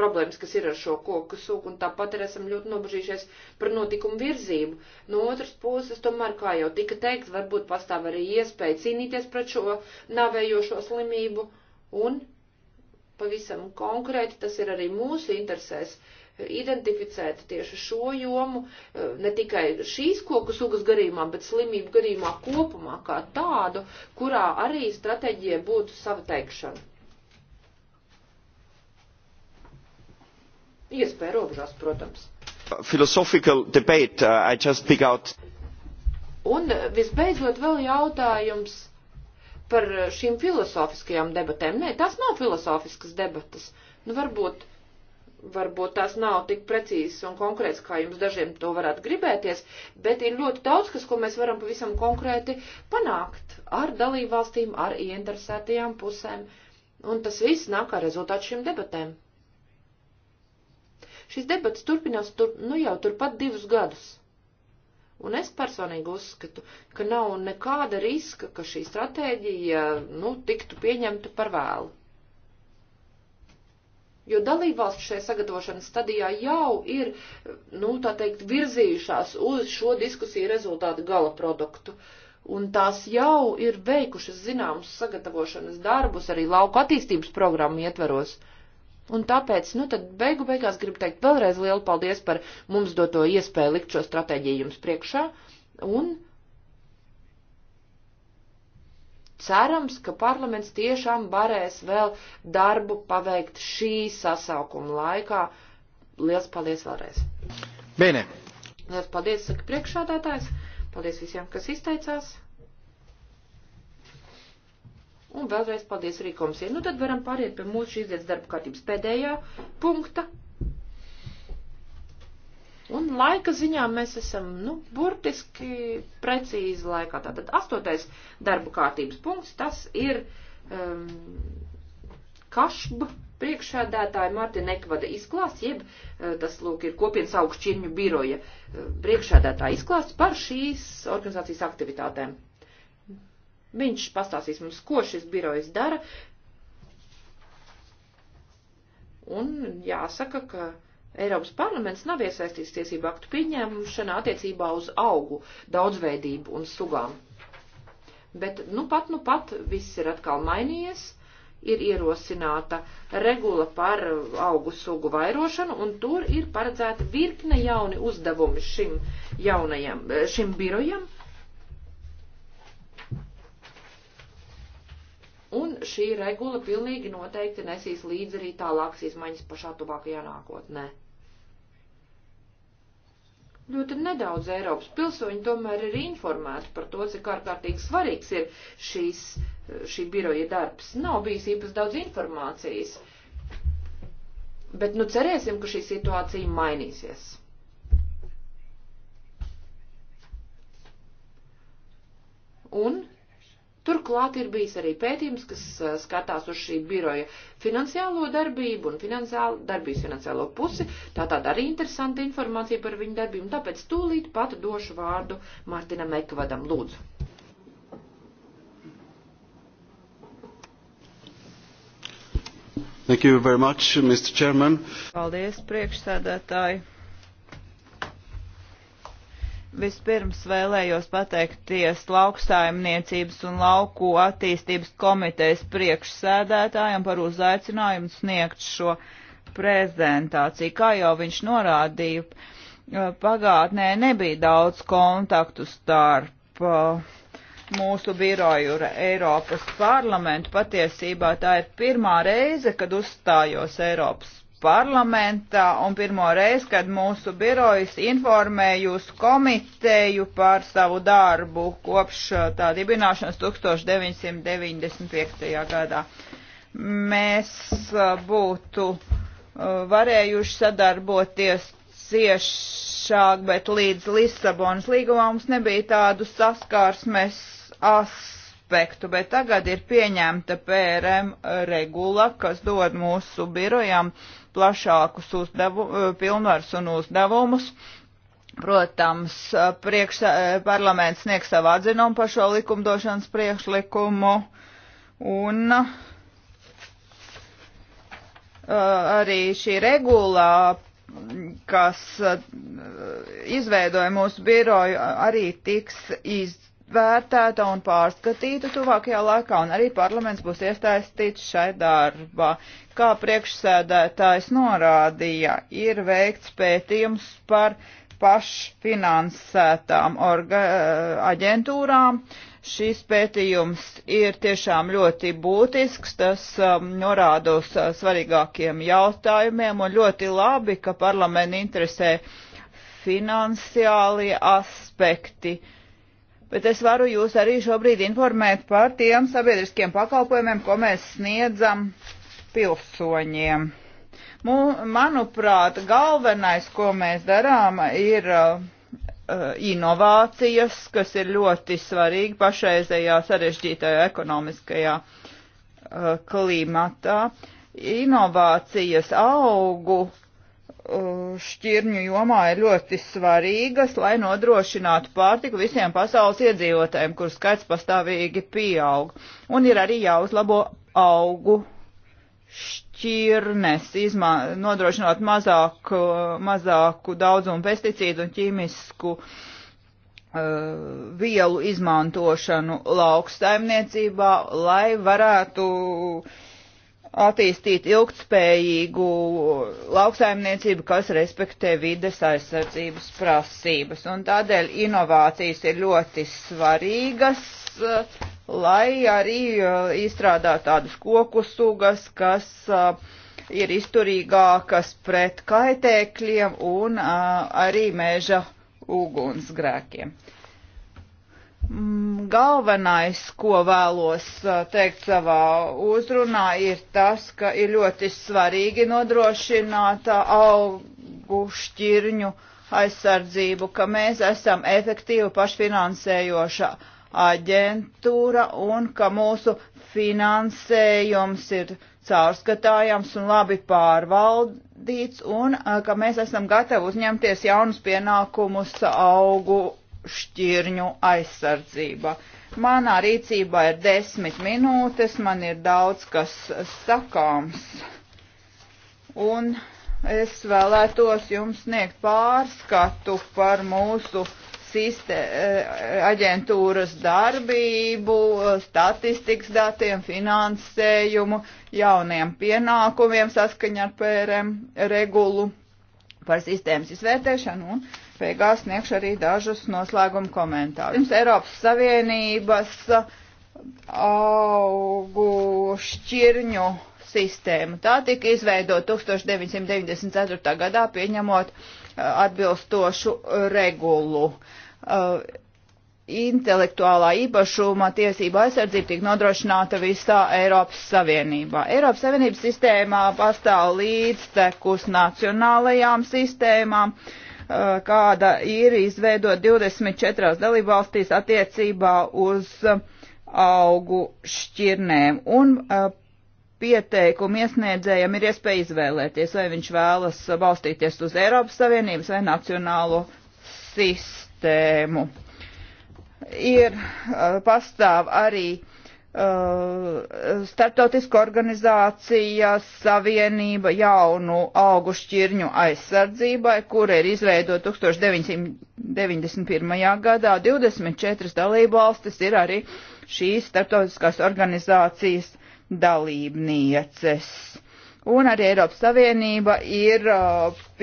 problēmas, kas ir ar šo koku sūku, un tāpat arī esam ļoti nobežījušies par notikumu virzību. No otras puses, tomēr, kā jau tika teikt, varbūt pastāv arī iespēja cīnīties pret šo navējošo slimību, un pavisam konkrēti tas ir arī mūsu interesēs. Uh, identificēt tieši šo jomu, eh, ne tikai šīs koku sugas garījumā, bet slimību garījumā kopumā kā tādu, kurā arī stratēģija būtu sava teikšana. Iespēja robežās, protams. Philosophical debate, uh, I just pick out. Un eh, visbeidzot vēl jautājums par eh, šīm filozofiskajām debatēm. Nē, tās nav filozofiskas debatas. Nu, varbūt uh, varbūt tās nav tik precīzas un konkrētas, kā jums dažiem to varētu gribēties, bet ir ļoti daudz, kas, ko mēs varam pavisam konkrēti panākt ar dalībvalstīm, ar ieinteresētajām pusēm, un tas viss nāk kā rezultāts šīm debatēm. Šis debats turpinās tur, nu jau turpat divus gadus. Un es personīgi uzskatu, ka nav nekāda riska, ka šī stratēģija, nu, tiktu pieņemta par vēlu. Jo dalībvalsts šajā sagatavošanas stadijā jau ir, nu, tā teikt, virzījušās uz šo diskusiju rezultātu gala produktu. Un tās jau ir veikušas zināmus sagatavošanas darbus arī lauku attīstības programmu ietveros. Un tāpēc, nu, tad beigu beigās gribu teikt vēlreiz lielu paldies par mums doto iespēju likt šo stratēģiju jums priekšā. Un cerams, ka parlaments tiešām varēs vēl darbu paveikt šī sasaukuma laikā. Liels paldies vēlreiz! Bene! Liels paldies, saka priekšādātājs. Paldies visiem, kas izteicās. Un vēlreiz paldies arī komisijai. Nu tad varam pāriet pie mūsu šīs dienas darba kārtības pēdējā punkta. Un laika ziņā mēs esam, nu, burtiski precīzi laikā. Tātad astotais darba kārtības punkts, tas ir um, kašba priekšsēdētāja Martina Ekvada izklāsts, jeb uh, tas, lūk, ir kopienas augšķirņu biroja uh, priekšsēdētāja izklāsts par šīs organizācijas aktivitātēm. Viņš pastāstīs mums, ko šis birojas dara. Un jāsaka, ka Eiropas parlaments nav iesaistīts tiesību aktu pieņemšanā attiecībā uz augu daudzveidību un sugām. Bet nu pat, nu pat viss ir atkal mainījies, ir ierosināta regula par augu sugu vairošanu, un tur ir paredzēta virkne jauni uzdevumi šim jaunajam, šim birojam, un šī regula pilnīgi noteikti nesīs līdzi arī tālākas izmaiņas pašā tuvākajā nākotnē. Ļoti nedaudz Eiropas pilsoņi tomēr ir informēti par to, cik ārkārtīgi svarīgs ir šīs, šī biroja darbs. Nav bijis īpaši daudz informācijas, bet nu cerēsim, ka šī situācija mainīsies. Un Turklāt ir bijis arī pētījums, kas eh, skatās uz šī biroja finansiālo darbību un finansiālo, darbības finansiālo pusi. Tā tāda arī interesanta informācija par viņu darbību, un tāpēc tūlīt pat došu vārdu Mārtinam Ekvadam. Lūdzu. Thank you very much, Mr. Chairman. Paldies, priekšsēdētāji. Vispirms vēlējos pateikties lauksaimniecības un lauku attīstības komitejas priekšsēdētājiem par uzaicinājumu sniegt šo prezentāciju. Kā jau viņš norādīja, eh, pagātnē nebija daudz kontaktu starp eh, mūsu biroju Eiropas parlamentu. Patiesībā tā ir pirmā reize, kad uzstājos Eiropas parlamentā un pirmo reizi, kad mūsu birojas informējus komiteju par savu darbu kopš uh, tā dibināšanas 1995. gadā. Mēs uh, būtu uh, varējuši sadarboties ciešāk, bet līdz Lisabonas līgumā mums nebija tādu saskārsmes as aspektu, bet tagad ir pieņemta PRM regula, kas dod mūsu birojām plašākus uzdevu, eh, pilnvars un uzdevumus. Protams, eh, priekš, eh, parlaments sniegs savu atzinumu par šo likumdošanas priekšlikumu un arī šī regulā, kas izveidoja mūsu biroju, arī tiks izdevusi vērtēta un pārskatīta tuvākajā laikā, un arī parlaments būs iesaistīts šai darbā. Kā priekšsēdētājs norādīja, ir veikts pētījums par pašfinansētām aģentūrām. Šis pētījums ir tiešām ļoti būtisks, tas um, norāda uz uh, svarīgākiem jautājumiem un ļoti labi, ka parlamentu interesē finansiālie aspekti uh, bet es varu jūs arī šobrīd informēt par tiem sabiedriskiem pakalpojumiem, ko mēs sniedzam pilsoņiem. Manuprāt, galvenais, ko mēs darām, ir uh, inovācijas, kas ir ļoti svarīgi pašreizējā sarežģītajā ekonomiskajā uh, klimatā. Inovācijas augu Eh, šķirņu jomā ir ļoti svarīgas, lai nodrošinātu pārtiku visiem pasaules iedzīvotājiem, kur skaits pastāvīgi pieaug. Un ir arī jāuzlabo augu šķirnes, izmā, nodrošinot mazāku, eh, mazāku daudzumu pesticīdu un ķīmisku uh, vielu izmantošanu lauksaimniecībā, lai varētu uh, attīstīt ilgtspējīgu lauksaimniecību, kas respektē vides aizsardzības prasības. Un tādēļ inovācijas ir ļoti svarīgas, lai arī izstrādātu tādus koku sugas, kas ir izturīgākas pret kaitēkļiem un arī mēža ugunsgrēkiem. Mm, galvenais, ko vēlos uh, teikt savā uzrunā, ir tas, ka ir ļoti svarīgi nodrošināt uh, augu šķirņu aizsardzību, ka mēs esam efektīva pašfinansējoša aģentūra un ka mūsu finansējums ir caurskatājams un labi pārvaldīts un uh, ka mēs esam gatavi uzņemties jaunus pienākumus augu šķirņu aizsardzība. Manā rīcībā ir desmit minūtes, man ir daudz kas sakāms. Un es vēlētos jums sniegt pārskatu par mūsu sistē, eh, aģentūras darbību, statistikas datiem, finansējumu, jauniem pienākumiem saskaņā ar PRM regulu par sistēmas izvērtēšanu un beigās sniegšu arī dažus noslēguma komentārus. Pirms Eiropas Savienības uh, augu šķirņu sistēmu. Tā tika izveidota 1994. gadā, pieņemot uh, atbilstošu regulu. Uh, intelektuālā īpašuma tiesība aizsardzība tika nodrošināta visā Eiropas Savienībā. Eiropas Savienības sistēmā pastāv līdztekus nacionālajām sistēmām. Uh, Eh, kāda ir izveidot 24 dalībvalstīs attiecībā uz augu šķirnēm. Un eh, pieteikumu iesniedzējam ir iespēja izvēlēties, vai viņš vēlas balstīties uz Eiropas Savienības vai nacionālo sistēmu. Ir eh, pastāv arī uh, Uh, Startautiska organizācija Savienība jaunu augu šķirņu aizsardzībai, kura ir izveidota 1991. gadā. 24 dalībvalstis ir arī šīs startautiskās organizācijas dalībnieces. Un arī Eiropas Savienība ir uh,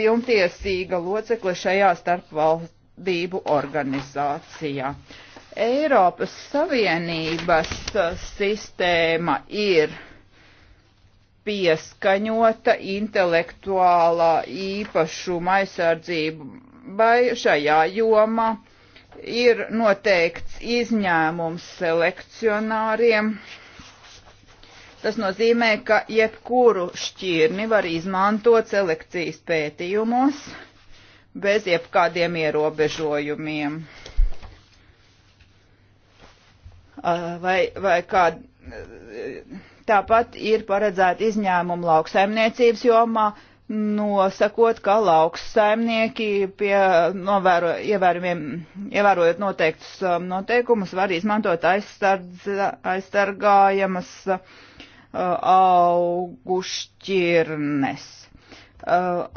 pilntiesīga locekle šajā starpvaldību organizācijā. Uh, Eiropas Savienības uh, sistēma ir pieskaņota intelektuālā īpašuma aizsardzību vai šajā jomā ir noteikts izņēmums selekcionāriem. Tas nozīmē, ka jebkuru šķirni var izmantot selekcijas pētījumos bez jebkādiem ierobežojumiem. Uh, vai, vai kā. Uh, tāpat ir paredzēta izņēmuma lauksaimniecības jomā, nosakot, ka lauksaimnieki pie novēro, ievērumiem, ievērojot noteiktus um, noteikumus, var izmantot aizsardz, aizsargājamas uh, augu šķirnes.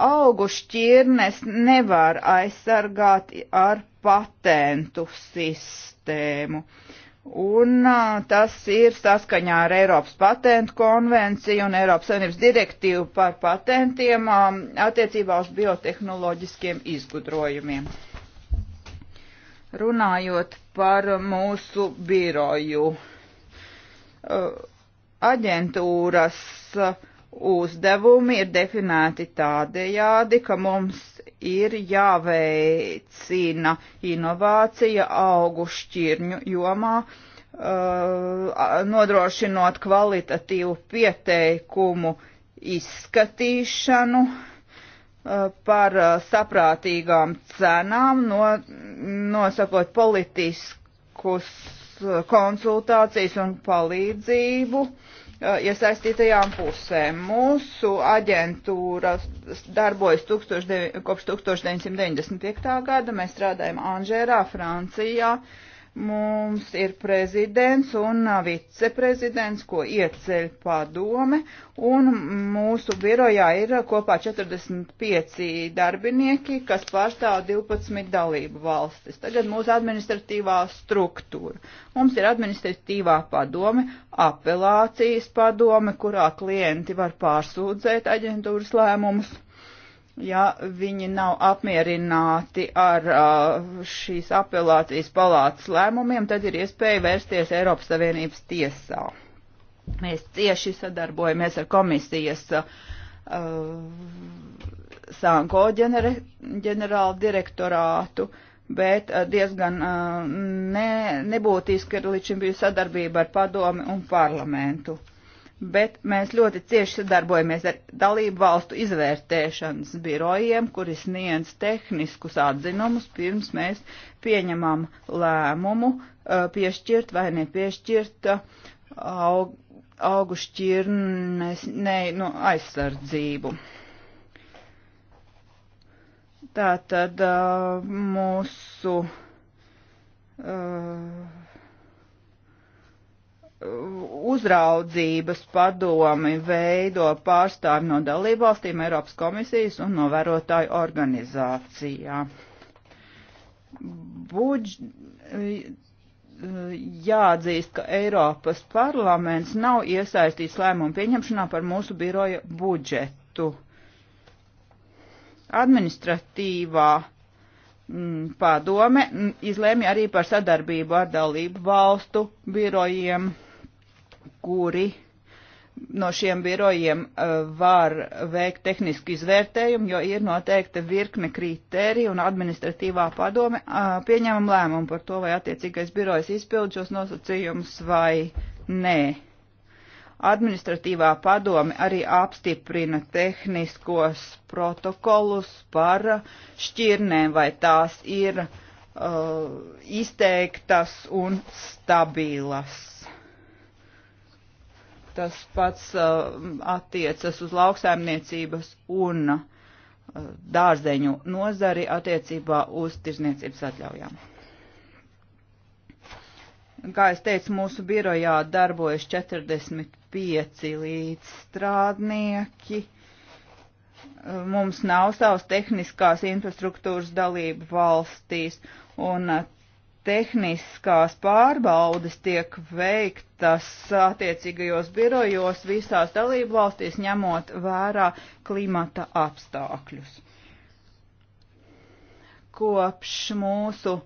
Augu šķirnes nevar aizsargāt ar patentu sistēmu. Uh, Un tas ir saskaņā ar Eiropas patentu konvenciju un Eiropas Savienības direktīvu par patentiem attiecībā uz biotehnoloģiskiem izgudrojumiem. Runājot par mūsu biroju, aģentūras uzdevumi ir definēti tādējādi, ka mums ir jāveicina inovācija augu šķirņu jomā, uh, nodrošinot kvalitatīvu pieteikumu izskatīšanu uh, par uh, saprātīgām cenām, no, nosakot politiskus konsultācijas un palīdzību uh, Uh, iesaistītajām pusēm. Mūsu aģentūra darbojas tūkstoš, kopš 1995. gada, mēs strādājam Anžērā, Francijā, uh, Mums ir prezidents un viceprezidents, ko ieceļ padome, un mūsu birojā ir kopā 45 darbinieki, kas pārstāv 12 dalību valstis. Tagad mūsu administratīvā struktūra. Mums ir administratīvā padome, apelācijas padome, kurā klienti var pārsūdzēt aģentūras lēmumus ja viņi nav apmierināti ar uh, šīs apelācijas palātas lēmumiem, tad ir iespēja vērsties Eiropas Savienības tiesā. Mēs cieši sadarbojamies ar komisijas uh, Sanko ģenere, ģenerāla direktorātu, bet uh, diezgan uh, ne, nebūtiski ir līdz šim bijusi sadarbība ar padomi un parlamentu. Uh, bet mēs ļoti cieši sadarbojamies ar dalību valstu izvērtēšanas birojiem, kuri sniedz tehniskus atzinumus, pirms mēs pieņemam lēmumu uh, piešķirt vai nepiešķirt uh, aug, augu šķirnes ne, no nu, aizsardzību. Tātad uh, mūsu uh, uzraudzības padomi veido pārstāvi no dalībvalstīm Eiropas komisijas un novērotāju organizācijā. Budž... Jāatzīst, ka Eiropas parlaments nav iesaistīts lēmumu pieņemšanā par mūsu biroja budžetu. Administratīvā mm, padome izlēma arī par sadarbību ar dalību valstu birojiem kuri no šiem birojiem eh, var veikt tehnisku izvērtējumu, jo ir noteikta virkne kritērija un administratīvā padome eh, pieņemam lēmumu par to, vai attiecīgais birojs izpild šos nosacījumus vai nē. Administratīvā padome arī apstiprina tehniskos protokolus par šķirnēm, vai tās ir uh, izteiktas un stabilas tas pats uh, attiecas uz lauksaimniecības un uh, dārzeņu nozari attiecībā uz tirzniecības atļaujām. Kā es teicu, mūsu birojā darbojas 45 līdzstrādnieki. Mums nav savas tehniskās infrastruktūras dalība valstīs, un uh, tehniskās pārbaudes tiek veiktas attiecīgajos birojos visās dalību valstīs, ņemot vērā klimata apstākļus. Kopš mūsu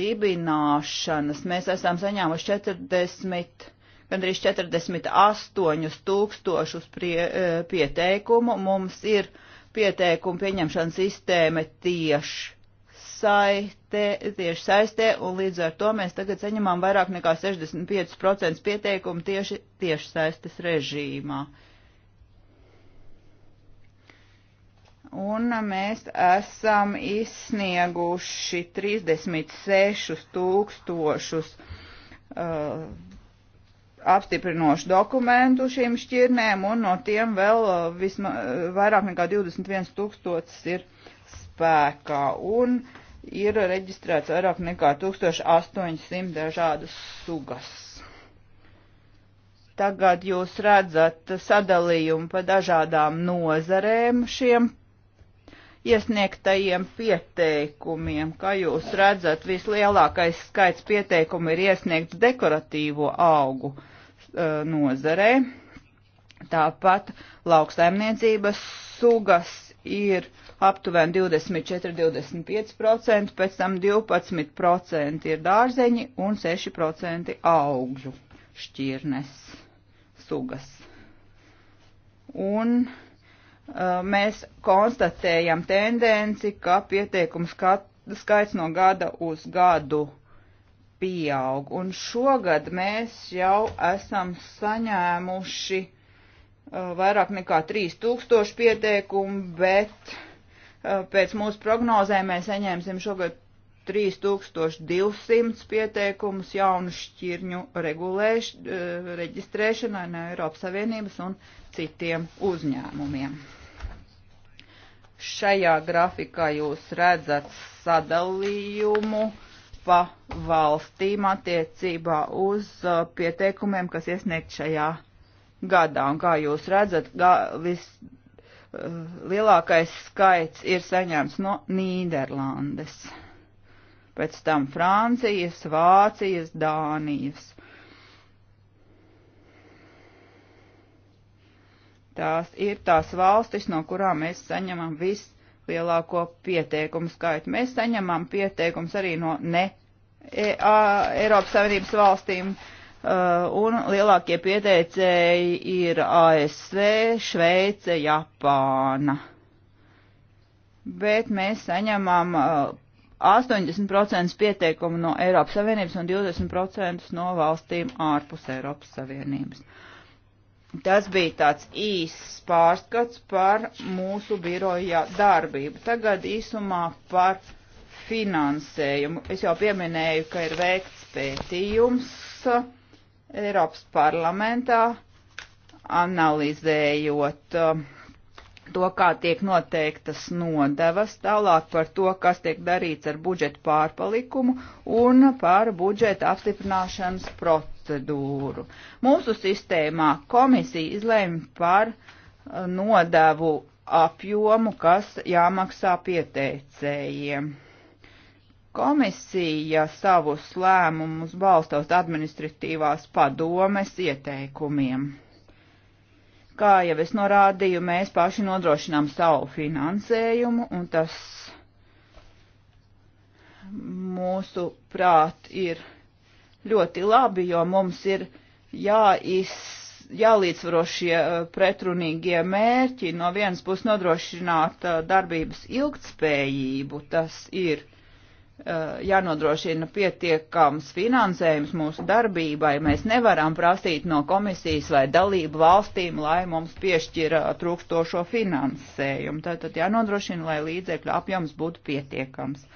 dibināšanas mēs esam saņēmuši 40 gandrīz 48 tūkstošus prie, e, pieteikumu. Mums ir pieteikumu pieņemšanas sistēma tieši saite, tieši saistē, un līdz ar to mēs tagad saņemam vairāk nekā 65% pieteikumu tieši tieši saistes režīmā. un mēs esam izsnieguši 36 tūkstošus uh, apstiprinošu dokumentu šīm šķirnēm, un no tiem vēl uh, visma, uh, vairāk nekā 21 tūkstotis ir spēkā. Un uh, ir reģistrēts vairāk nekā 1800 dažādas sugas. Tagad jūs redzat sadalījumu pa dažādām nozarēm šiem iesniegtajiem pieteikumiem. Kā jūs redzat, vislielākais skaits pieteikumu ir iesniegts dekoratīvo augu uh, nozarē. Tāpat lauksaimniecības sugas ir uh, aptuveni 24-25%, pēc tam 12% ir dārzeņi un 6% augļu šķirnes sugas. Un uh, mēs konstatējam tendenci, ka pieteikums skaits no gada uz gadu pieaug. Un šogad mēs jau esam saņēmuši uh, vairāk nekā 3000 pieteikumu, bet Eh, pēc mūsu prognozēm mēs saņēmsim šogad 3200 pieteikumus jaunu šķirņu regulēš, eh, reģistrēšanai no Eiropas Savienības un citiem uzņēmumiem. Šajā grafikā jūs redzat sadalījumu pa valstīm attiecībā uz eh, pieteikumiem, kas iesniegt šajā gadā. Un kā jūs redzat, ga, vis, Eh, lielākais skaits ir saņemts no Nīderlandes, pēc tam Francijas, Vācijas, Dānijas. Tās ir tās valstis, no kurām mēs saņemam vislielāko pieteikumu skaitu. Mēs saņemam pieteikums arī no ne e, a, Eiropas Savienības valstīm. Uh, Uh, un lielākie pieteicēji ir ASV, Šveice, Japāna. Bet mēs saņemam 80% uh, pieteikumu no Eiropas Savienības un 20% no valstīm ārpus Eiropas Savienības. Tas bija tāds īss pārskats par mūsu biroja darbību. Tagad īsumā par finansējumu. Es jau pieminēju, ka ir veikts pētījums. Uh, Eiropas parlamentā, analizējot uh, to, kā tiek noteiktas nodevas, tālāk par to, kas tiek darīts ar budžetu pārpalikumu un par budžeta apstiprināšanas procedūru. Mūsu sistēmā komisija izlēma par uh, nodevu apjomu, kas jāmaksā pieteicējiem Komisija savus lēmumus balsta uz administratīvās padomes ieteikumiem. Kā jau es norādīju, mēs paši nodrošinām savu finansējumu, un tas mūsu prāt ir ļoti labi, jo mums ir jāiz, jālīdzvaro šie eh, pretrunīgie mērķi. No vienas puses nodrošināt eh, darbības ilgtspējību, tas ir Eh, jānodrošina pietiekams finansējums mūsu darbībai. Mēs nevaram prasīt no komisijas vai dalību valstīm, lai mums piešķira trūkstošo finansējumu. Tātad jānodrošina, lai līdzekļu apjoms būtu pietiekams.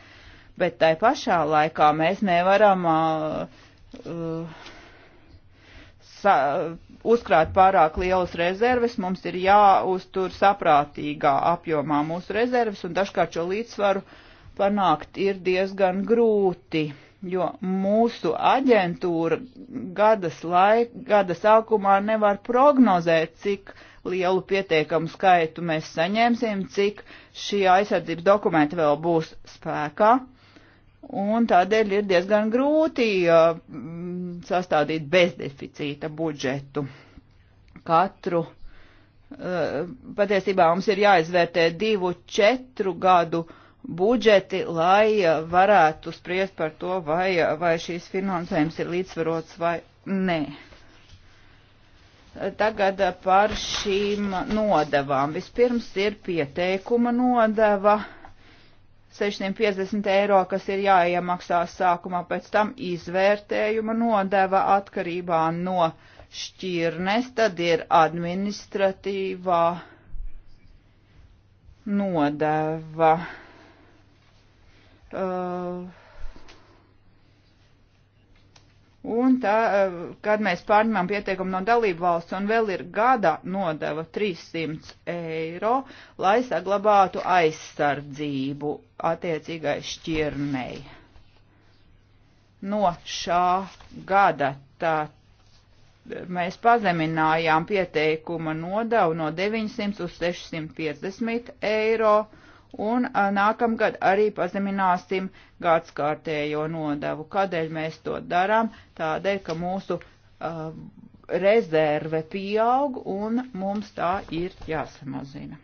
Bet tai pašā laikā mēs nevaram uh, uh, sa, uzkrāt pārāk lielas rezerves, mums ir jāuztur saprātīgā apjomā mūsu rezerves un dažkārt šo līdzsvaru uh, panākt ir diezgan grūti, jo mūsu aģentūra gadas, laik, gada sākumā nevar prognozēt, cik lielu pietiekamu skaitu mēs saņemsim, cik šie aizsardzības dokumenti vēl būs spēkā. Un tādēļ ir diezgan grūti uh, sastādīt bezdeficīta budžetu katru patiesībā mums ir jāizvērtē divu, četru gadu budžeti, lai eh, varētu spriest par to, vai, eh, vai šīs finansējums ir līdzsvarots vai nē. Tagad eh, par šīm nodevām. Vispirms ir pieteikuma nodeva 650 eiro, kas ir jāiemaksā sākumā, pēc tam izvērtējuma nodeva atkarībā no šķirnes, tad ir administratīvā nodeva Uh, Un tā, uh, kad mēs pārņemam pieteikumu no dalību valsts un vēl ir gada nodeva 300 eiro, lai saglabātu aizsardzību attiecīgai šķirnei. No šā gada tā mēs pazeminājām pieteikuma nodevu no 900 uz 650 eiro Un nākamgad arī pazemināsim gadskārtējo nodevu. Kādēļ mēs to darām? Tādēļ, ka mūsu uh, rezerve pieaug un mums tā ir jāsamazina.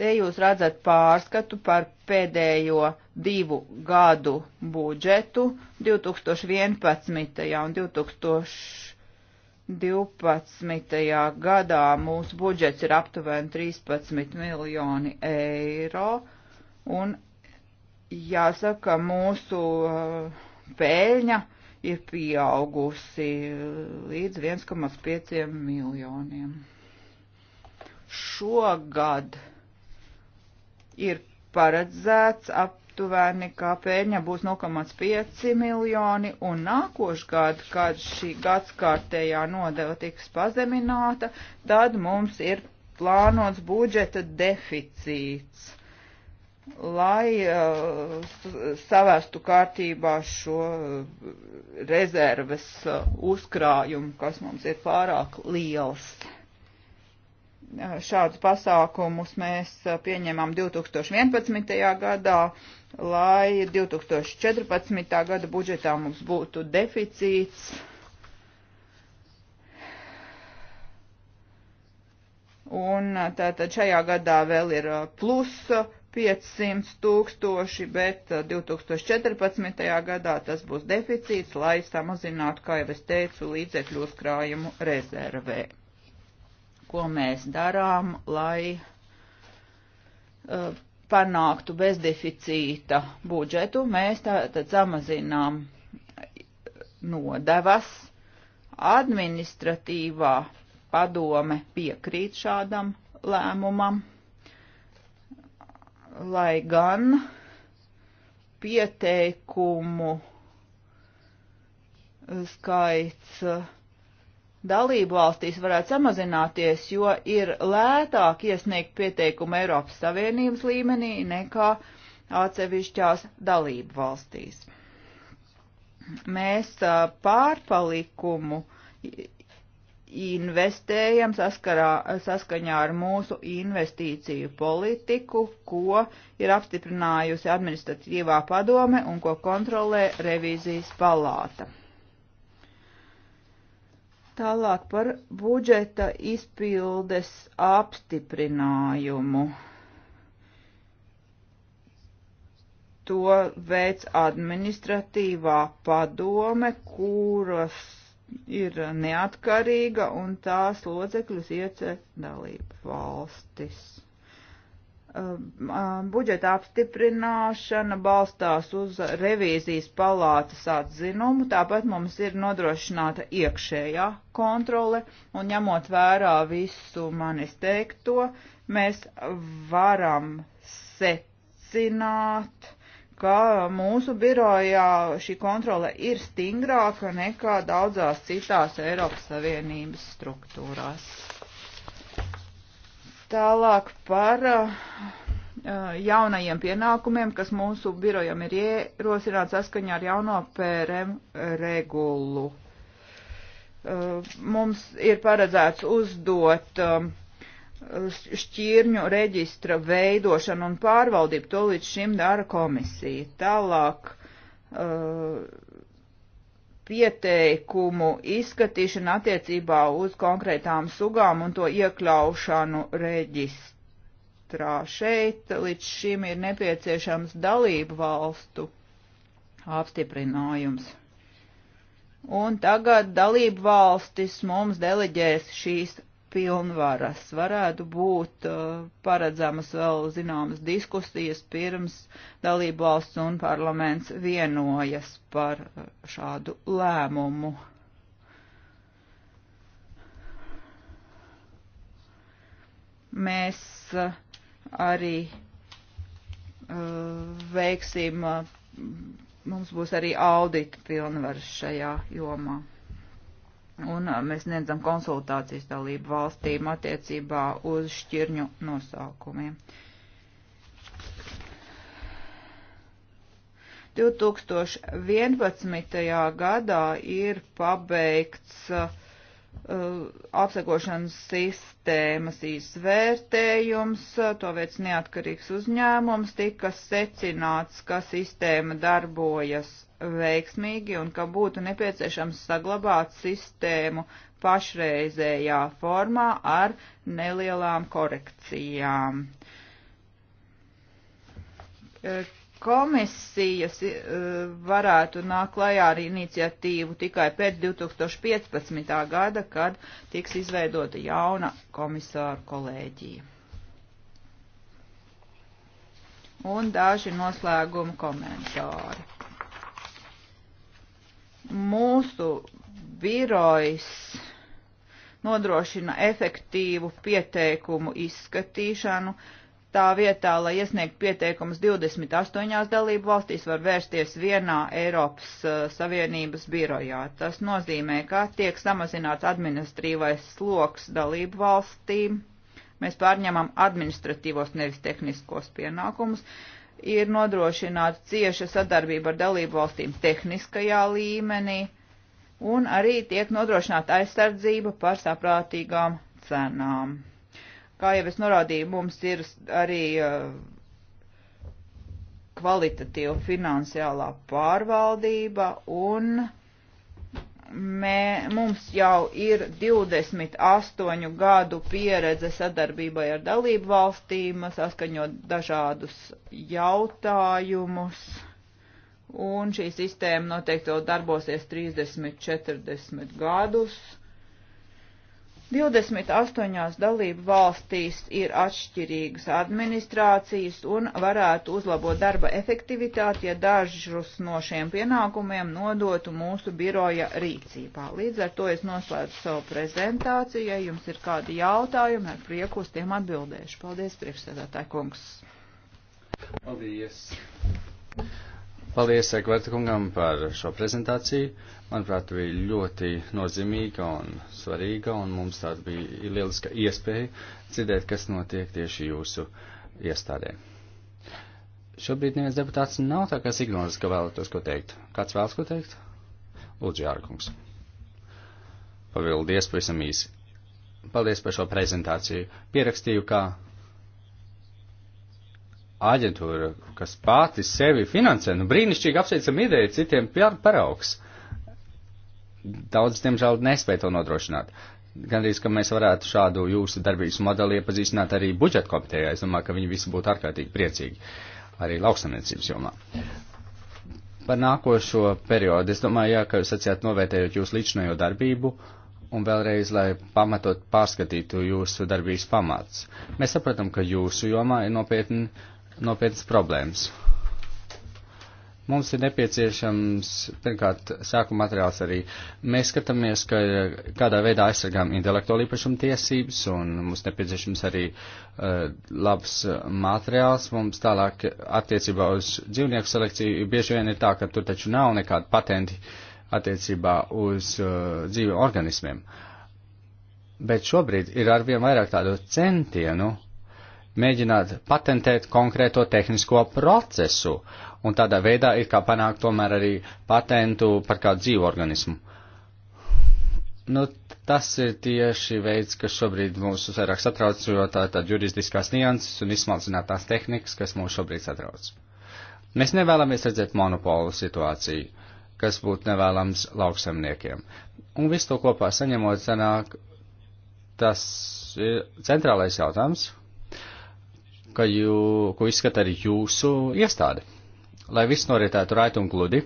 Te jūs redzat pārskatu par pēdējo divu gadu budžetu 2011. un 2012 12. gadā mūsu budžets ir aptuveni 13 miljoni eiro, un jāsaka, mūsu uh, pēļņa ir pieaugusi uh, līdz 1,5 miljoniem. Šogad ir paredzēts ap aptuveni, ka pēļņa būs 0,5 miljoni, un nākošgad, kad šī gadskārtējā nodeva tiks pazemināta, tad mums ir plānots budžeta deficīts, lai uh, savestu kārtībā šo uh, rezerves uh, uzkrājumu, kas mums ir pārāk liels uh, šādus pasākumus mēs uh, pieņēmām 2011. gadā, lai 2014. gada budžetā mums būtu deficīts. Un tātad šajā gadā vēl ir plus 500 tūkstoši, bet 2014. gadā tas būs deficīts, lai samazinātu, kā jau es teicu, līdzekļu uzkrājumu rezervē. Ko mēs darām, lai uh, panāktu bezdeficīta budžetu, mēs tātad samazinām nodevas. Administratīvā padome piekrīt šādam lēmumam, lai gan pieteikumu skaits uh, dalību valstīs varētu samazināties, jo ir lētāk iesniegt pieteikumu Eiropas Savienības līmenī nekā atsevišķās dalību valstīs. Mēs pārpalikumu investējam saskarā, saskaņā ar mūsu investīciju politiku, ko ir apstiprinājusi administratīvā padome un ko kontrolē revīzijas palāta. Tālāk par budžeta izpildes apstiprinājumu. To veids administratīvā padome, kuras ir neatkarīga un tās locekļus iece dalību valstis. Um, um, budžeta apstiprināšana balstās uz revīzijas palātas atzinumu, tāpat mums ir nodrošināta iekšējā kontrole, un ņemot vērā visu manis teikto, mēs varam secināt, ka mūsu birojā šī kontrole ir stingrāka nekā daudzās citās Eiropas Savienības struktūrās. Tālāk par uh, uh, jaunajiem pienākumiem, kas mūsu birojam ir ierosināts saskaņā ar jauno PRM regulu. Uh, mums ir paredzēts uzdot um, šķirņu reģistra veidošanu un pārvaldību, to līdz šim dara komisija. Tālāk pieteikumu izskatīšana attiecībā uz konkrētām sugām un to iekļaušanu reģistrā. Šeit līdz šim ir nepieciešams dalību valstu apstiprinājums. Un tagad dalību valstis mums deleģēs šīs pilnvaras. Varētu būt uh, paredzamas vēl zināmas diskusijas pirms dalību valsts un parlaments vienojas par uh, šādu lēmumu. Mēs uh, arī uh, veiksim, uh, mums būs arī audita pilnvaras šajā jomā un mēs niedzam konsultācijas dalību valstīm attiecībā uz šķirņu nosaukumiem. 2011. gadā ir pabeigts uh, Uh, apsekošanas sistēmas izvērtējums, uh, to veic neatkarīgs uzņēmums, tika secināts, ka sistēma darbojas veiksmīgi un ka būtu nepieciešams saglabāt sistēmu pašreizējā formā ar nelielām korekcijām uh, komisijas eh, varētu nākt klajā ar iniciatīvu tikai pēc 2015. gada, kad tiks izveidota jauna komisāru kolēģija. Un daži noslēguma komentāri. Mūsu birojs nodrošina efektīvu pieteikumu izskatīšanu, uh, Tā vietā, lai iesniegtu pieteikumus 28 dalību valstīs, var vērsties vienā Eiropas uh, Savienības birojā. Tas nozīmē, ka tiek samazināts administrīvais sloks dalību valstīm. Mēs pārņemam administratīvos, nevis tehniskos pienākumus. Ir nodrošināta cieša sadarbība ar dalību valstīm tehniskajā līmenī, un arī tiek nodrošināta aizsardzība par saprātīgām cenām. Kā jau es norādīju, mums ir arī uh, kvalitatīva finansiālā pārvaldība un mē, mums jau ir 28 gadu pieredze sadarbībai ar dalību valstīm, saskaņot dažādus jautājumus, un šī sistēma noteikti vēl darbosies 30-40 gadus 28 dalību valstīs ir atšķirīgas administrācijas un varētu uzlabot darba efektivitāti, ja dažus no šiem pienākumiem nodotu mūsu biroja rīcībā. Līdz ar to es noslēdzu savu prezentāciju. Ja jums ir kādi jautājumi, ar prieku uz tiem atbildēšu. Paldies, priekšsēdētāji kungs. Paldies. Paldies Ekvarta kungam par šo prezentāciju. Manuprāt, bija ļoti nozīmīga un svarīga, un mums tāda bija lieliska iespēja dzirdēt, kas notiek tieši jūsu iestādē. Šobrīd neviens deputāts nav tā kā signāls, ka vēlētos ko teikt. Kāds vēlas ko teikt? Lūdzu, Jārkungs. Pavildies pavisam īsi. Paldies par šo prezentāciju. Pierakstīju, kā aģentūra, kas pati sevi finansē, nu brīnišķīgi apsveicam ideju, citiem paraugs. Daudz, diemžēl, nespēja to nodrošināt. Gan arī, ka mēs varētu šādu jūsu darbības modeli iepazīstināt arī budžeta komitejā. Es domāju, ka viņi visi būtu ārkārtīgi priecīgi arī lauksamniecības jomā. Par nākošo periodu, es domāju, jā, ka jūs sacījāt novērtējot jūsu līdzinējo darbību, uh, un vēlreiz, lai pamatot pārskatītu jūsu darbības pamats. Mēs saprotam, ka jūsu jomā ir nopietni nopietnas problēmas. Mums ir nepieciešams, pirmkārt, sākuma materiāls arī. Mēs skatāmies, ka kādā veidā aizsargām intelektuālu īpašumu tiesības, un mums nepieciešams arī uh, labs materiāls. Mums tālāk attiecībā uz dzīvnieku selekciju bieži vien ir tā, ka tur taču nav nekāda patenti attiecībā uz uh, dzīvi organismiem. Bet šobrīd ir arvien vairāk tādu centienu uh, mēģināt patentēt konkrēto tehnisko procesu, un tādā veidā ir kā panākt tomēr arī patentu par kādu dzīvu organismu. Nu, tas ir tieši veids, kas šobrīd mūs vairāk satrauc, jo tā tad juridiskās nianses un izsmalcinātās tehnikas, kas mūs šobrīd satrauc. Mēs nevēlamies redzēt monopolu situāciju, kas būtu nevēlams lauksemniekiem. Un visu to kopā saņemot, sanāk, tas ir centrālais jautājums, ka jū, ko izskata arī jūsu iestāde. Lai viss norietētu raiti un gludi,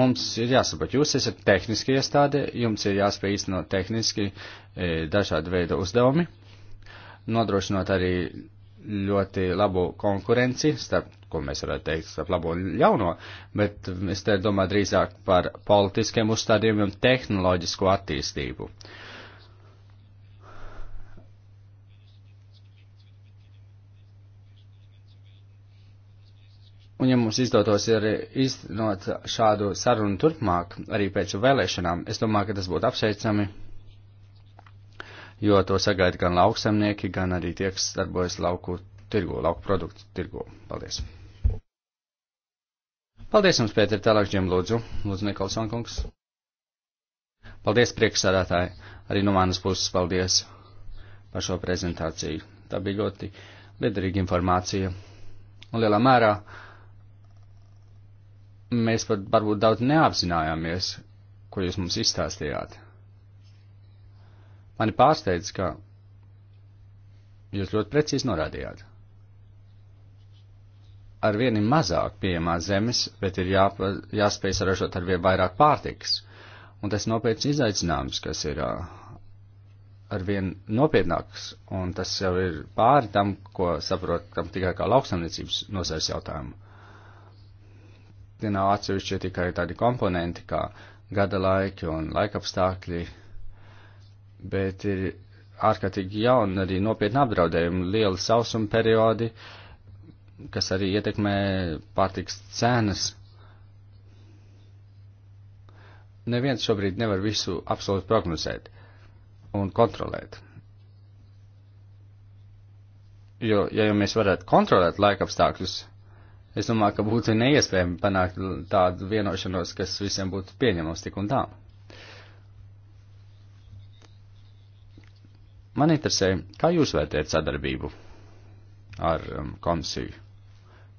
mums ir jāsaprot, jūs esat tehniski iestāde, jums ir jāspēj īstenot tehniski e, dažādu veidu uzdevumi, nodrošinot arī ļoti labu konkurenci, starp, ko mēs varētu teikt, starp labo un ļauno, bet es te domāju drīzāk par politiskiem uzstādījumiem tehnoloģisko attīstību. Uh, Un ja mums izdotos ir iznot šādu sarunu turpmāk, arī pēc vēlēšanām, es domāju, ka tas būtu apsveicami, jo to sagaida gan lauksemnieki, gan arī tie, kas darbojas lauku tirgu, lauku produktu tirgu. Paldies! Paldies jums, Pēter, tālāk ģiem lūdzu. Lūdzu, Nikolson kungs. Paldies, priekšsādātāji. Arī no manas puses paldies par šo prezentāciju. Tā bija ļoti liederīga informācija. Un lielā mērā mēs pat varbūt daudz neapzinājāmies, ko jūs mums izstāstījāt. Mani pārsteidz, ka jūs ļoti precīzi norādījāt. Ar vieni mazāk pieejamā zemes, bet ir jā, jāspēj saražot ar vien vairāk pārtiks, un tas nopietns izaicinājums, kas ir ar vien nopietnāks, un tas jau ir pāri tam, ko saprotam tikai kā lauksamniecības nozars jautājumu tie nav atsevišķi tikai tādi komponenti kā gada laiki un laikapstākļi, bet ir ārkārtīgi jauni arī nopietni apdraudējumi, lieli sausuma periodi, kas arī ietekmē pārtiks cenas. Neviens šobrīd nevar visu absolūti prognozēt un kontrolēt. Jo, ja jau mēs varētu kontrolēt laikapstākļus, Es domāju, ka būtu neiespējami panākt tādu vienošanos, kas visiem būtu pieņemams tik un tā. Man interesē, kā jūs vērtējat sadarbību ar um, komisiju,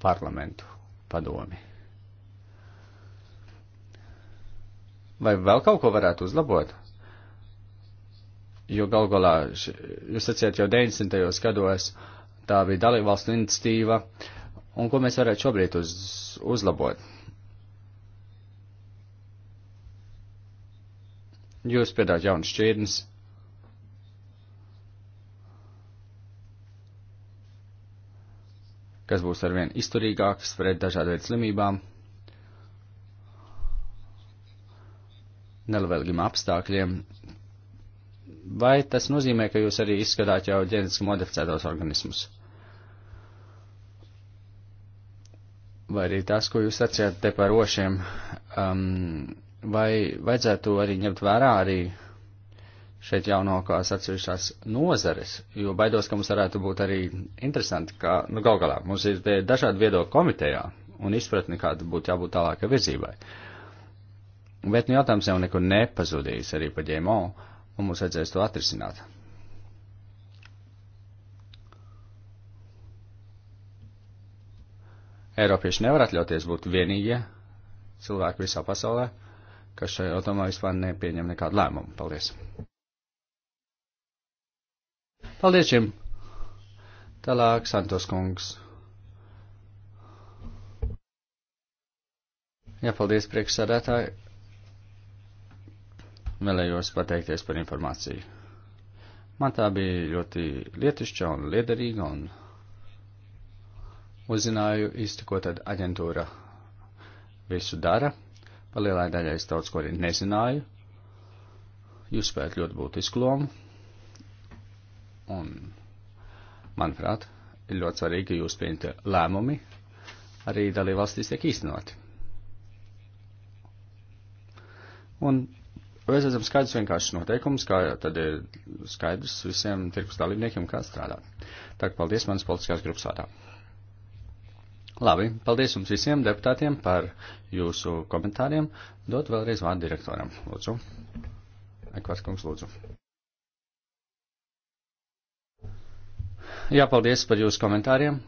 parlamentu, padomi? Vai vēl kaut ko varētu uzlabot? Jo gal galā, jūs sacījāt jau 90. gados, tā bija dalībvalstu iniciatīva, uh, un ko mēs varētu šobrīd uz, uzlabot. Jūs piedāvājat jaunas šķirnes. kas būs arvien izturīgāks pret dažādu veidu slimībām, nelabvēlīgiem apstākļiem. Vai tas nozīmē, ka jūs arī izskatāt jau ģenetiski modificētos organismus? vai arī tas, ko jūs sacījāt te par ošiem, um, vai vajadzētu arī ņemt vērā arī šeit jaunākās atsevišķās nozares, jo baidos, ka mums varētu būt arī interesanti, ka, nu, gal galā mums ir dažādi viedokļi komitejā un izpratni, kāda būtu jābūt tālākai virzībai. Bet, nu, jautājums jau nekur nepazudīs arī pa ģēmo, un mums vajadzēs to atrisināt. Eiropieši nevar atļauties būt vienīgie cilvēki visā pasaulē, kas šajā jautājumā vispār nepieņem nekādu lēmumu. Paldies! Paldies jums! Tālāk Santos kungs. Jā, paldies priekšsādātāji. Vēlējos pateikties par informāciju. Man tā bija ļoti lietišķa un liederīga un uzzināju īsti, ko tad aģentūra visu dara. Pa lielai daļai es daudz ko arī nezināju. Jūs spējat ļoti būtisku lomu. Un, manuprāt, ir ļoti svarīgi, ka jūs pieņemtie lēmumi arī dalībvalstīs tiek īstenoti. Un mēs redzam skaidrs vienkāršs noteikums, kā tad ir skaidrs visiem tirkus dalībniekiem, kā strādāt. Tā kā paldies manas politiskās grupas vārdā. Labi, paldies jums visiem deputātiem par jūsu komentāriem. Dot vēlreiz vārdu direktoram. Lūdzu. Ekvars kungs, lūdzu. Jā, paldies par jūsu komentāriem.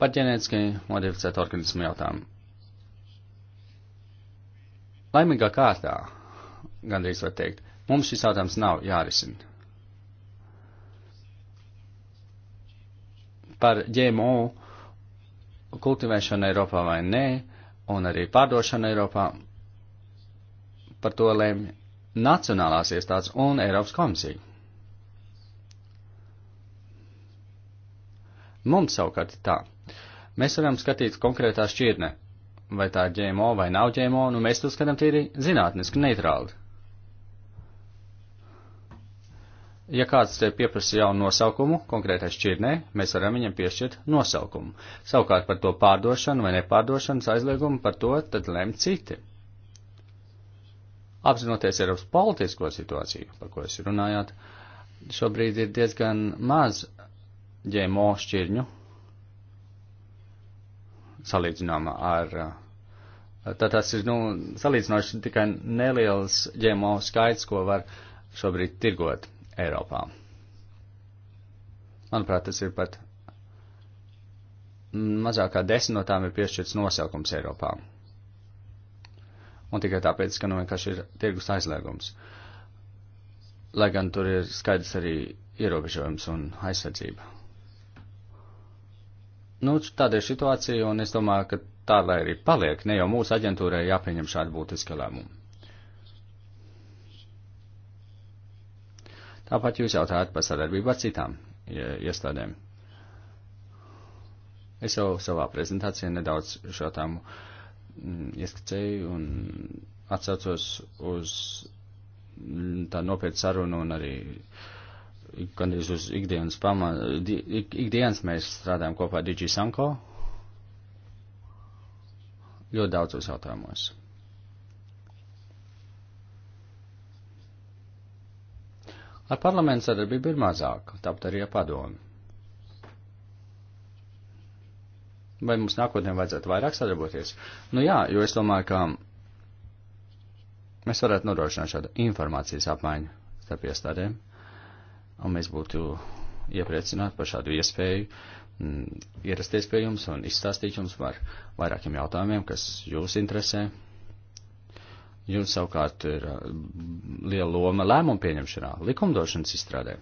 Par ģenētiski modificētu organismu jautājumu. Laimīgā kārtā, gandrīz var teikt, mums šis jautājums nav jārisina. par ģēmo kultivēšanu Eiropā vai nē, un arī pārdošanu Eiropā, par to lēmj nacionālās iestādes un Eiropas komisija. Mums savukārt ir tā. Mēs varam skatīt konkrētā šķirne, vai tā ir ģēmo vai nav ģēmo, un nu mēs to skatām tīri zinātniski neitrāli. ja kāds te pieprasa jaunu nosaukumu konkrētai šķirnē, mēs varam viņam piešķirt nosaukumu. Savukārt par to pārdošanu vai nepārdošanas aizliegumu par to tad lem citi. Apzinoties Eiropas politisko situāciju, par ko jūs runājāt, šobrīd ir diezgan maz ģēmo šķirņu salīdzinājumā ar. Tad tas ir, nu, salīdzinoši tikai neliels ģēmo skaits, ko var šobrīd tirgot Eiropā. Manuprāt, tas ir pat mazāk kā desmit no tām ir piešķirts nosaukums Eiropā. Un tikai tāpēc, ka nu vienkārši ir tirgus aizliegums. Lai gan tur ir skaidrs arī ierobežojums un aizsardzība. Nu, tāda ir situācija, un es domāju, ka tā lai arī paliek, ne jau mūsu aģentūrai jāpieņem šādi būtiski lēmumi. Tāpat jūs jautājat par sadarbību ar citām iestādēm. Es jau savā prezentācijā nedaudz šo tēmu mm, ieskicēju un atsaucos uz tā nopietnu sarunu un arī gandrīz uz ikdienas pamata. Ik, ikdienas mēs strādājam kopā ar DigiSanko ļoti daudzos jautājumos. Ar parlamentu sadarbību ir mazāk, tāpat arī ar padomu. Vai mums nākotnē vajadzētu vairāk sadarboties? Nu jā, jo es domāju, ka mēs varētu nodrošināt šādu informācijas apmaiņu starp iestādēm, un mēs būtu iepriecināti par šādu iespēju m, mm, ierasties pie jums un izstāstīt jums par vairākiem jautājumiem, kas jūs interesē. Jums savukārt ir liela loma lēmumu pieņemšanā, likumdošanas izstrādē.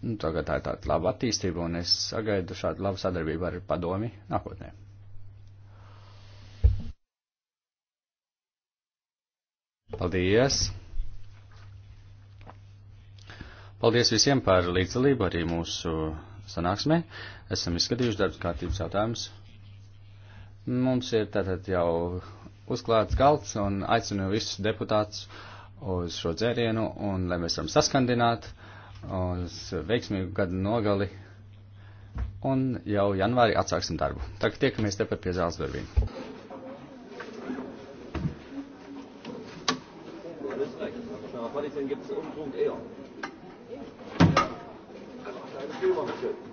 Nu, tagad tā ir tāda laba attīstība, un es sagaidu šādu labu sadarbību ar padomi nākotnē. Paldies! Paldies visiem par līdzdalību arī mūsu sanāksmē. Esam izskatījuši darbs kārtības jautājumus. Mums ir tātad jau uzklāts galds un aicinu visus deputātus uz šo dzērienu un lai mēs varam saskandināt uz veiksmīgu gadu nogali un jau janvārī atsāksim darbu. Tagad tiekamies tepat pie zāles durvīm. Gibt's Umdrung eher. Ja. Also, kleine Führer natürlich.